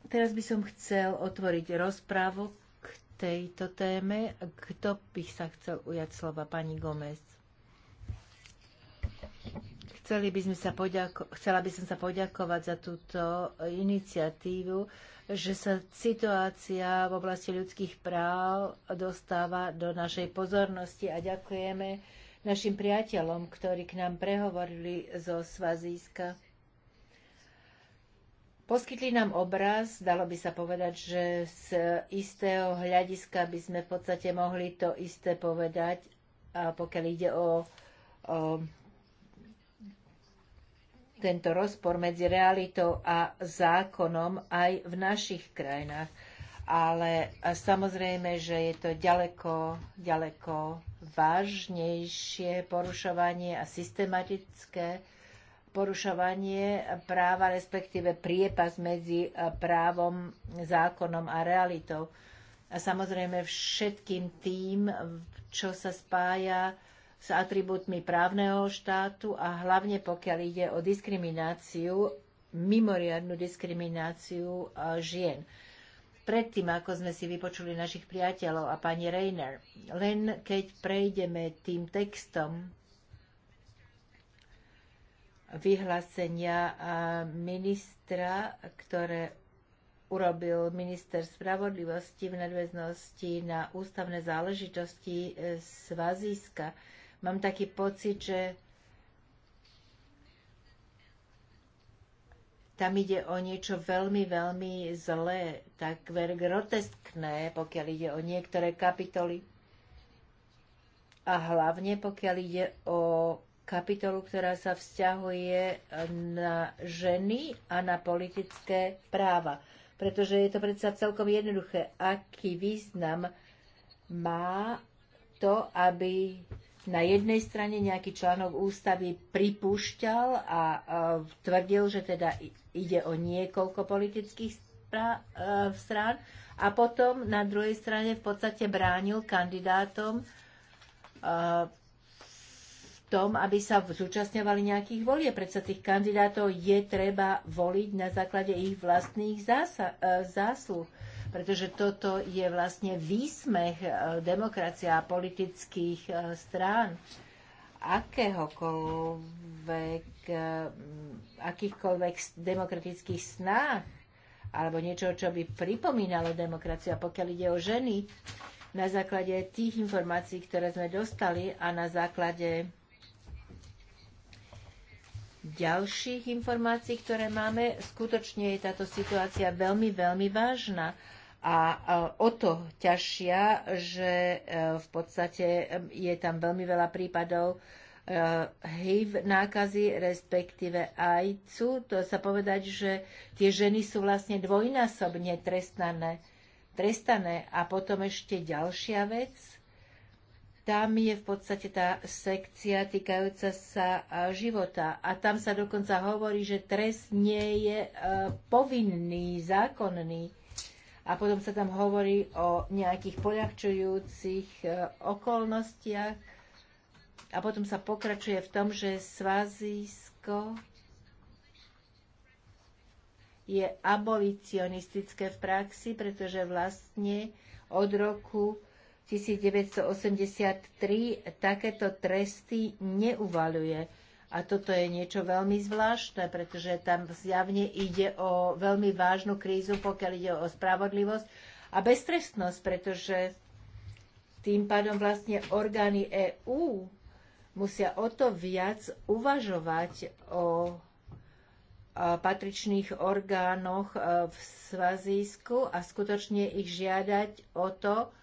S2: Teraz by som chcel otvoriť rozprávu k tejto téme. Kto by sa chcel ujať slova? Pani Gomez. Chceli by sme sa poďako- chcela by som sa poďakovať za túto iniciatívu že sa situácia v oblasti ľudských práv dostáva do našej pozornosti a ďakujeme našim priateľom, ktorí k nám prehovorili zo Svazíska. Poskytli nám obraz, dalo by sa povedať, že z istého hľadiska by sme v podstate mohli to isté povedať, pokiaľ ide o, o tento rozpor medzi realitou a zákonom aj v našich krajinách. Ale samozrejme, že je to ďaleko, ďaleko vážnejšie porušovanie a systematické porušovanie práva, respektíve priepas medzi právom, zákonom a realitou. A samozrejme všetkým tým, čo sa spája s atribútmi právneho štátu a hlavne pokiaľ ide o diskrimináciu, mimoriadnu diskrimináciu e, žien. Predtým, ako sme si vypočuli našich priateľov a pani Reiner, len keď prejdeme tým textom vyhlásenia e, ministra, ktoré urobil minister spravodlivosti v nadväznosti na ústavné záležitosti Svaziska, e, Mám taký pocit, že tam ide o niečo veľmi, veľmi zlé, takmer groteskné, pokiaľ ide o niektoré kapitoly. A hlavne pokiaľ ide o kapitolu, ktorá sa vzťahuje na ženy a na politické práva. Pretože je to predsa celkom jednoduché, aký význam má to, aby na jednej strane nejaký článok ústavy pripúšťal a e, tvrdil, že teda ide o niekoľko politických e, strán a potom na druhej strane v podstate bránil kandidátom e, v tom, aby sa zúčastňovali nejakých volie. Predsa tých kandidátov je treba voliť na základe ich vlastných zásluh pretože toto je vlastne výsmech e, demokracia a politických e, strán akéhokoľvek, e, akýchkoľvek demokratických snách alebo niečo, čo by pripomínalo demokraciu, a pokiaľ ide o ženy, na základe tých informácií, ktoré sme dostali a na základe ďalších informácií, ktoré máme, skutočne je táto situácia veľmi, veľmi vážna. A e, o to ťažšia, že e, v podstate e, je tam veľmi veľa prípadov HIV nákazy, respektíve AIDSu. To sa povedať, že tie ženy sú vlastne dvojnásobne trestané. trestané. A potom ešte ďalšia vec, tam je v podstate tá sekcia týkajúca sa života. A tam sa dokonca hovorí, že trest nie je povinný, zákonný a potom sa tam hovorí o nejakých poľahčujúcich e, okolnostiach a potom sa pokračuje v tom, že Svazísko je abolicionistické v praxi, pretože vlastne od roku 1983 takéto tresty neuvaluje. A toto je niečo veľmi zvláštne, pretože tam zjavne ide o veľmi vážnu krízu, pokiaľ ide o spravodlivosť a beztrestnosť, pretože tým pádom vlastne orgány EÚ musia o to viac uvažovať o patričných orgánoch e, v Svazísku a skutočne ich žiadať o to,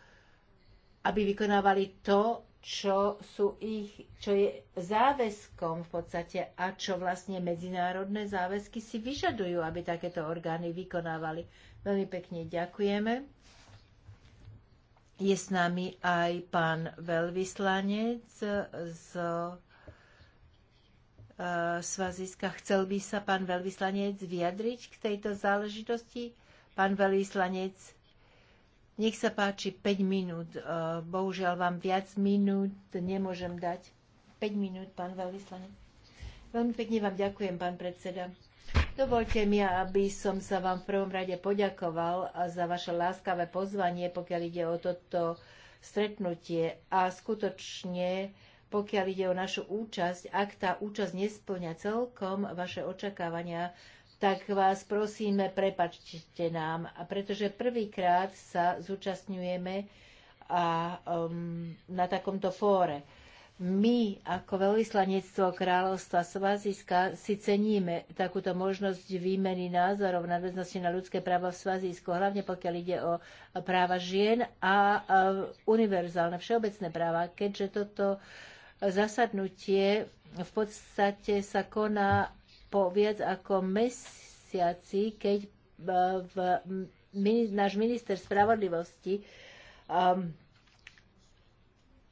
S2: aby vykonávali to, čo, sú ich, čo je záväzkom v podstate a čo vlastne medzinárodné záväzky si vyžadujú, aby takéto orgány vykonávali. Veľmi pekne ďakujeme. Je s nami aj pán veľvyslanec z e, Svaziska. Chcel by sa pán veľvyslanec vyjadriť k tejto záležitosti? Pán veľvyslanec nech sa páči, 5 minút. E, bohužiaľ vám viac minút nemôžem dať. 5 minút, pán veľvyslanec. Veľmi pekne vám ďakujem, pán predseda. Dovolte mi, aby som sa vám v prvom rade poďakoval za vaše láskavé pozvanie, pokiaľ ide o toto stretnutie. A skutočne, pokiaľ ide o našu účasť, ak tá účasť nesplňa celkom vaše očakávania, tak vás prosíme, prepačte nám, a pretože prvýkrát sa zúčastňujeme a, um, na takomto fóre. My ako veľvyslanectvo kráľovstva svaziska si ceníme takúto možnosť výmeny názorov na väznosti na ľudské práva v Svazisku. hlavne pokiaľ ide o práva žien a, a univerzálne všeobecné práva, keďže toto zasadnutie v podstate sa koná po viac ako mesiaci, keď e, v, náš minister spravodlivosti um,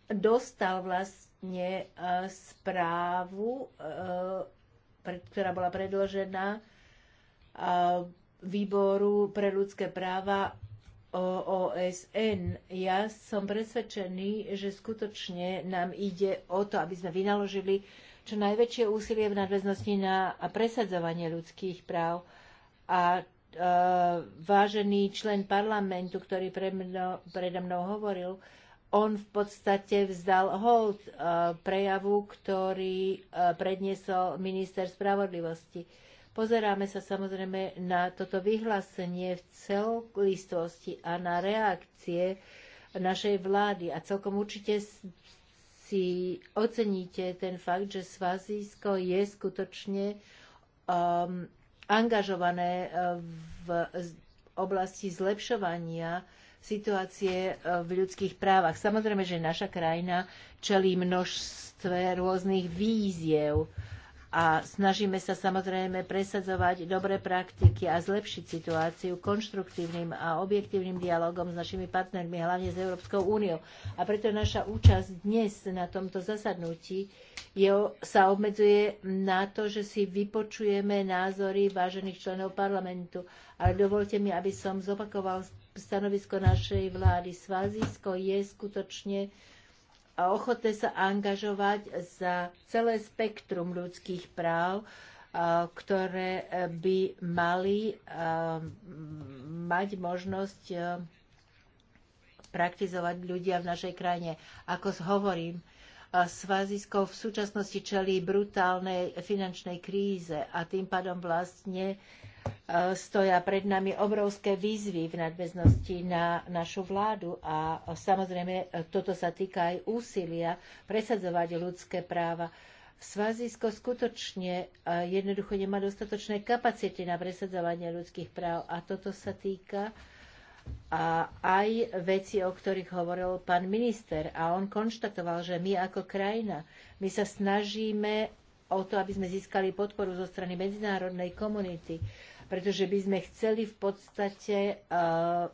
S2: dostal vlastne uh, správu, uh, pre, ktorá bola predložená uh, výboru pre ľudské práva OSN. Ja som presvedčený, že skutočne nám ide o to, aby sme vynaložili uh, čo najväčšie úsilie v nadväznosti na presadzovanie ľudských práv a e, vážený člen parlamentu, ktorý pre mno, predo mnou hovoril, on v podstate vzdal hold e, prejavu, ktorý e, predniesol minister spravodlivosti. Pozeráme sa samozrejme na toto vyhlásenie v celistvosti a na reakcie našej vlády. A celkom určite si oceníte ten fakt, že Svazísko je skutočne um, angažované uh, v oblasti zlepšovania situácie uh, v ľudských právach. Samozrejme, že naša krajina čelí množstve rôznych víziev, a snažíme sa samozrejme presadzovať dobré praktiky a zlepšiť situáciu konštruktívnym a objektívnym dialogom s našimi partnermi, hlavne s Európskou úniou. A preto naša účasť dnes na tomto zasadnutí je, sa obmedzuje na to, že si vypočujeme názory vážených členov parlamentu. Ale dovolte mi, aby som zopakoval stanovisko našej vlády. Svazisko je skutočne a ochotné sa angažovať za celé spektrum ľudských práv, ktoré by mali mať možnosť praktizovať ľudia v našej krajine. Ako hovorím, Svazisko v súčasnosti čelí brutálnej finančnej kríze a tým pádom vlastne E, stoja pred nami obrovské výzvy v nadväznosti na našu vládu a samozrejme e, toto sa týka aj úsilia presadzovať ľudské práva. Svazisko skutočne e, jednoducho nemá dostatočné kapacity na presadzovanie ľudských práv a toto sa týka a aj veci, o ktorých hovoril pán minister. A on konštatoval, že my ako krajina, my sa snažíme o to, aby sme získali podporu zo strany medzinárodnej komunity pretože by sme chceli v podstate, eh,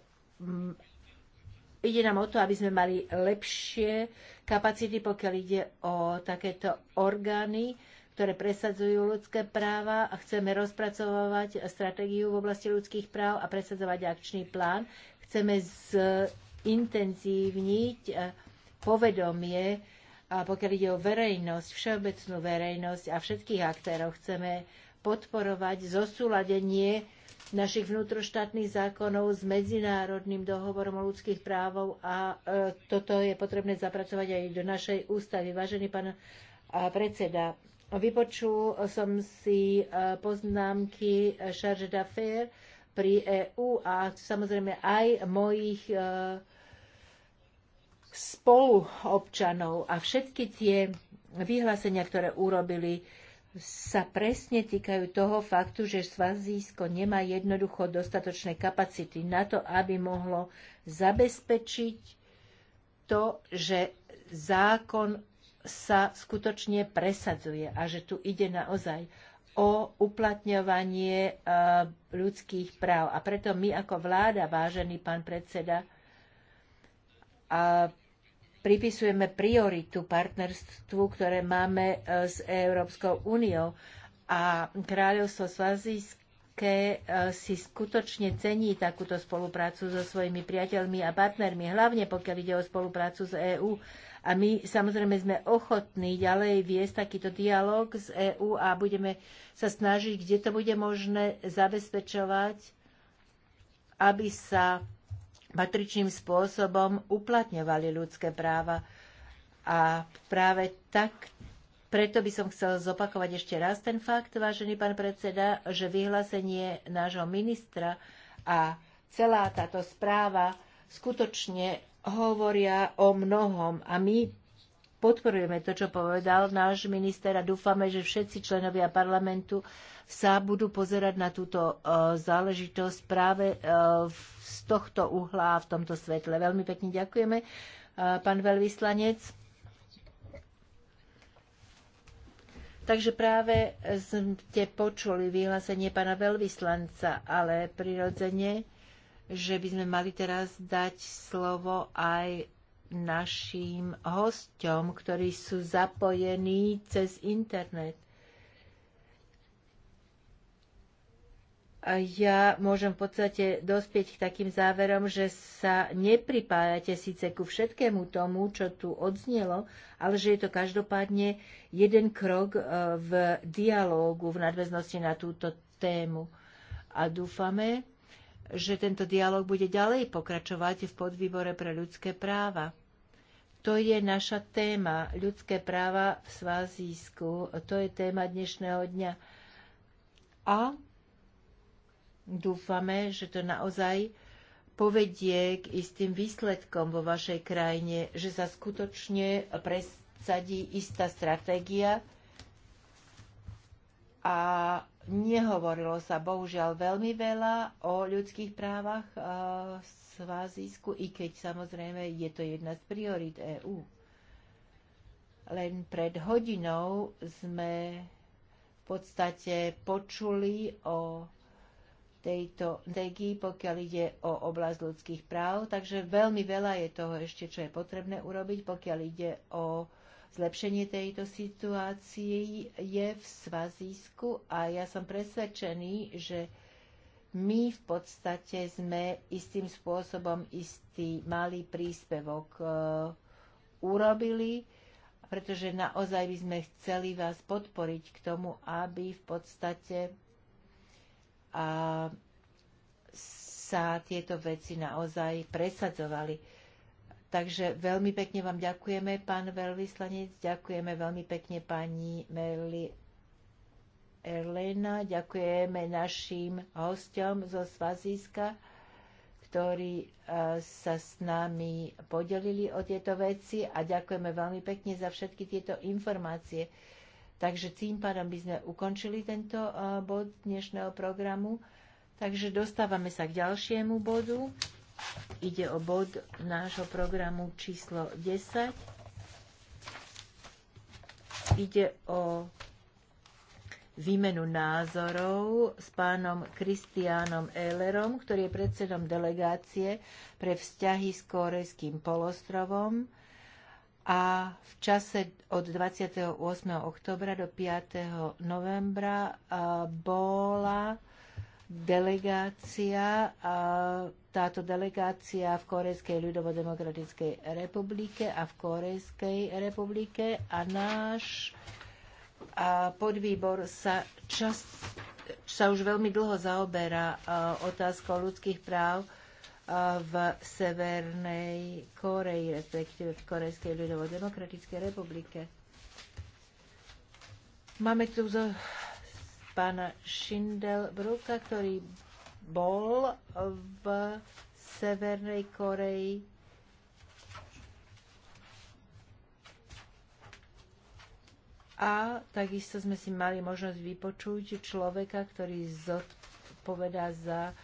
S2: ide nám o to, aby sme mali lepšie kapacity, pokiaľ ide o takéto orgány, ktoré presadzujú ľudské práva a chceme rozpracovávať stratégiu v oblasti ľudských práv a presadzovať akčný plán. Chceme zintenzívniť eh, povedomie, eh, pokiaľ ide o verejnosť, všeobecnú verejnosť a všetkých aktérov. Chceme podporovať zosúladenie našich vnútroštátnych zákonov s medzinárodným dohovorom o ľudských právov a e, toto je potrebné zapracovať aj do našej ústavy. Vážený pán e, predseda, vypočul som si e, poznámky Charge d'Affaires pri EU a samozrejme aj mojich e, spoluobčanov a všetky tie vyhlásenia, ktoré urobili sa presne týkajú toho faktu, že Svazísko nemá jednoducho dostatočné kapacity na to, aby mohlo zabezpečiť to, že zákon sa skutočne presadzuje a že tu ide naozaj o uplatňovanie e, ľudských práv. A preto my ako vláda, vážený pán predseda, a pripisujeme prioritu partnerstvu, ktoré máme e, s Európskou úniou. A kráľovstvo Svazijské e, si skutočne cení takúto spoluprácu so svojimi priateľmi a partnermi, hlavne pokiaľ ide o spoluprácu s EÚ. A my samozrejme sme ochotní ďalej viesť takýto dialog s EÚ a budeme sa snažiť, kde to bude možné, zabezpečovať, aby sa patričným spôsobom uplatňovali ľudské práva. A práve tak preto by som chcel zopakovať ešte raz ten fakt, vážený pán predseda, že vyhlásenie nášho ministra a celá táto správa skutočne hovoria o mnohom a my podporujeme to, čo povedal náš minister a dúfame, že všetci členovia parlamentu sa budú pozerať na túto e, záležitosť práve e, z tohto uhla a v tomto svetle. Veľmi pekne ďakujeme, e, pán veľvyslanec. Takže práve ste počuli vyhlásenie pána veľvyslanca, ale prirodzene, že by sme mali teraz dať slovo aj našim hosťom, ktorí sú zapojení cez internet. A ja môžem v podstate dospieť k takým záverom, že sa nepripájate síce ku všetkému tomu, čo tu odznelo, ale že je to každopádne jeden krok e, v dialógu v nadväznosti na túto tému. A dúfame, že tento dialog bude ďalej pokračovať v podvýbore pre ľudské práva. To je naša téma, ľudské práva v Svazísku. To je téma dnešného dňa. A dúfame, že to naozaj povedie k istým výsledkom vo vašej krajine, že sa skutočne presadí istá stratégia a nehovorilo sa bohužiaľ veľmi veľa o ľudských právach v eh, svá i keď samozrejme je to jedna z priorit EÚ. Len pred hodinou sme v podstate počuli o tejto strategii, pokiaľ ide o oblasť ľudských práv. Takže veľmi veľa je toho ešte, čo je potrebné urobiť, pokiaľ ide o zlepšenie tejto situácie je v svazísku a ja som presvedčený, že my v podstate sme istým spôsobom istý malý príspevok e, urobili, pretože naozaj by sme chceli vás podporiť k tomu, aby v podstate a, sa tieto veci naozaj presadzovali. Takže veľmi pekne vám ďakujeme, pán veľvyslanec, ďakujeme veľmi pekne pani Merli Erlena. Ďakujeme našim hostom zo Svazíska, ktorí e, sa s nami podelili o tieto veci a ďakujeme veľmi pekne za všetky tieto informácie. Takže tým pádom by sme ukončili tento e, bod dnešného programu. Takže dostávame sa k ďalšiemu bodu. Ide o bod nášho programu číslo 10. Ide o výmenu názorov s pánom Kristiánom Ehlerom, ktorý je predsedom delegácie pre vzťahy s Kórejským polostrovom a v čase od 28. oktobra do 5. novembra bola delegácia, táto delegácia v Korejskej ľudovo-demokratickej republike a v Korejskej republike a náš a podvýbor sa čas, sa už veľmi dlho zaoberá e, otázkou ľudských práv e, v Severnej Koreji, respektíve v Korejskej ľudovo-demokratickej republike. Máme tu zo pána Schindelbruka, ktorý bol v Severnej Koreji A takisto sme si mali možnosť vypočuť človeka, ktorý zodpovedá za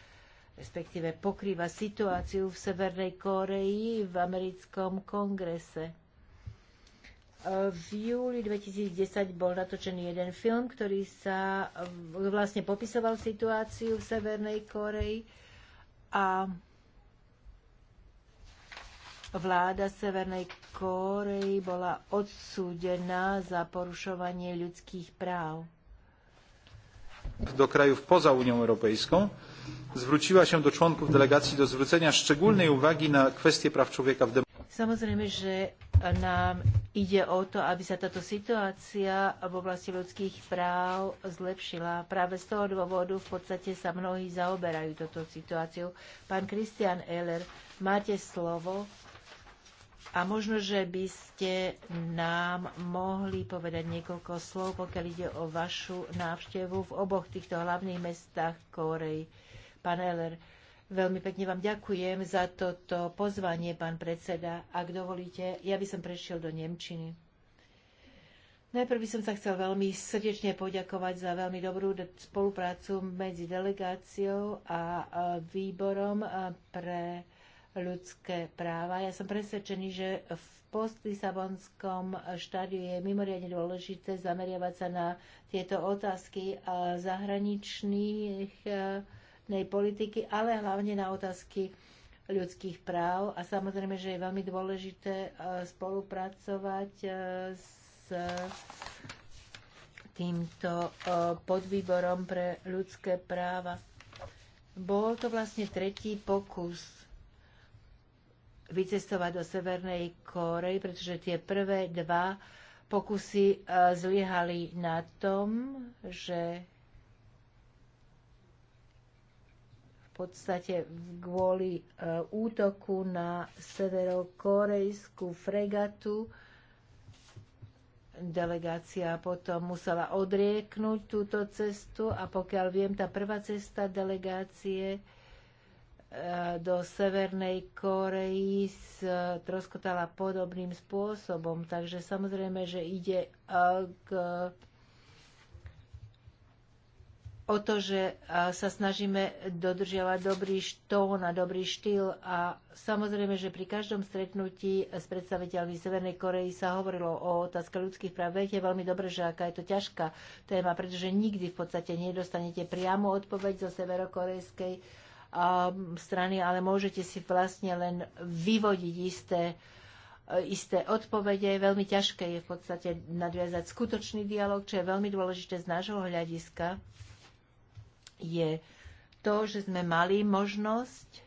S2: respektíve pokrýva situáciu v Severnej Koreji v americkom kongrese. E, v júli 2010 bol natočený jeden film, ktorý sa e, vlastne popisoval situáciu v Severnej Koreji a vláda Severnej Kórei bola odsúdená za porušovanie ľudských práv.
S1: Do krajów poza Unią Europejską zwróciła się do członków delegacji do zwrócenia szczególnej uwagi na kwestie praw człowieka w demokracji.
S2: Samozrejme, że nam ide o to, aby sa táto situácia v oblasti ľudských práv zlepšila. Práve z toho dôvodu v podstate sa mnohí zaoberajú toto situáciou. Pán Kristian Eller, máte slovo. A možno, že by ste nám mohli povedať niekoľko slov, pokiaľ ide o vašu návštevu v oboch týchto hlavných mestách Korej. Pán Eller, veľmi pekne vám ďakujem za toto pozvanie, pán predseda. Ak dovolíte, ja by som prešiel do Nemčiny. Najprv by som sa chcel veľmi srdečne poďakovať za veľmi dobrú spoluprácu medzi delegáciou a výborom pre ľudské práva. Ja som presvedčený, že v post-Lisabonskom štádiu je mimoriadne dôležité zameriavať sa na tieto otázky zahraničnej eh, politiky, ale hlavne na otázky ľudských práv. A samozrejme, že je veľmi dôležité eh, spolupracovať eh, s týmto podvýborom pre ľudské práva. Bol to vlastne tretí pokus vycestovať do Severnej Kórey, pretože tie prvé dva pokusy e, zlyhali na tom, že v podstate kvôli e, útoku na severokorejskú fregatu delegácia potom musela odrieknúť túto cestu a pokiaľ viem, tá prvá cesta delegácie Eh, do Severnej Koreji eh, troskotala podobným spôsobom. Takže samozrejme, že ide eh, k, o to, že sa snažíme dodržiavať dobrý štón a dobrý štýl a samozrejme, že pri každom stretnutí s predstaviteľmi Severnej Korei sa hovorilo o otázke ľudských práv. Viete veľmi dobre, že aká je to ťažká téma, pretože nikdy v podstate nedostanete priamu odpoveď zo severokorejskej Um, strany, ale môžete si vlastne len vyvodiť isté, uh, isté odpovede. Veľmi ťažké je v podstate nadviazať skutočný dialog, čo je veľmi dôležité z nášho hľadiska, je to, že sme mali možnosť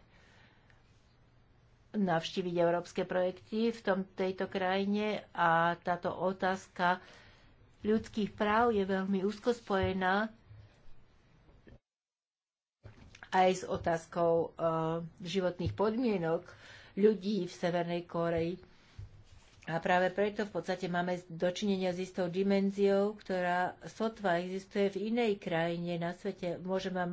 S2: navštíviť európske projekty v tom, tejto krajine a táto otázka ľudských práv je veľmi úzko spojená aj s otázkou eh, životných podmienok ľudí v Severnej Koreji. A práve preto v podstate máme dočinenia s istou dimenziou, ktorá sotva existuje v inej krajine na svete. Môžem, vám,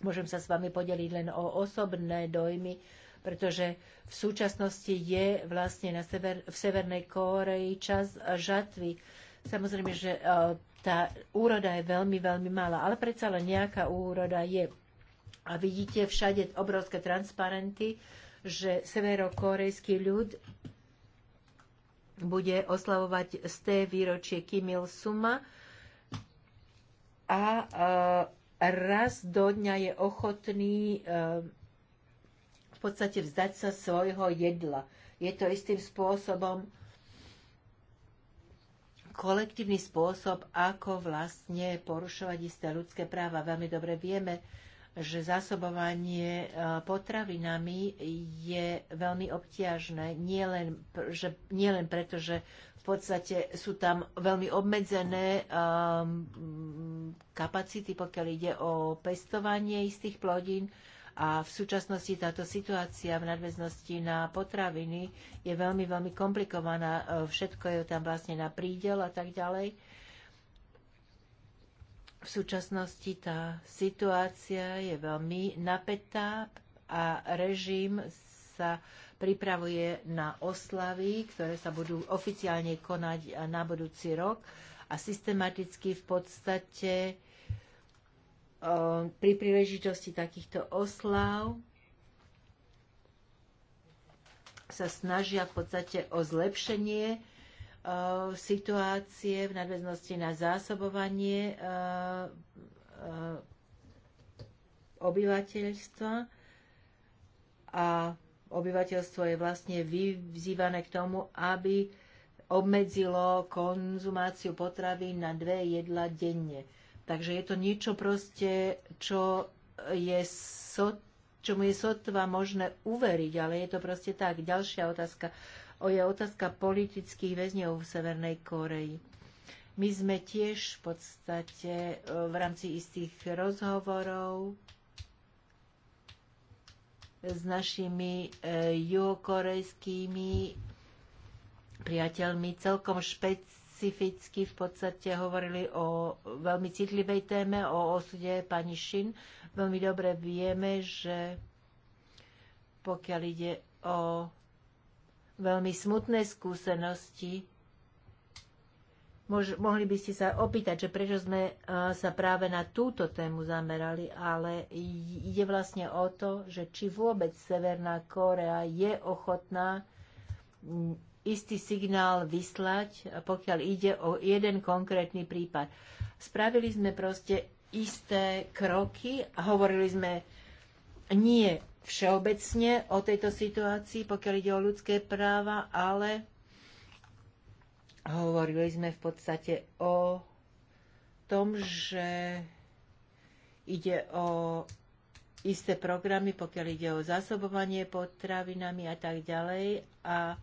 S2: môžem sa s vami podeliť len o osobné dojmy, pretože v súčasnosti je vlastne na sever, v Severnej Kóreji čas žatvy. Samozrejme, že eh, tá úroda je veľmi, veľmi malá, ale predsa len nejaká úroda je. A vidíte všade obrovské transparenty, že severokorejský ľud bude oslavovať z té výročie Kim Il-suma a e, raz do dňa je ochotný e, v podstate vzdať sa svojho jedla. Je to istým spôsobom kolektívny spôsob, ako vlastne porušovať isté ľudské práva. Veľmi dobre vieme, že zásobovanie e, potravinami je veľmi obťažné. Nie len, že, nie len preto, že v podstate sú tam veľmi obmedzené um, kapacity, pokiaľ ide o pestovanie istých plodín. A v súčasnosti táto situácia v nadväznosti na potraviny je veľmi, veľmi komplikovaná. E, všetko je tam vlastne na prídel a tak ďalej v súčasnosti tá situácia je veľmi napätá a režim sa pripravuje na oslavy, ktoré sa budú oficiálne konať na budúci rok a systematicky v podstate e, pri príležitosti takýchto oslav sa snažia v podstate o zlepšenie Eh, situácie v nadväznosti na zásobovanie eh, eh, obyvateľstva a obyvateľstvo je vlastne vyzývané k tomu, aby obmedzilo konzumáciu potravy na dve jedla denne. Takže je to niečo proste, čo je so, čomu je sotva možné uveriť, ale je to proste tak. Ďalšia otázka O je otázka politických väzňov v Severnej Koreji. My sme tiež v podstate e, v rámci istých rozhovorov s našimi e, juhokorejskými priateľmi celkom špecificky v podstate hovorili o veľmi citlivej téme, o osude pani Šin. Veľmi dobre vieme, že pokiaľ ide o veľmi smutné skúsenosti. Mož, mohli by ste sa opýtať, že prečo sme e, sa práve na túto tému zamerali, ale ide vlastne o to, že či vôbec Severná Kórea je ochotná istý signál vyslať, pokiaľ ide o jeden konkrétny prípad. Spravili sme proste isté kroky a hovorili sme nie všeobecne o tejto situácii, pokiaľ ide o ľudské práva, ale hovorili sme v podstate o tom, že ide o isté programy, pokiaľ ide o zásobovanie potravinami a tak ďalej. A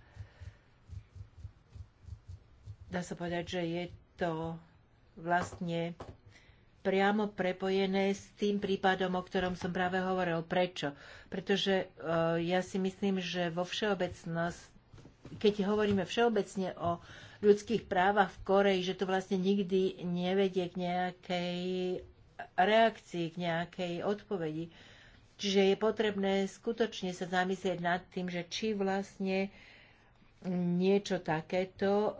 S2: dá sa povedať, že je to vlastne priamo prepojené s tým prípadom, o ktorom som práve hovoril. Prečo? Pretože e, ja si myslím, že vo všeobecnosti, keď hovoríme všeobecne o ľudských právach v Koreji, že to vlastne nikdy nevedie k nejakej reakcii, k nejakej odpovedi. Čiže je potrebné skutočne sa zamyslieť nad tým, že či vlastne niečo takéto e,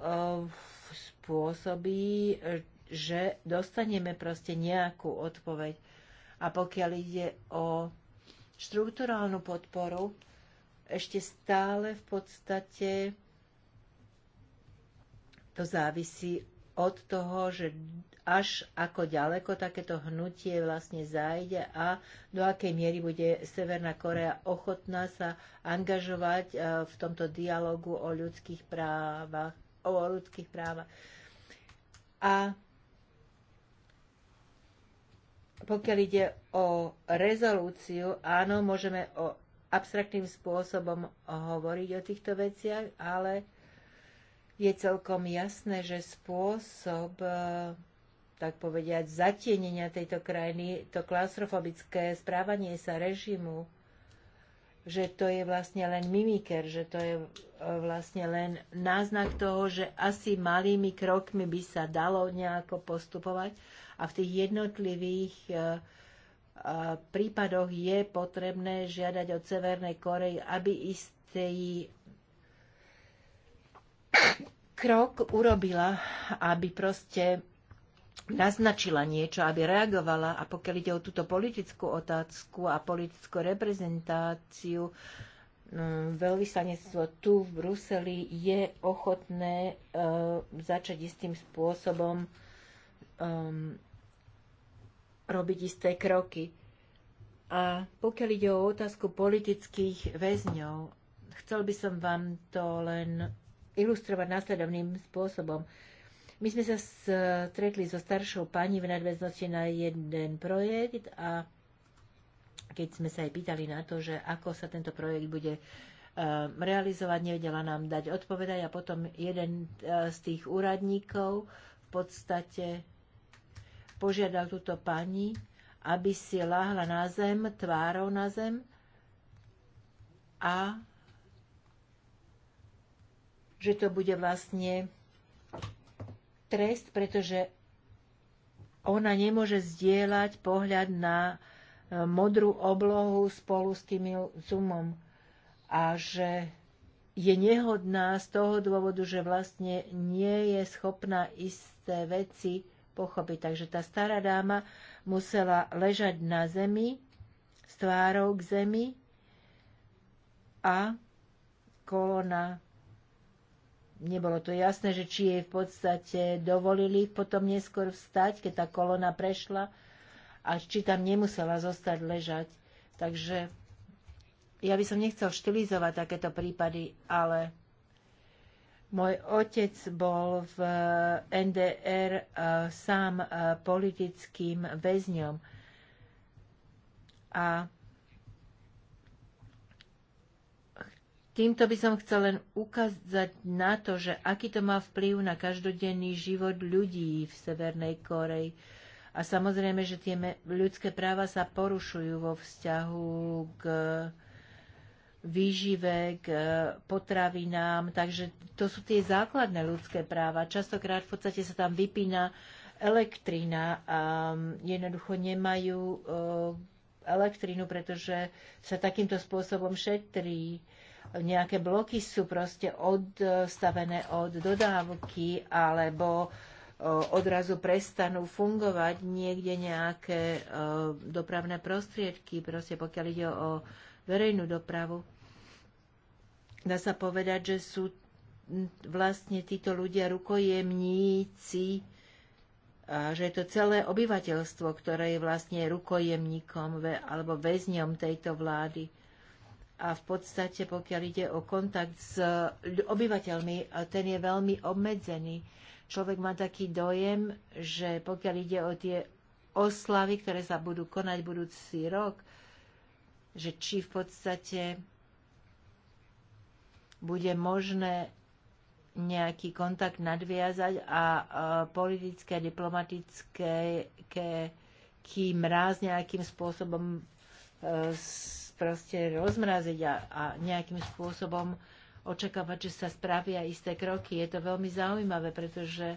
S2: spôsobí že dostaneme proste nejakú odpoveď. A pokiaľ ide o štruktúrálnu podporu, ešte stále v podstate to závisí od toho, že až ako ďaleko takéto hnutie vlastne zájde a do akej miery bude Severná Korea ochotná sa angažovať e, v tomto dialogu o ľudských právach. O ľudských právach. A pokiaľ ide o rezolúciu, áno, môžeme o abstraktným spôsobom hovoriť o týchto veciach, ale je celkom jasné, že spôsob, e, tak povediať, zatienenia tejto krajiny, to klaustrofobické správanie sa režimu, že to je vlastne len mimiker, že to je e, vlastne len náznak toho, že asi malými krokmi by sa dalo nejako postupovať a v tých jednotlivých e, e, prípadoch je potrebné žiadať od Severnej Korei, aby istý krok urobila, aby proste naznačila niečo, aby reagovala. A pokiaľ ide o túto politickú otázku a politickú reprezentáciu, no, veľvyslanectvo tu v Bruseli je ochotné e, začať istým spôsobom robiť isté kroky. A pokiaľ ide o otázku politických väzňov, chcel by som vám to len ilustrovať následovným spôsobom. My sme sa stretli so staršou pani v nadväznosti na jeden projekt a keď sme sa jej pýtali na to, že ako sa tento projekt bude e, realizovať, nevedela nám dať odpovedať a potom jeden e, z tých úradníkov v podstate požiadal túto pani, aby si láhla na zem, tvárou na zem a že to bude vlastne trest, pretože ona nemôže zdieľať pohľad na e, modrú oblohu spolu s tým zumom a že je nehodná z toho dôvodu, že vlastne nie je schopná isté veci pochopiť. Takže tá stará dáma musela ležať na zemi, s tvárou k zemi a kolona. Nebolo to jasné, že či jej v podstate dovolili potom neskôr vstať, keď tá kolona prešla a či tam nemusela zostať ležať. Takže ja by som nechcel štilizovať takéto prípady, ale môj otec bol v eh, NDR eh, sám eh, politickým väzňom a Týmto by som chcel len ukázať na to, že aký to má vplyv na každodenný život ľudí v Severnej Koreji. A samozrejme, že tie ľudské práva sa porušujú vo vzťahu k výžive, k e, potravinám. Takže to sú tie základné ľudské práva. Častokrát v podstate sa tam vypína elektrina a jednoducho nemajú e, elektrínu, pretože sa takýmto spôsobom šetrí. Nejaké bloky sú proste odstavené od dodávky alebo e, odrazu prestanú fungovať niekde nejaké dopravné prostriedky, proste pokiaľ ide o verejnú dopravu dá sa povedať, že sú vlastne títo ľudia rukojemníci, a že je to celé obyvateľstvo, ktoré je vlastne rukojemníkom alebo väzňom tejto vlády. A v podstate, pokiaľ ide o kontakt s obyvateľmi, ten je veľmi obmedzený. Človek má taký dojem, že pokiaľ ide o tie oslavy, ktoré sa budú konať budúci rok, že či v podstate bude možné nejaký kontakt nadviazať a politické a diplomatické kým mráz nejakým spôsobom e, proste rozmraziť a, a nejakým spôsobom očakávať, že sa spravia isté kroky. Je to veľmi zaujímavé, pretože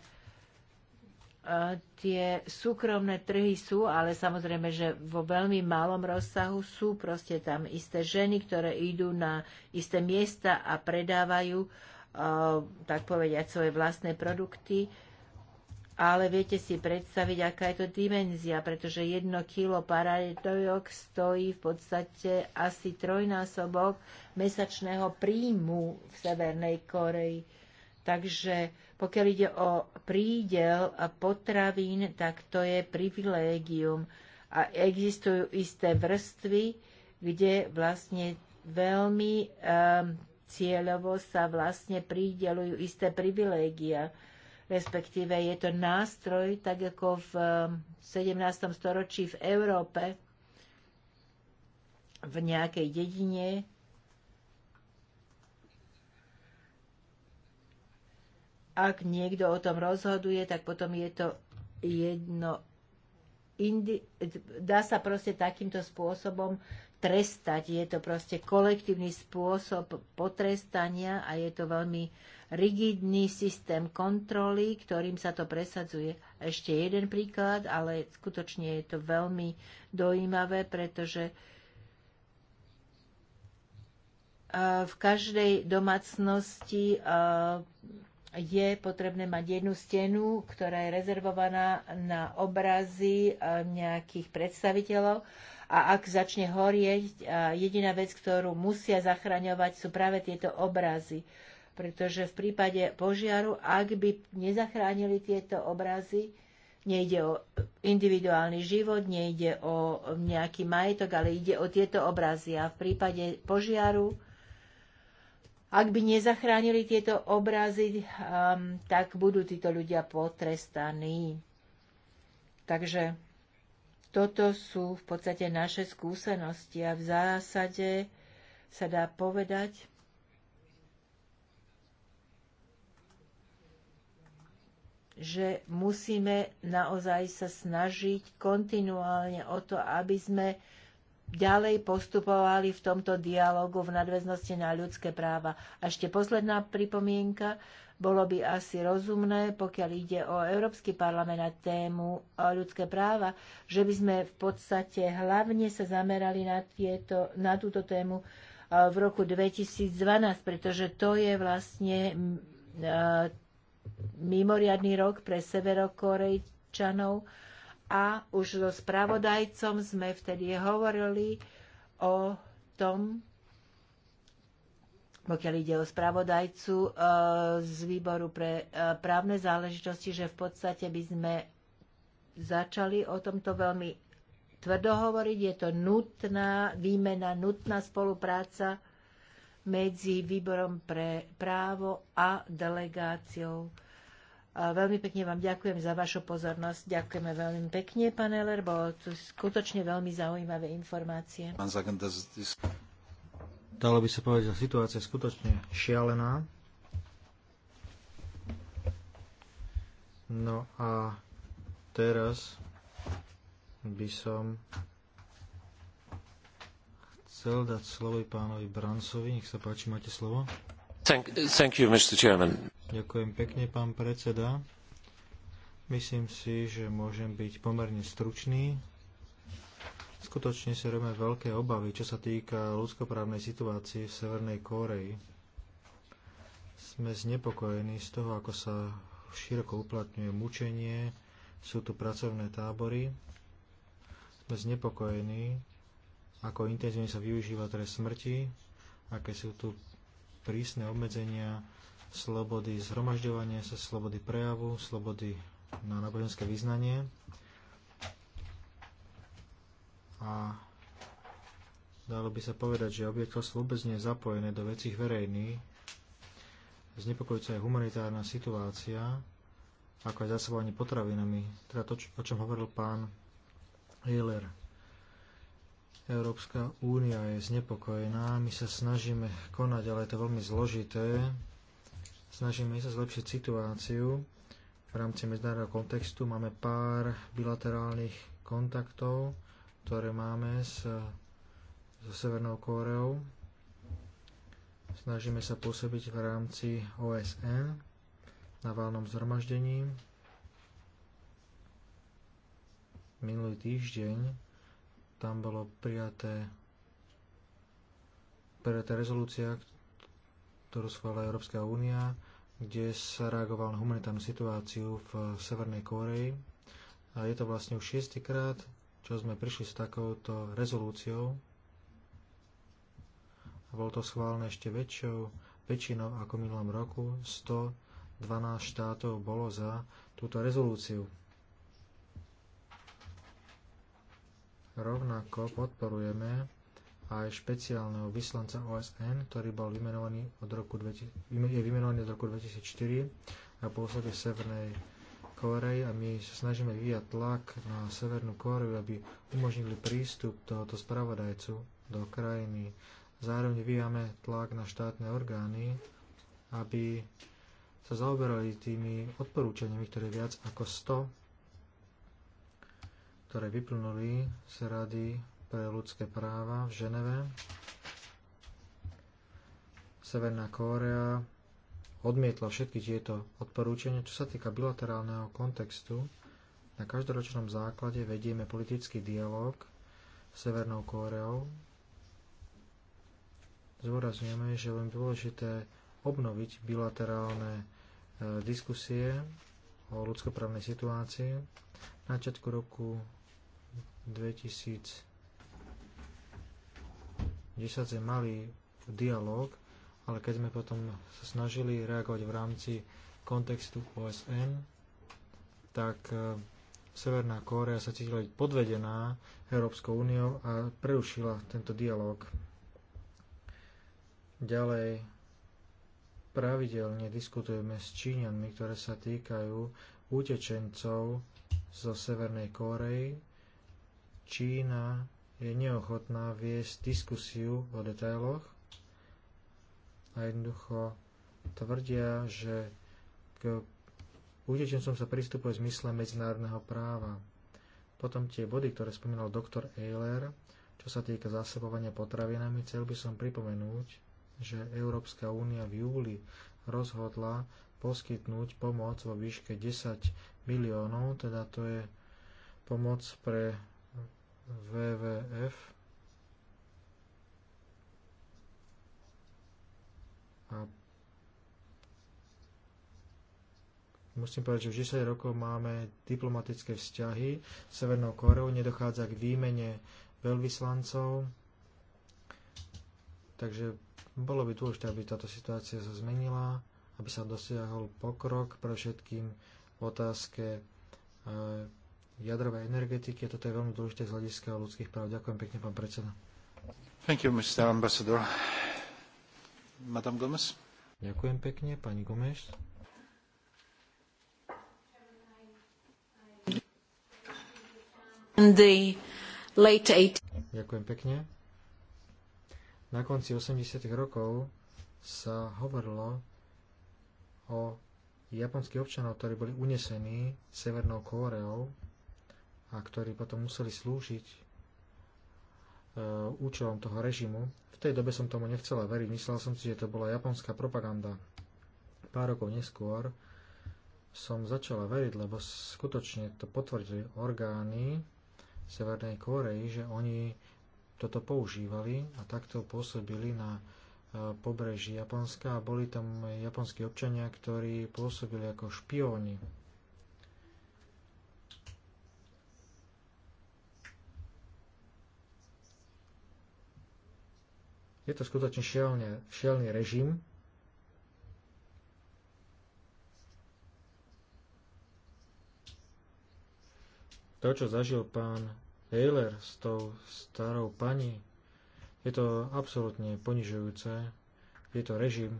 S2: E, tie súkromné trhy sú, ale samozrejme, že vo veľmi malom rozsahu sú proste tam isté ženy, ktoré idú na isté miesta a predávajú, e, tak povediať, svoje vlastné produkty. Ale viete si predstaviť, aká je to dimenzia, pretože jedno kilo paradojok stojí v podstate asi trojnásobok mesačného príjmu v Severnej Koreji. Takže pokiaľ ide o prídel potravín, tak to je privilégium a existujú isté vrstvy, kde vlastne veľmi um, cieľovo sa vlastne prídelujú isté privilégia. Respektíve je to nástroj, tak ako v 17. Ehm, storočí v Európe, v nejakej dedine, ak niekto o tom rozhoduje, tak potom je to jedno. Indi- dá sa proste takýmto spôsobom trestať. Je to proste kolektívny spôsob potrestania a je to veľmi rigidný systém kontroly, ktorým sa to presadzuje. Ešte jeden príklad, ale skutočne je to veľmi dojímavé, pretože eh, v každej domácnosti eh, je potrebné mať jednu stenu, ktorá je rezervovaná na obrazy e, nejakých predstaviteľov a ak začne horieť, e, jediná vec, ktorú musia zachraňovať, sú práve tieto obrazy. Pretože v prípade požiaru, ak by nezachránili tieto obrazy, nejde o individuálny život, nejde o nejaký majetok, ale ide o tieto obrazy. A v prípade požiaru, ak by nezachránili tieto obrazy, um, tak budú títo ľudia potrestaní. Takže toto sú v podstate naše skúsenosti a v zásade sa dá povedať, že musíme naozaj sa snažiť kontinuálne o to, aby sme ďalej postupovali v tomto dialogu v nadväznosti na ľudské práva. A ešte posledná pripomienka. Bolo by asi rozumné, pokiaľ ide o Európsky parlament a tému o ľudské práva, že by sme v podstate hlavne sa zamerali na, tieto, na túto tému e, v roku 2012, pretože to je vlastne e, mimoriadný rok pre severokorejčanov, a už so spravodajcom sme vtedy hovorili o tom, pokiaľ ide o spravodajcu e, z výboru pre e, právne záležitosti, že v podstate by sme začali o tomto veľmi tvrdo hovoriť. Je to nutná výmena, nutná spolupráca medzi výborom pre právo a delegáciou Veľmi pekne vám ďakujem za vašu pozornosť. Ďakujeme veľmi pekne, pán Eller, bolo to skutočne veľmi zaujímavé informácie.
S3: Dalo by sa povedať, že situácia je skutočne šialená. No a teraz by som chcel dať slovo pánovi Brancovi. Nech sa páči, máte slovo.
S1: Thank, thank you, Mr. Chairman.
S3: Ďakujem pekne, pán predseda. Myslím si, že môžem byť pomerne stručný. Skutočne si robíme veľké obavy, čo sa týka ľudskoprávnej situácii v Severnej Kóreji. Sme znepokojení z toho, ako sa široko uplatňuje mučenie, sú tu pracovné tábory. Sme znepokojení, ako intenzívne sa využíva trest smrti, aké sú tu prísne obmedzenia slobody zhromažďovania sa, slobody prejavu, slobody na náboženské vyznanie. A dalo by sa povedať, že obyvateľstvo vôbec nie je zapojené do vecí verejných. Znepokojujúca je humanitárna situácia, ako aj zásobovanie potravinami, teda to, o čom hovoril pán Hiller. Európska únia je znepokojená, my sa snažíme konať, ale je to veľmi zložité, Snažíme sa zlepšiť situáciu v rámci medzinárodného kontextu. Máme pár bilaterálnych kontaktov, ktoré máme s, so Severnou Kóreou. Snažíme sa pôsobiť v rámci OSN na válnom zhromaždení. Minulý týždeň tam bolo prijaté, prijaté rezolúcia, ktorú schválila Európska únia, kde sa reagoval na humanitárnu situáciu v Severnej Kórei. A je to vlastne už šiestikrát, čo sme prišli s takouto rezolúciou. A bolo to schválené ešte väčšou, väčšinou ako v minulom roku. 112 štátov bolo za túto rezolúciu. Rovnako podporujeme aj špeciálneho vyslanca OSN, ktorý bol vymenovaný od roku 2000, je vymenovaný od roku 2004 a pôsobí v Severnej Kórei a my sa snažíme vyvíjať tlak na Severnú Kóreu, aby umožnili prístup tohoto spravodajcu do krajiny. Zároveň vyvíjame tlak na štátne orgány, aby sa zaoberali tými odporúčaniami, ktoré viac ako 100 ktoré vyplnuli z Rady pre ľudské práva v Ženeve. Severná Kórea odmietla všetky tieto odporúčania. Čo sa týka bilaterálneho kontextu, na každoročnom základe vedieme politický dialog s Severnou Kóreou. Zvorazňujeme, že je dôležité obnoviť bilaterálne e, diskusie o ľudskoprávnej situácii. Na začiatku roku 2000 10 sme mali dialog, ale keď sme potom sa snažili reagovať v rámci kontextu OSN, tak e, Severná Kórea sa cítila byť podvedená Európskou úniou a prerušila tento dialog. Ďalej pravidelne diskutujeme s Číňanmi, ktoré sa týkajú utečencov zo Severnej Kórei. Čína je neochotná viesť diskusiu o detailoch a jednoducho tvrdia, že k utečencom sa pristupuje v zmysle medzinárodného práva. Potom tie body, ktoré spomínal doktor Eiler, čo sa týka zásobovania potravinami, chcel by som pripomenúť, že Európska únia v júli rozhodla poskytnúť pomoc vo výške 10 miliónov, teda to je pomoc pre WWF a musím povedať, že už 10 rokov máme diplomatické vzťahy s Severnou Koreou, nedochádza k výmene veľvyslancov, takže bolo by dôležité, aby táto situácia sa zmenila, aby sa dosiahol pokrok pre všetkým v otázke eh, jadrovej energetiky toto je veľmi dôležité z hľadiska ľudských práv. Ďakujem pekne, pán predseda.
S1: Thank you, Mr. Ambassador. Madame Gomez. Ďakujem pekne, pani
S3: Gomez. Ďakujem pekne. Na konci 80. rokov sa hovorilo o japonských občanov, ktorí boli unesení Severnou Kóreou a ktorí potom museli slúžiť e, účelom toho režimu. V tej dobe som tomu nechcela veriť, myslel som si, že to bola japonská propaganda. Pár rokov neskôr som začala veriť, lebo skutočne to potvrdili orgány Severnej Koreji, že oni toto používali a takto pôsobili na e, pobreží Japonska a boli tam japonskí občania, ktorí pôsobili ako špióni. Je to skutočne šielne, šielný režim. To, čo zažil pán Taylor s tou starou pani, je to absolútne ponižujúce. Je to režim,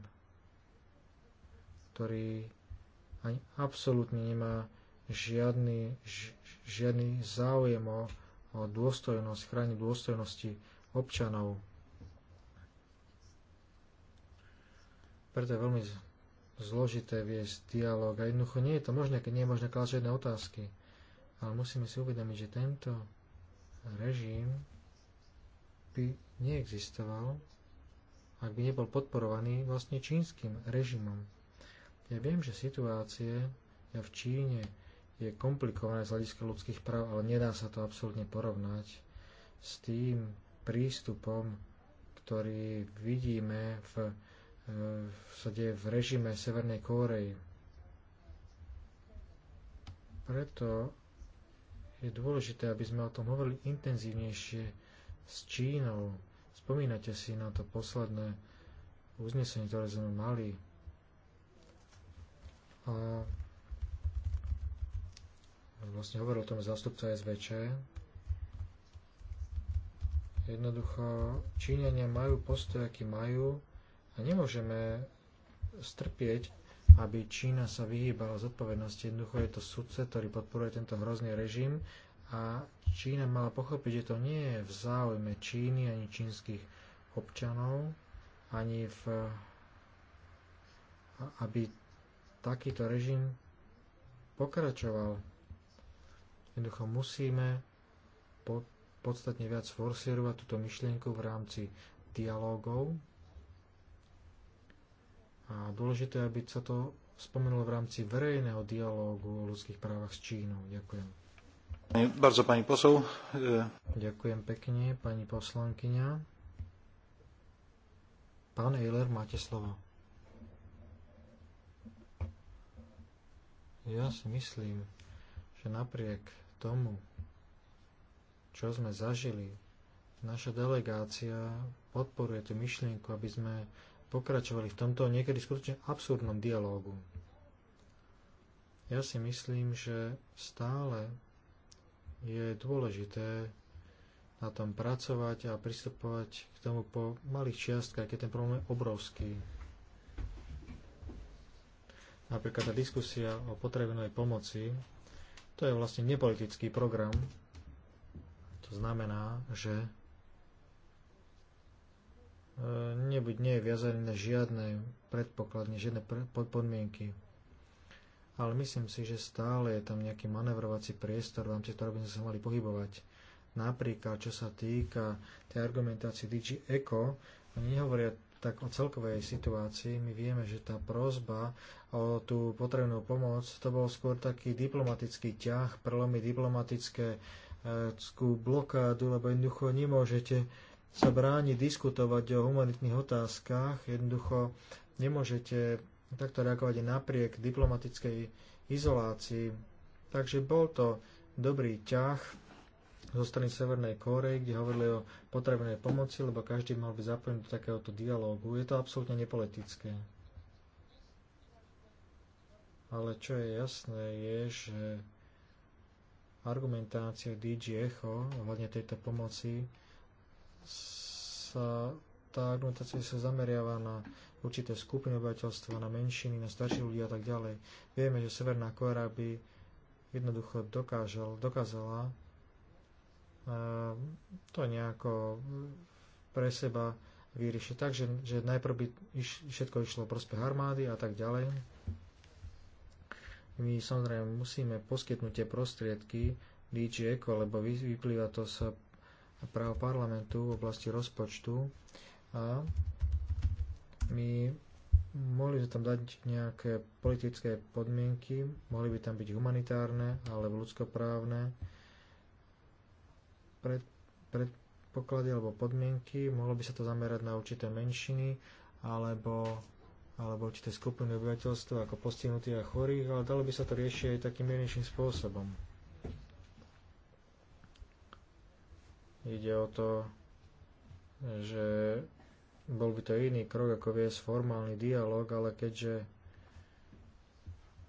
S3: ktorý ani absolútne nemá žiadny, ž, žiadny záujem o, o dôstojnosť, chrániť dôstojnosti občanov. Preto je veľmi zložité viesť dialog a jednoducho nie je to možné, keď nie je možné klásť žiadne otázky. Ale musíme si uvedomiť, že tento režim by neexistoval, ak by nebol podporovaný vlastne čínskym režimom. Ja viem, že situácie v Číne je komplikované z hľadiska ľudských práv, ale nedá sa to absolútne porovnať s tým prístupom, ktorý vidíme v E, sa deje v režime Severnej Kórei. Preto je dôležité, aby sme o tom hovorili intenzívnejšie s Čínou. Spomínate si na to posledné uznesenie, ktoré sme mali. A vlastne hovoril o tom zástupca SVČ. Jednoducho Číňania majú postoj, aký majú Nemôžeme strpieť, aby Čína sa vyhýbala zodpovednosti. Jednoducho je to sudce, ktorý podporuje tento hrozný režim a Čína mala pochopiť, že to nie je v záujme Číny ani čínskych občanov, ani v, aby takýto režim pokračoval. Jednoducho musíme po, podstatne viac forsírovať túto myšlienku v rámci dialógov a dôležité, aby sa to spomenulo v rámci verejného dialógu o ľudských právach s Čínou. Ďakujem.
S1: Bardzo pani posol.
S3: E- Ďakujem pekne, pani poslankyňa. Pán Eiler, máte slovo. Ja si myslím, že napriek tomu, čo sme zažili, naša delegácia podporuje tú myšlienku, aby sme pokračovali v tomto niekedy skutočne absurdnom dialógu. Ja si myslím, že stále je dôležité na tom pracovať a pristupovať k tomu po malých čiastkách, keď ten problém je obrovský. Napríklad tá diskusia o potrebnej pomoci, to je vlastne nepolitický program. To znamená, že nebuď nie je viazaný na žiadne predpokladne, žiadne podmienky. Ale myslím si, že stále je tam nejaký manevrovací priestor, v rámci ktorého by sme sa mali pohybovať. Napríklad, čo sa týka tej argumentácie DG Eco, oni nehovoria tak o celkovej situácii. My vieme, že tá prozba o tú potrebnú pomoc, to bol skôr taký diplomatický ťah, prelomy diplomatické eh, blokádu, lebo jednoducho nemôžete sa bráni diskutovať o humanitných otázkach. Jednoducho nemôžete takto reagovať aj napriek diplomatickej izolácii. Takže bol to dobrý ťah zo strany Severnej Kórey, kde hovorili o potrebnej pomoci, lebo každý mal byť zapojený do takéhoto dialógu. Je to absolútne nepolitické. Ale čo je jasné, je, že argumentácia DG Echo ohľadne tejto pomoci sa tá argumentácia sa zameriava na určité skupiny obyvateľstva, na menšiny, na starších ľudí a tak ďalej. Vieme, že Severná Korea by jednoducho dokážel, dokázala eh, to nejako pre seba vyriešiť tak, že, že najprv by iš, všetko išlo v prospech armády a tak ďalej. My samozrejme musíme poskytnúť tie prostriedky DJ, Eco, lebo vyplýva to z právo parlamentu v oblasti rozpočtu a my mohli by tam dať nejaké politické podmienky, mohli by tam byť humanitárne alebo ľudskoprávne pred, predpoklady alebo podmienky, mohlo by sa to zamerať na určité menšiny alebo, alebo určité skupiny obyvateľstva ako postihnutých a chorých, ale dalo by sa to riešiť aj takým miernejším spôsobom. Ide o to, že bol by to iný krok, ako viesť formálny dialog, ale keďže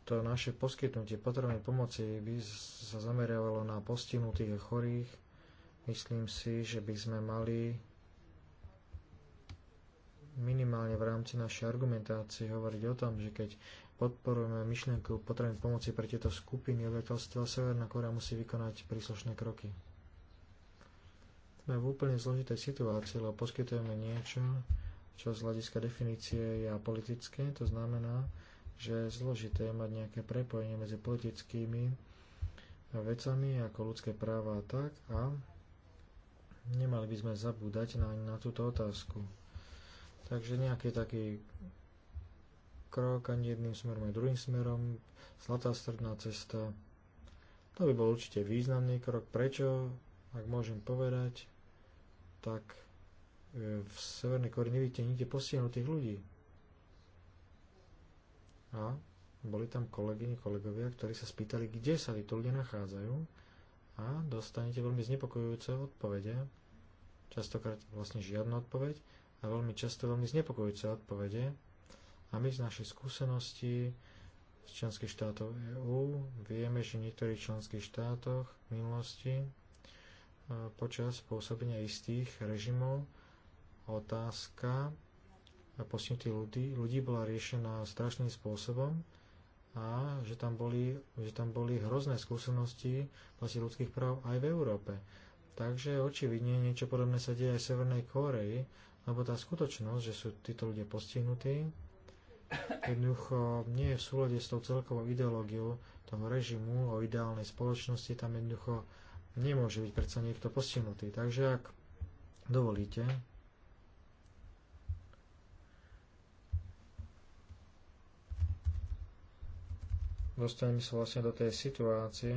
S3: to naše poskytnutie potrebnej pomoci by sa zameriavalo na postihnutých a chorých, myslím si, že by sme mali minimálne v rámci našej argumentácie hovoriť o tom, že keď podporujeme myšlienku potrebnej pomoci pre tieto skupiny obyvateľstva, Severná Korea musí vykonať príslušné kroky. Sme v úplne zložitej situácii, lebo poskytujeme niečo, čo z hľadiska definície je apolitické. To znamená, že je zložité mať nejaké prepojenie medzi politickými vecami ako ľudské práva a tak a nemali by sme zabúdať na, na túto otázku. Takže nejaký taký krok ani jedným smerom, aj druhým smerom, zlatá stredná cesta, to by bol určite významný krok. Prečo, ak môžem povedať, tak e, v Severnej Kore nevidíte nikde postihnutých ľudí. A boli tam kolegyne, kolegovia, ktorí sa spýtali, kde sa títo ľudia nachádzajú a dostanete veľmi znepokojujúce odpovede, častokrát vlastne žiadna odpoveď a veľmi často veľmi znepokojujúce odpovede a my z našej skúsenosti z členských štátov EÚ vieme, že v niektorých členských štátoch v minulosti počas pôsobenia istých režimov otázka postihnutých ľudí, ľudí bola riešená strašným spôsobom a že tam boli, že tam boli hrozné skúsenosti vlastne ľudských práv aj v Európe. Takže očividne niečo podobné sa deje aj v Severnej Kórei, lebo tá skutočnosť, že sú títo ľudia postihnutí, jednoducho nie je v súlade s tou celkovou ideológiou toho režimu o ideálnej spoločnosti, tam jednoducho nemôže byť predsa niekto postihnutý. Takže ak dovolíte, dostaneme sa vlastne do tej situácie,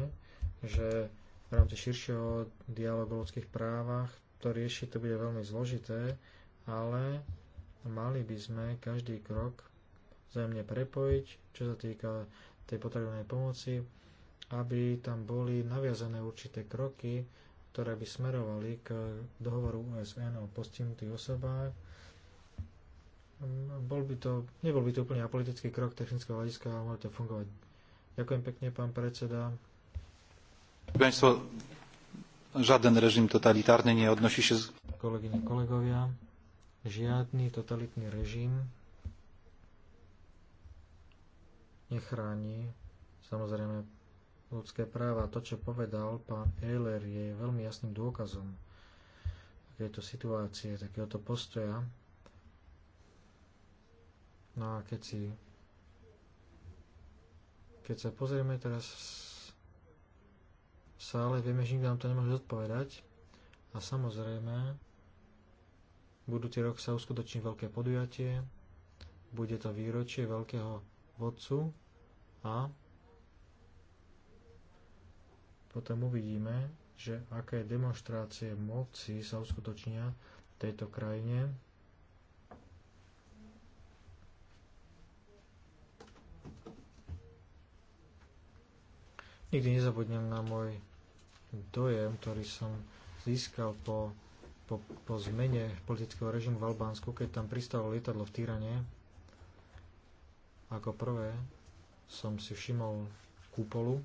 S3: že v rámci širšieho dialogu o ľudských právach to riešiť to bude veľmi zložité, ale mali by sme každý krok vzájomne prepojiť, čo sa týka tej potrebnej pomoci, aby tam boli naviazané určité kroky, ktoré by smerovali k dohovoru OSN o postihnutých osobách. Mm, bol by to, nebol by to úplne apolitický krok technického hľadiska, ale mohlo to fungovať. Ďakujem pekne, pán predseda.
S1: Pánstvo, žiaden režim totalitárny nie sa... Kolegyne,
S3: kolegovia, žiadny totalitný režim nechráni samozrejme ľudské práva. To, čo povedal pán Euler, je veľmi jasným dôkazom takéto situácie, takéhoto postoja. No a keď si keď sa pozrieme teraz v sále, vieme, že nikto nám to nemôže zodpovedať a samozrejme budúci rok sa uskutoční veľké podujatie, bude to výročie veľkého vodcu a potom uvidíme, že aké demonstrácie moci sa uskutočnia v tejto krajine. Nikdy nezabudnem na môj dojem, ktorý som získal po, po, po zmene politického režimu v Albánsku, keď tam pristalo lietadlo v Týrane. Ako prvé som si všimol kúpolu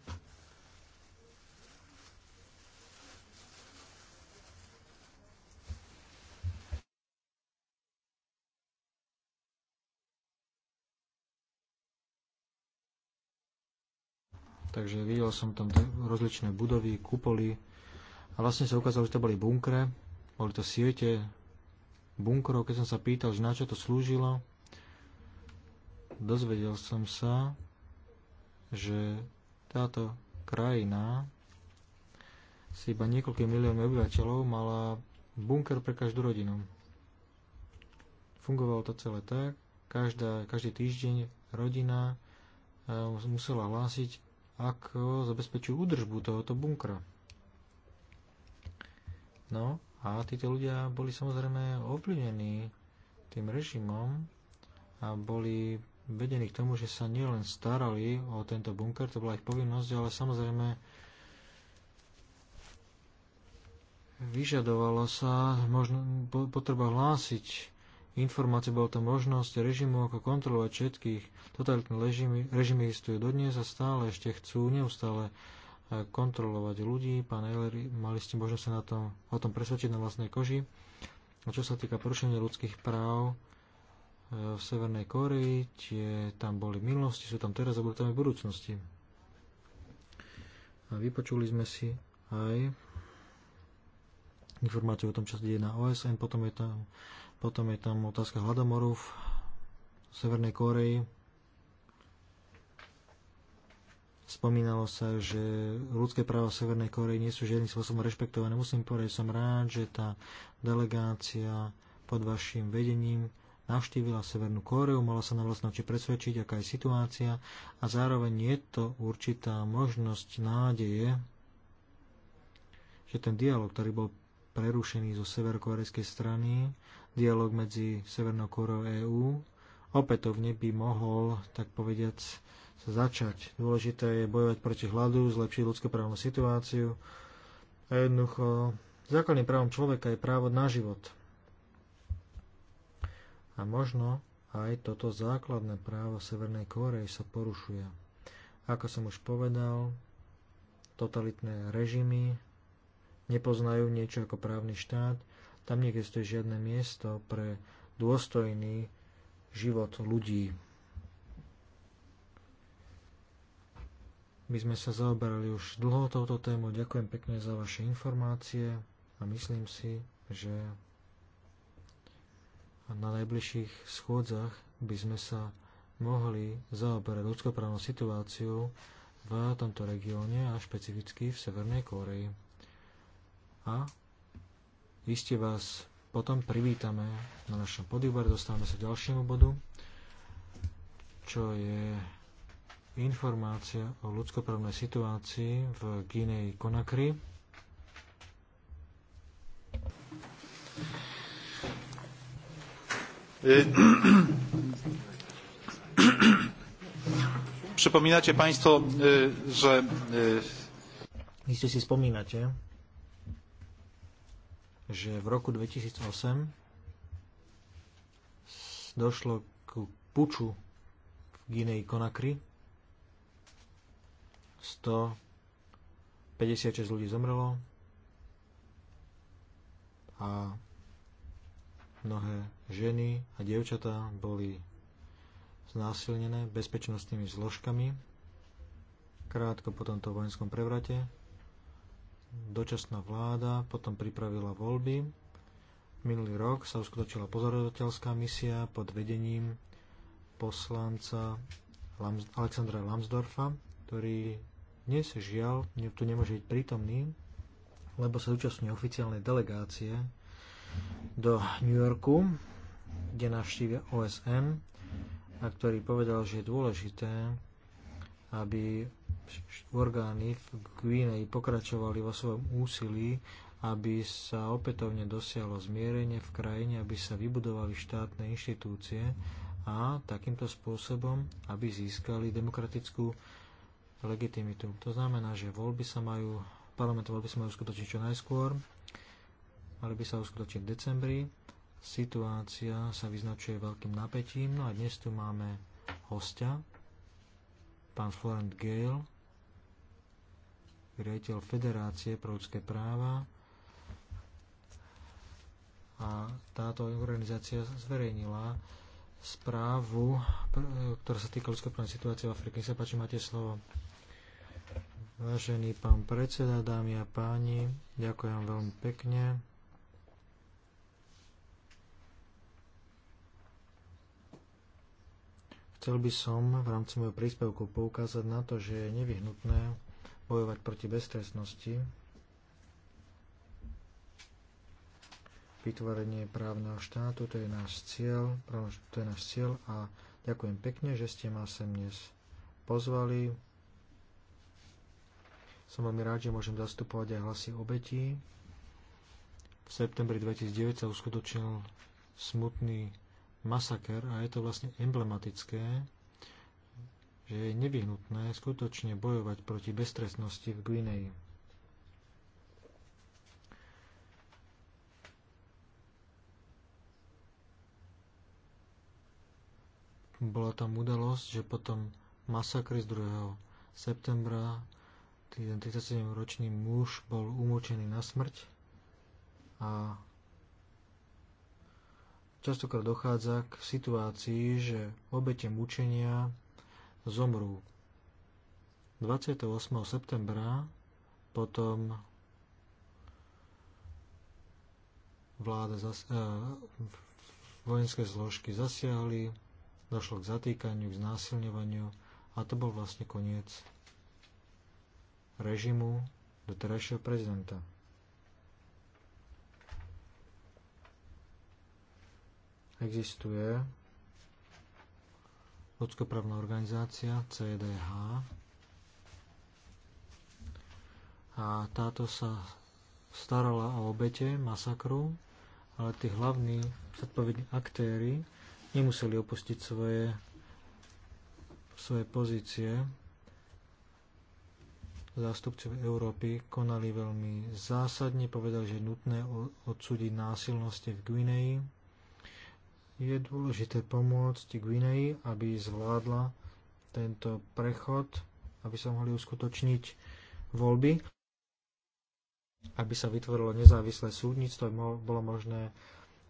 S3: takže videl som tam rozličné budovy, kupoly a vlastne sa ukázalo, že to boli bunkre, boli to siete bunkrov, keď som sa pýtal, že na čo to slúžilo, dozvedel som sa, že táto krajina si iba niekoľkým miliónov obyvateľov mala bunker pre každú rodinu. Fungovalo to celé tak, každá, každý týždeň rodina eh, musela hlásiť, ako e, zabezpečujú údržbu tohoto bunkra. No a títo ľudia boli samozrejme ovplyvnení tým režimom a boli vedení k tomu, že sa nielen starali o tento bunker, to bola ich povinnosť, ale samozrejme vyžadovalo sa možno potreba hlásiť informácie, bola to možnosť režimu, ako kontrolovať všetkých. Totalitné režimy, režimy existujú dodnes a stále ešte chcú neustále e, kontrolovať ľudí. Pán Eller, mali ste možnosť sa na tom, o tom presvedčiť na vlastnej koži. A čo sa týka porušenia ľudských práv e, v Severnej Koreji, tie tam boli minulosti, sú tam teraz a budú tam aj v budúcnosti. A vypočuli sme si aj informáciu o tom, čo sa deje na OSN, potom je tam potom je tam otázka hladomoru v Severnej Koreji. Spomínalo sa, že ľudské práva v Severnej Koreji nie sú žiadnym spôsobom rešpektované. Musím povedať, že som rád, že tá delegácia pod vašim vedením navštívila Severnú Kóreu, mala sa na vlastné oči presvedčiť, aká je situácia a zároveň je to určitá možnosť nádeje, že ten dialog, ktorý bol prerušený zo severokorejskej strany, dialog medzi Severnou Kóreou a EÚ opätovne by mohol, tak povediac, sa začať. Dôležité je bojovať proti hladu, zlepšiť ľudskoprávnu situáciu a jednoducho základným právom človeka je právo na život. A možno aj toto základné právo Severnej Kórei sa porušuje. Ako som už povedal, totalitné režimy nepoznajú niečo ako právny štát tam neexistuje žiadne miesto pre dôstojný život ľudí. My sme sa zaoberali už dlho touto tému. Ďakujem pekne za vaše informácie a myslím si, že na najbližších schôdzach by sme sa mohli zaoberať ľudskoprávnou situáciou v tomto regióne a špecificky v Severnej Kórei. A Iste vás potom privítame na našom podvýbore. Dostávame sa k ďalšiemu bodu, čo je informácia o ľudskoprávnej situácii v Gineji Konakry.
S1: Przypominacie Państwo, że...
S3: Iście si spomínate že v roku 2008 došlo k puču v Ginei Konakry. 156 ľudí zomrelo a mnohé ženy a dievčatá boli znásilnené bezpečnostnými zložkami krátko po tomto vojenskom prevrate dočasná vláda potom pripravila voľby. Minulý rok sa uskutočila pozorovateľská misia pod vedením poslanca Alexandra Lambsdorfa, ktorý dnes žiaľ tu nemôže byť prítomný, lebo sa zúčastňuje oficiálnej delegácie do New Yorku, kde navštívia OSN a ktorý povedal, že je dôležité, aby orgány v Guinei pokračovali vo svojom úsilí, aby sa opätovne dosiahlo zmierenie v krajine, aby sa vybudovali štátne inštitúcie a takýmto spôsobom, aby získali demokratickú legitimitu. To znamená, že voľby sa majú, parlamentové voľby sa majú uskutočniť čo najskôr, mali by sa uskutočniť v decembri. Situácia sa vyznačuje veľkým napätím, no a dnes tu máme hostia, pán Florent Gale, riaditeľ Federácie pro ľudské práva a táto organizácia zverejnila správu, ktorá sa týka ľudskoprávnej situácie v Afrike. Nech sa páči, máte slovo. Vážený pán predseda, dámy a páni, ďakujem veľmi pekne. Chcel by som v rámci môjho príspevku poukázať na to, že je nevyhnutné bojovať proti beztrestnosti, vytvorenie právneho štátu, to je náš cieľ, to je náš cieľ a ďakujem pekne, že ste ma sem dnes pozvali. Som veľmi rád, že môžem zastupovať aj hlasy obetí. V septembri 2009 sa uskutočnil smutný masaker a je to vlastne emblematické že je nevyhnutné skutočne bojovať proti beztrestnosti v Guineji. Bola tam udalosť, že potom masakry z 2. septembra 37-ročný muž bol umúčený na smrť a častokrát dochádza k situácii, že obete mučenia zomrú. 28. septembra potom vláda zas, e, vojenské zložky zasiahli, došlo k zatýkaniu, k znásilňovaniu a to bol vlastne koniec režimu doterajšieho prezidenta. Existuje ľudskoprávna organizácia CDH a táto sa starala o obete masakru, ale tí hlavní zodpovední aktéry nemuseli opustiť svoje, svoje pozície. Zástupcov Európy konali veľmi zásadne, povedali, že je nutné odsúdiť násilnosti v Guineji, je dôležité pomôcť Gvineji, aby zvládla tento prechod, aby sa mohli uskutočniť voľby, aby sa vytvorilo nezávislé súdnictvo, aby bolo možné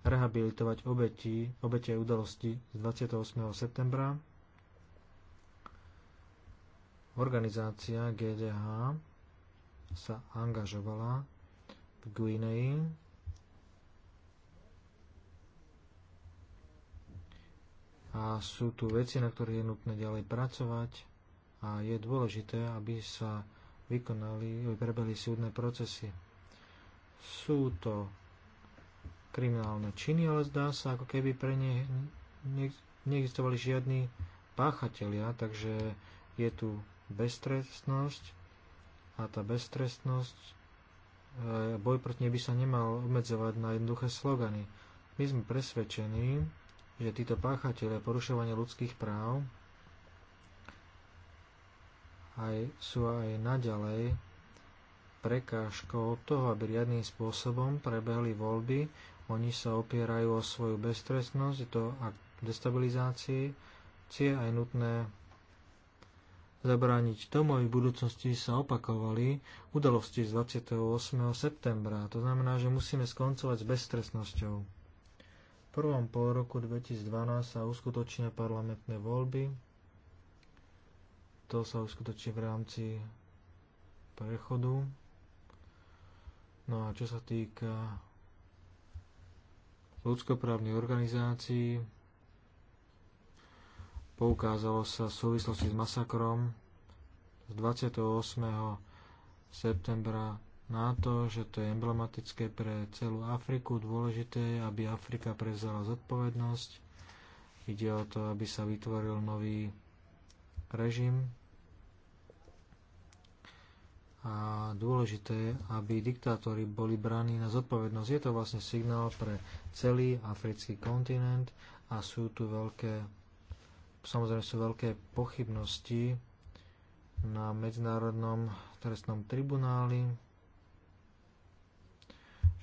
S3: rehabilitovať obeti, obete udalosti z 28. septembra. Organizácia GDH sa angažovala v Guinei a sú tu veci, na ktorých je nutné ďalej pracovať a je dôležité, aby sa vykonali, aby prebehli súdne procesy. Sú to kriminálne činy, ale zdá sa, ako keby pre ne neexistovali žiadni páchatelia, takže je tu beztrestnosť a tá beztrestnosť, e, boj proti nej by sa nemal obmedzovať na jednoduché slogany. My sme presvedčení, že títo páchatelia porušovania ľudských práv aj, sú aj naďalej prekážkou toho, aby riadným spôsobom prebehli voľby. Oni sa opierajú o svoju beztrestnosť, je to a destabilizácii. cie aj nutné zabrániť tomu, aby v budúcnosti sa opakovali udalosti z 28. septembra. To znamená, že musíme skoncovať s bezstresnosťou prvom pol roku 2012 sa uskutočnia parlamentné voľby. To sa uskutoční v rámci prechodu. No a čo sa týka ľudskoprávnych organizácií, poukázalo sa v súvislosti s masakrom z 28. septembra na to, že to je emblematické pre celú Afriku. Dôležité je, aby Afrika prevzala zodpovednosť. Ide o to, aby sa vytvoril nový režim. A dôležité je, aby diktátori boli braní na zodpovednosť. Je to vlastne signál pre celý africký kontinent a sú tu veľké, samozrejme sú veľké pochybnosti na Medzinárodnom trestnom tribunáli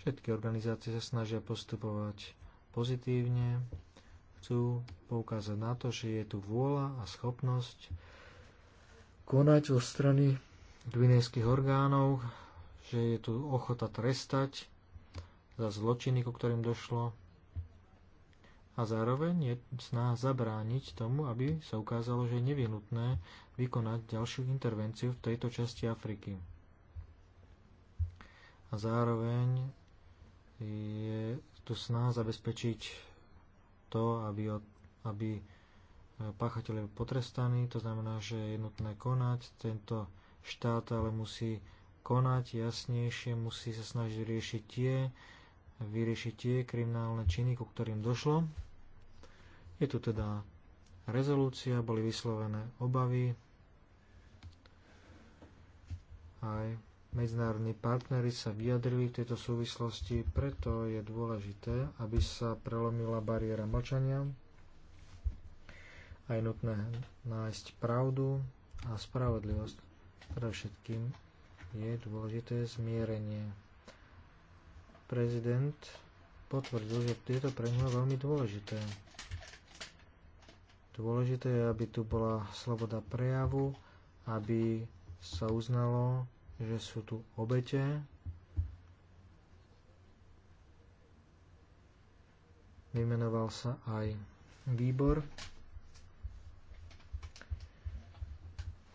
S3: Všetky organizácie sa snažia postupovať pozitívne, chcú poukázať na to, že je tu vôľa a schopnosť konať zo strany gvinejských orgánov, že je tu ochota trestať za zločiny, ku ktorým došlo a zároveň je snaha zabrániť tomu, aby sa ukázalo, že je nevyhnutné vykonať ďalšiu intervenciu v tejto časti Afriky. A zároveň je tu snaha zabezpečiť to, aby, aby e, páchateľ je potrestaný, to znamená, že je nutné konať, tento štát ale musí konať jasnejšie, musí sa snažiť riešiť tie, vyriešiť tie kriminálne činy, ku ktorým došlo. Je tu teda rezolúcia, boli vyslovené obavy aj Medzinárodní partnery sa vyjadrili v tejto súvislosti, preto je dôležité, aby sa prelomila bariéra mlčania a je nutné nájsť pravdu a spravodlivosť. Pre všetkým je dôležité zmierenie. Prezident potvrdil, že je to pre neho veľmi dôležité. Dôležité je, aby tu bola sloboda prejavu, aby sa uznalo že sú tu obete. Vymenoval sa aj výbor,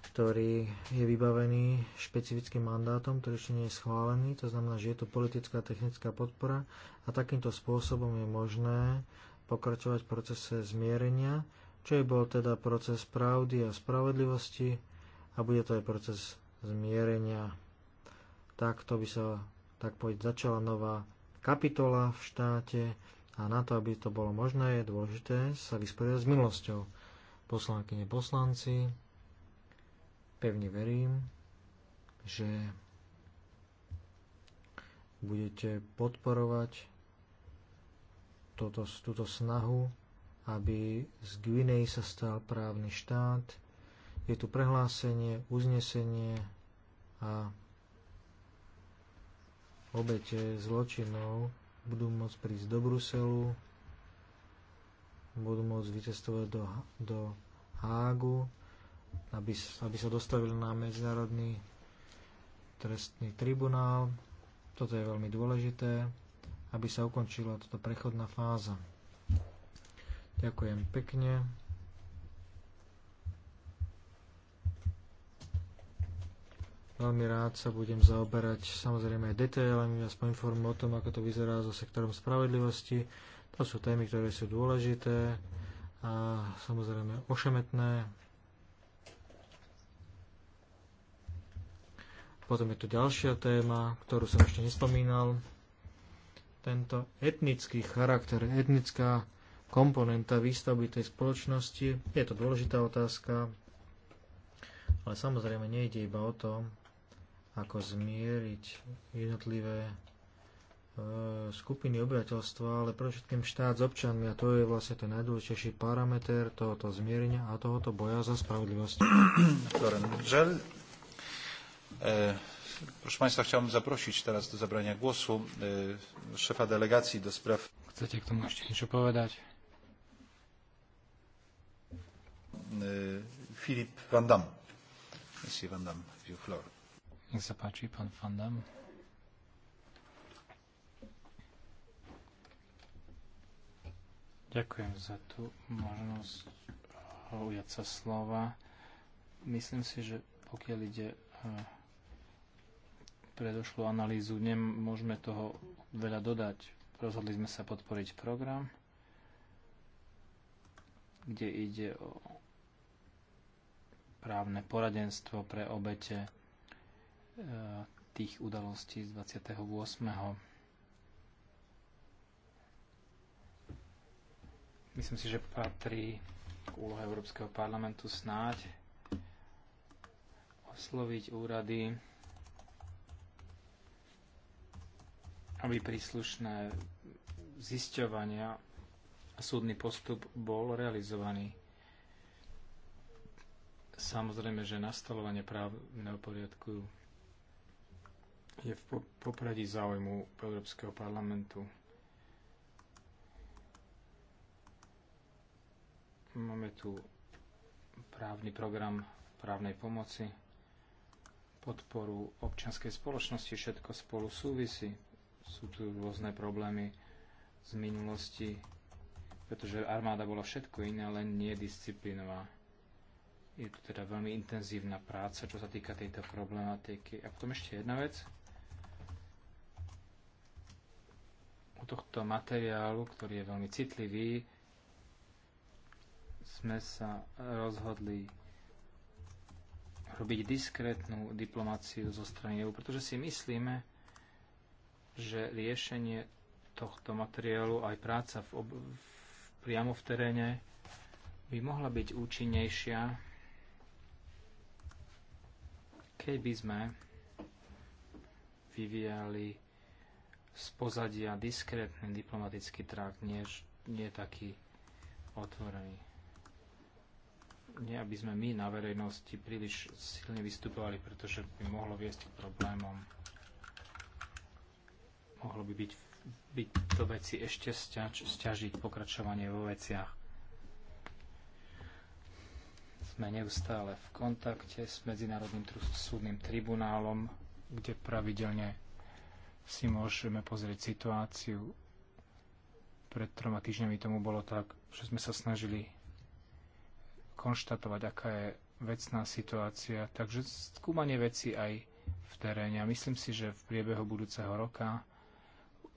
S3: ktorý je vybavený špecifickým mandátom, ktorý ešte nie je schválený. To znamená, že je to politická a technická podpora a takýmto spôsobom je možné pokračovať v procese zmierenia, čo je bol teda proces pravdy a spravodlivosti a bude to aj proces zmierenia. Takto by sa, tak povedať, začala nová kapitola v štáte a na to, aby to bolo možné, je dôležité sa vysporiadať s minulosťou. Poslankyne, poslanci, pevne verím, že budete podporovať toto, túto snahu, aby z Gvinej sa stal právny štát, je tu prehlásenie, uznesenie a obete zločinov budú môcť prísť do Bruselu, budú môcť vycestovať do, do Hágu, aby, aby sa dostavili na medzinárodný trestný tribunál. Toto je veľmi dôležité, aby sa ukončila toto prechodná fáza. Ďakujem pekne. Veľmi rád sa budem zaoberať samozrejme aj detailami, vás poinformujem o tom, ako to vyzerá so sektorom spravodlivosti. To sú témy, ktoré sú dôležité a samozrejme ošemetné. Potom je tu ďalšia téma, ktorú som ešte nespomínal. Tento etnický charakter, etnická komponenta výstavby tej spoločnosti. Je to dôležitá otázka, ale samozrejme nejde iba o to, ako zmieriť jednotlivé e, skupiny obyvateľstva, ale pre všetkým štát s občanmi a to je vlastne ten najdôležitejší parameter tohoto zmierenia a tohoto boja za spravodlivosť.
S1: Žel, E, proszę Państwa, chciałbym zaprosić teraz do zabrania głosu e, szefa delegacji do spraw...
S4: Chcecie k tomu jeszcze niečo povedať?
S1: E, Filip Van Damme. Monsieur Van Damme, you floor.
S4: Nech sa páči, pán Fandam. Ďakujem za tú možnosť ujať sa slova. Myslím si, že pokiaľ ide e, predošlú analýzu, nemôžeme toho veľa dodať. Rozhodli sme sa podporiť program, kde ide o právne poradenstvo pre obete E, tých udalostí z 28. Myslím si, že patrí k úlohe Európskeho parlamentu snáď osloviť úrady, aby príslušné zisťovania a súdny postup bol realizovaný. Samozrejme, že nastolovanie právneho poriadku je v popradí záujmu Európskeho parlamentu. Máme tu právny program právnej pomoci, podporu občianskej spoločnosti, všetko spolu súvisí. Sú tu rôzne problémy z minulosti, pretože armáda bola všetko iné, len nedisciplinová. Je tu teda veľmi intenzívna práca, čo sa týka tejto problematiky. A potom ešte jedna vec, u tohto materiálu, ktorý je veľmi citlivý, sme sa rozhodli robiť diskrétnu diplomáciu zo strany EU, pretože si myslíme, že riešenie tohto materiálu aj práca v ob- v, priamo v teréne by mohla byť účinnejšia, keby sme vyvíjali z pozadia diskrétny diplomatický trakt nie, nie je taký otvorený. Nie, aby sme my na verejnosti príliš silne vystupovali, pretože by mohlo viesť k problémom. Mohlo by byť, byť to veci ešte stiaž, stiažiť pokračovanie vo veciach. Sme neustále v kontakte s Medzinárodným súdnym tribunálom, kde pravidelne si môžeme pozrieť situáciu. Pred troma týždňami tomu bolo tak, že sme sa snažili konštatovať, aká je vecná situácia. Takže skúmanie veci aj v teréne. A myslím si, že v priebehu budúceho roka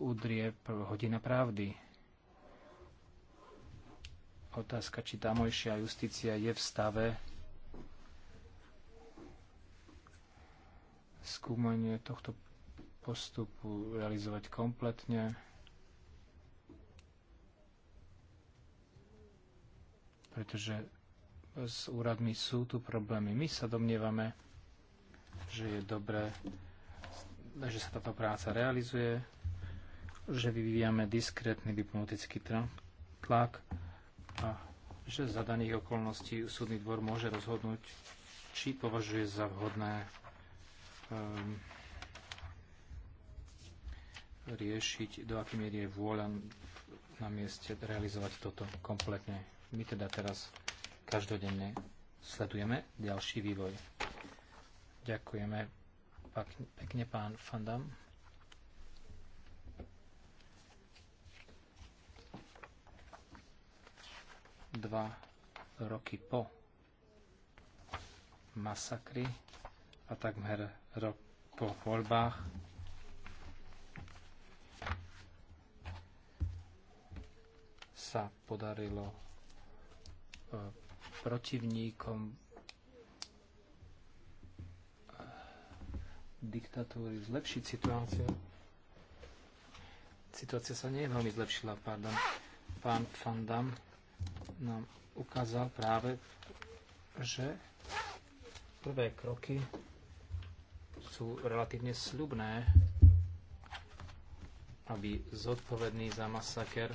S4: udrie hodina pravdy. Otázka, či tamojšia justícia je v stave skúmanie tohto postupu realizovať kompletne. Pretože s úradmi sú tu problémy. My sa domnievame, že je dobré, že sa táto práca realizuje, že vyvíjame diskrétny diplomatický tlak a že za daných okolností súdny dvor môže rozhodnúť, či považuje za vhodné um, riešiť, do akej miery je vôľa na mieste realizovať toto kompletne. My teda teraz každodenne sledujeme ďalší vývoj. Ďakujeme pekne pán Fandam. Dva roky po masakri a takmer rok po voľbách sa podarilo e, protivníkom e, diktatúry zlepšiť situáciu. Situácia sa nie veľmi zlepšila, pardon. Pán Van Dam nám ukázal práve, že prvé kroky sú relatívne sľubné, aby zodpovedný za masaker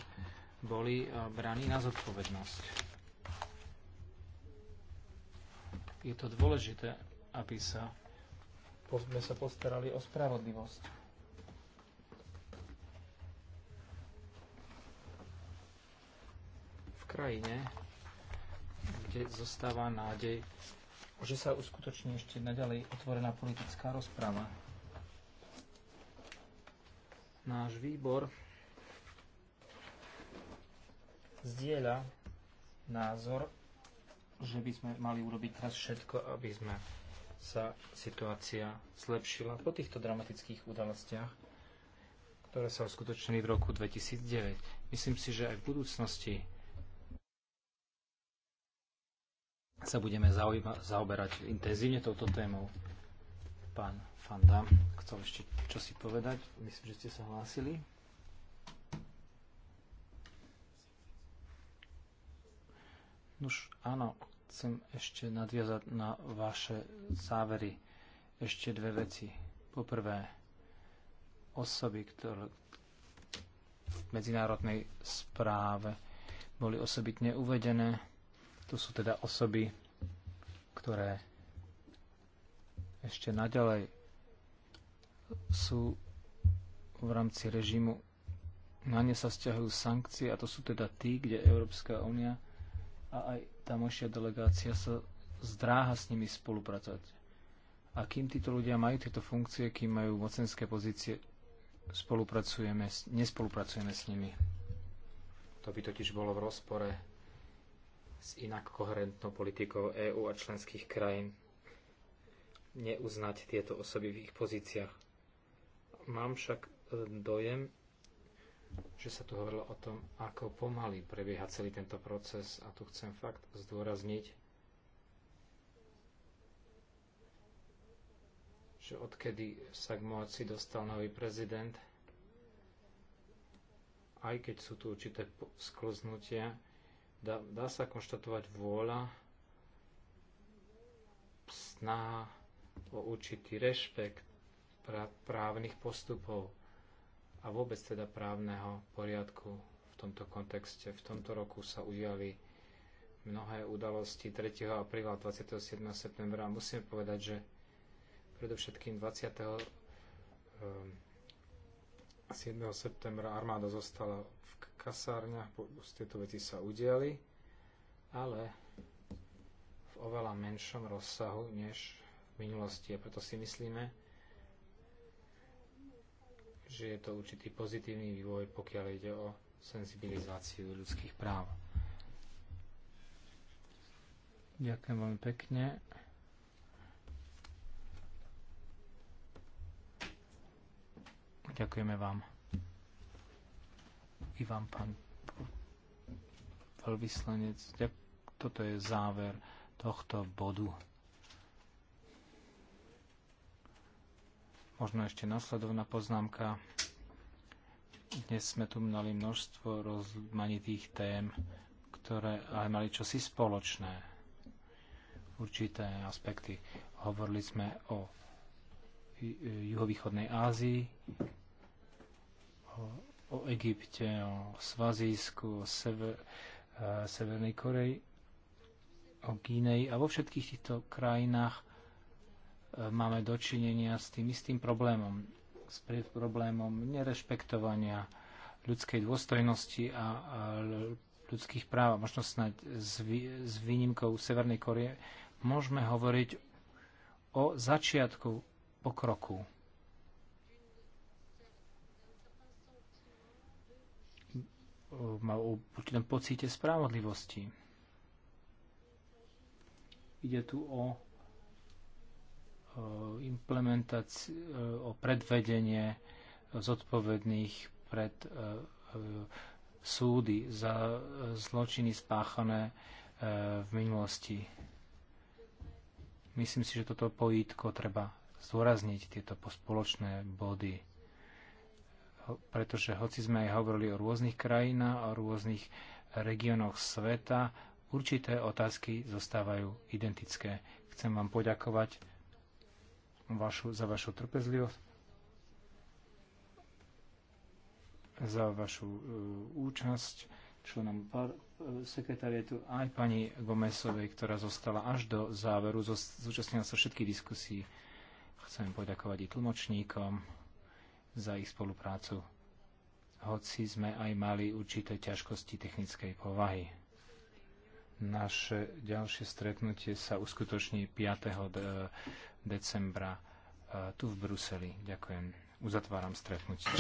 S4: boli eh, braní na zodpovednosť. Je to dôležité, aby sa, sme sa postarali o spravodlivosť. V krajine, kde zostáva nádej, že sa uskutoční ešte naďalej otvorená politická rozprava. Náš výbor zdieľa názor, že by sme mali urobiť teraz všetko, aby sme sa situácia zlepšila po týchto dramatických udalostiach, ktoré sa uskutočnili v roku 2009. Myslím si, že aj v budúcnosti sa budeme zaoberať intenzívne touto témou. Pán Fanda chcel ešte čosi povedať. Myslím, že ste sa hlásili. Nuž, áno, chcem ešte nadviazať na vaše závery. Ešte dve veci. Poprvé, osoby, ktoré v medzinárodnej správe boli osobitne uvedené. To sú teda osoby, ktoré ešte naďalej sú v rámci režimu, na ne sa stiahujú sankcie a to sú teda tí, kde Európska únia a aj tamojšia delegácia sa zdráha s nimi spolupracovať. A kým títo ľudia majú tieto funkcie, kým majú mocenské pozície, spolupracujeme, nespolupracujeme s nimi. To by totiž bolo v rozpore s inak koherentnou politikou EÚ a členských krajín neuznať tieto osoby v ich pozíciách. Mám však e, dojem, že sa tu hovorilo o tom, ako pomaly prebieha celý tento proces a tu chcem fakt zdôrazniť, že odkedy sa k moci dostal nový prezident, aj keď sú tu určité sklznutia, dá, dá sa konštatovať vôľa, snaha o určitý rešpekt právnych postupov, a vôbec teda právneho poriadku v tomto kontexte. V tomto roku sa udiali mnohé udalosti 3. apríla 27. septembra. Musím povedať, že predovšetkým 20. 7. Ehm, septembra armáda zostala v kasárniach, tieto veci sa udiali, ale v oveľa menšom rozsahu než v minulosti. A preto si myslíme, že je to určitý pozitívny vývoj, pokiaľ ide o senzibilizáciu ľudských práv. Ďakujem veľmi pekne. Ďakujeme vám. I vám, pán veľvyslanec. Toto je záver tohto bodu. Možno ešte nasledovná poznámka. Dnes sme tu mali množstvo rozmanitých tém, ktoré ale mali čosi spoločné. Určité aspekty. Hovorili sme o juhovýchodnej Ázii, o, o Egypte, o Svazísku, o sever, eh, Severnej Koreji, o Gínei a vo všetkých týchto krajinách E, máme dočinenia s tým istým problémom, s problémom nerešpektovania ľudskej dôstojnosti a, ľudských práv, možno snáď s, výnimkou Severnej Korie, môžeme hovoriť o začiatku pokroku. o určitom pocite spravodlivosti. Ide tu o o predvedenie zodpovedných pred e, e, súdy za e, zločiny spáchané v minulosti. Myslím si, že toto pojítko treba zdôrazniť, tieto spoločné body. Pretože hoci sme aj hovorili o rôznych krajinách, o rôznych regiónoch sveta, určité otázky zostávajú identické. Chcem vám poďakovať vašu, za vašu trpezlivosť, za vašu uh, účasť členom par- sekretariatu aj pani Gomesovej, ktorá zostala až do záveru, zúčastnila sa všetkých diskusí. Chcem poďakovať i tlmočníkom za ich spoluprácu, hoci sme aj mali určité ťažkosti technickej povahy. Naše ďalšie stretnutie sa uskutoční 5 decembra e, tu v Bruseli. Ďakujem. Uzatváram stretnutie.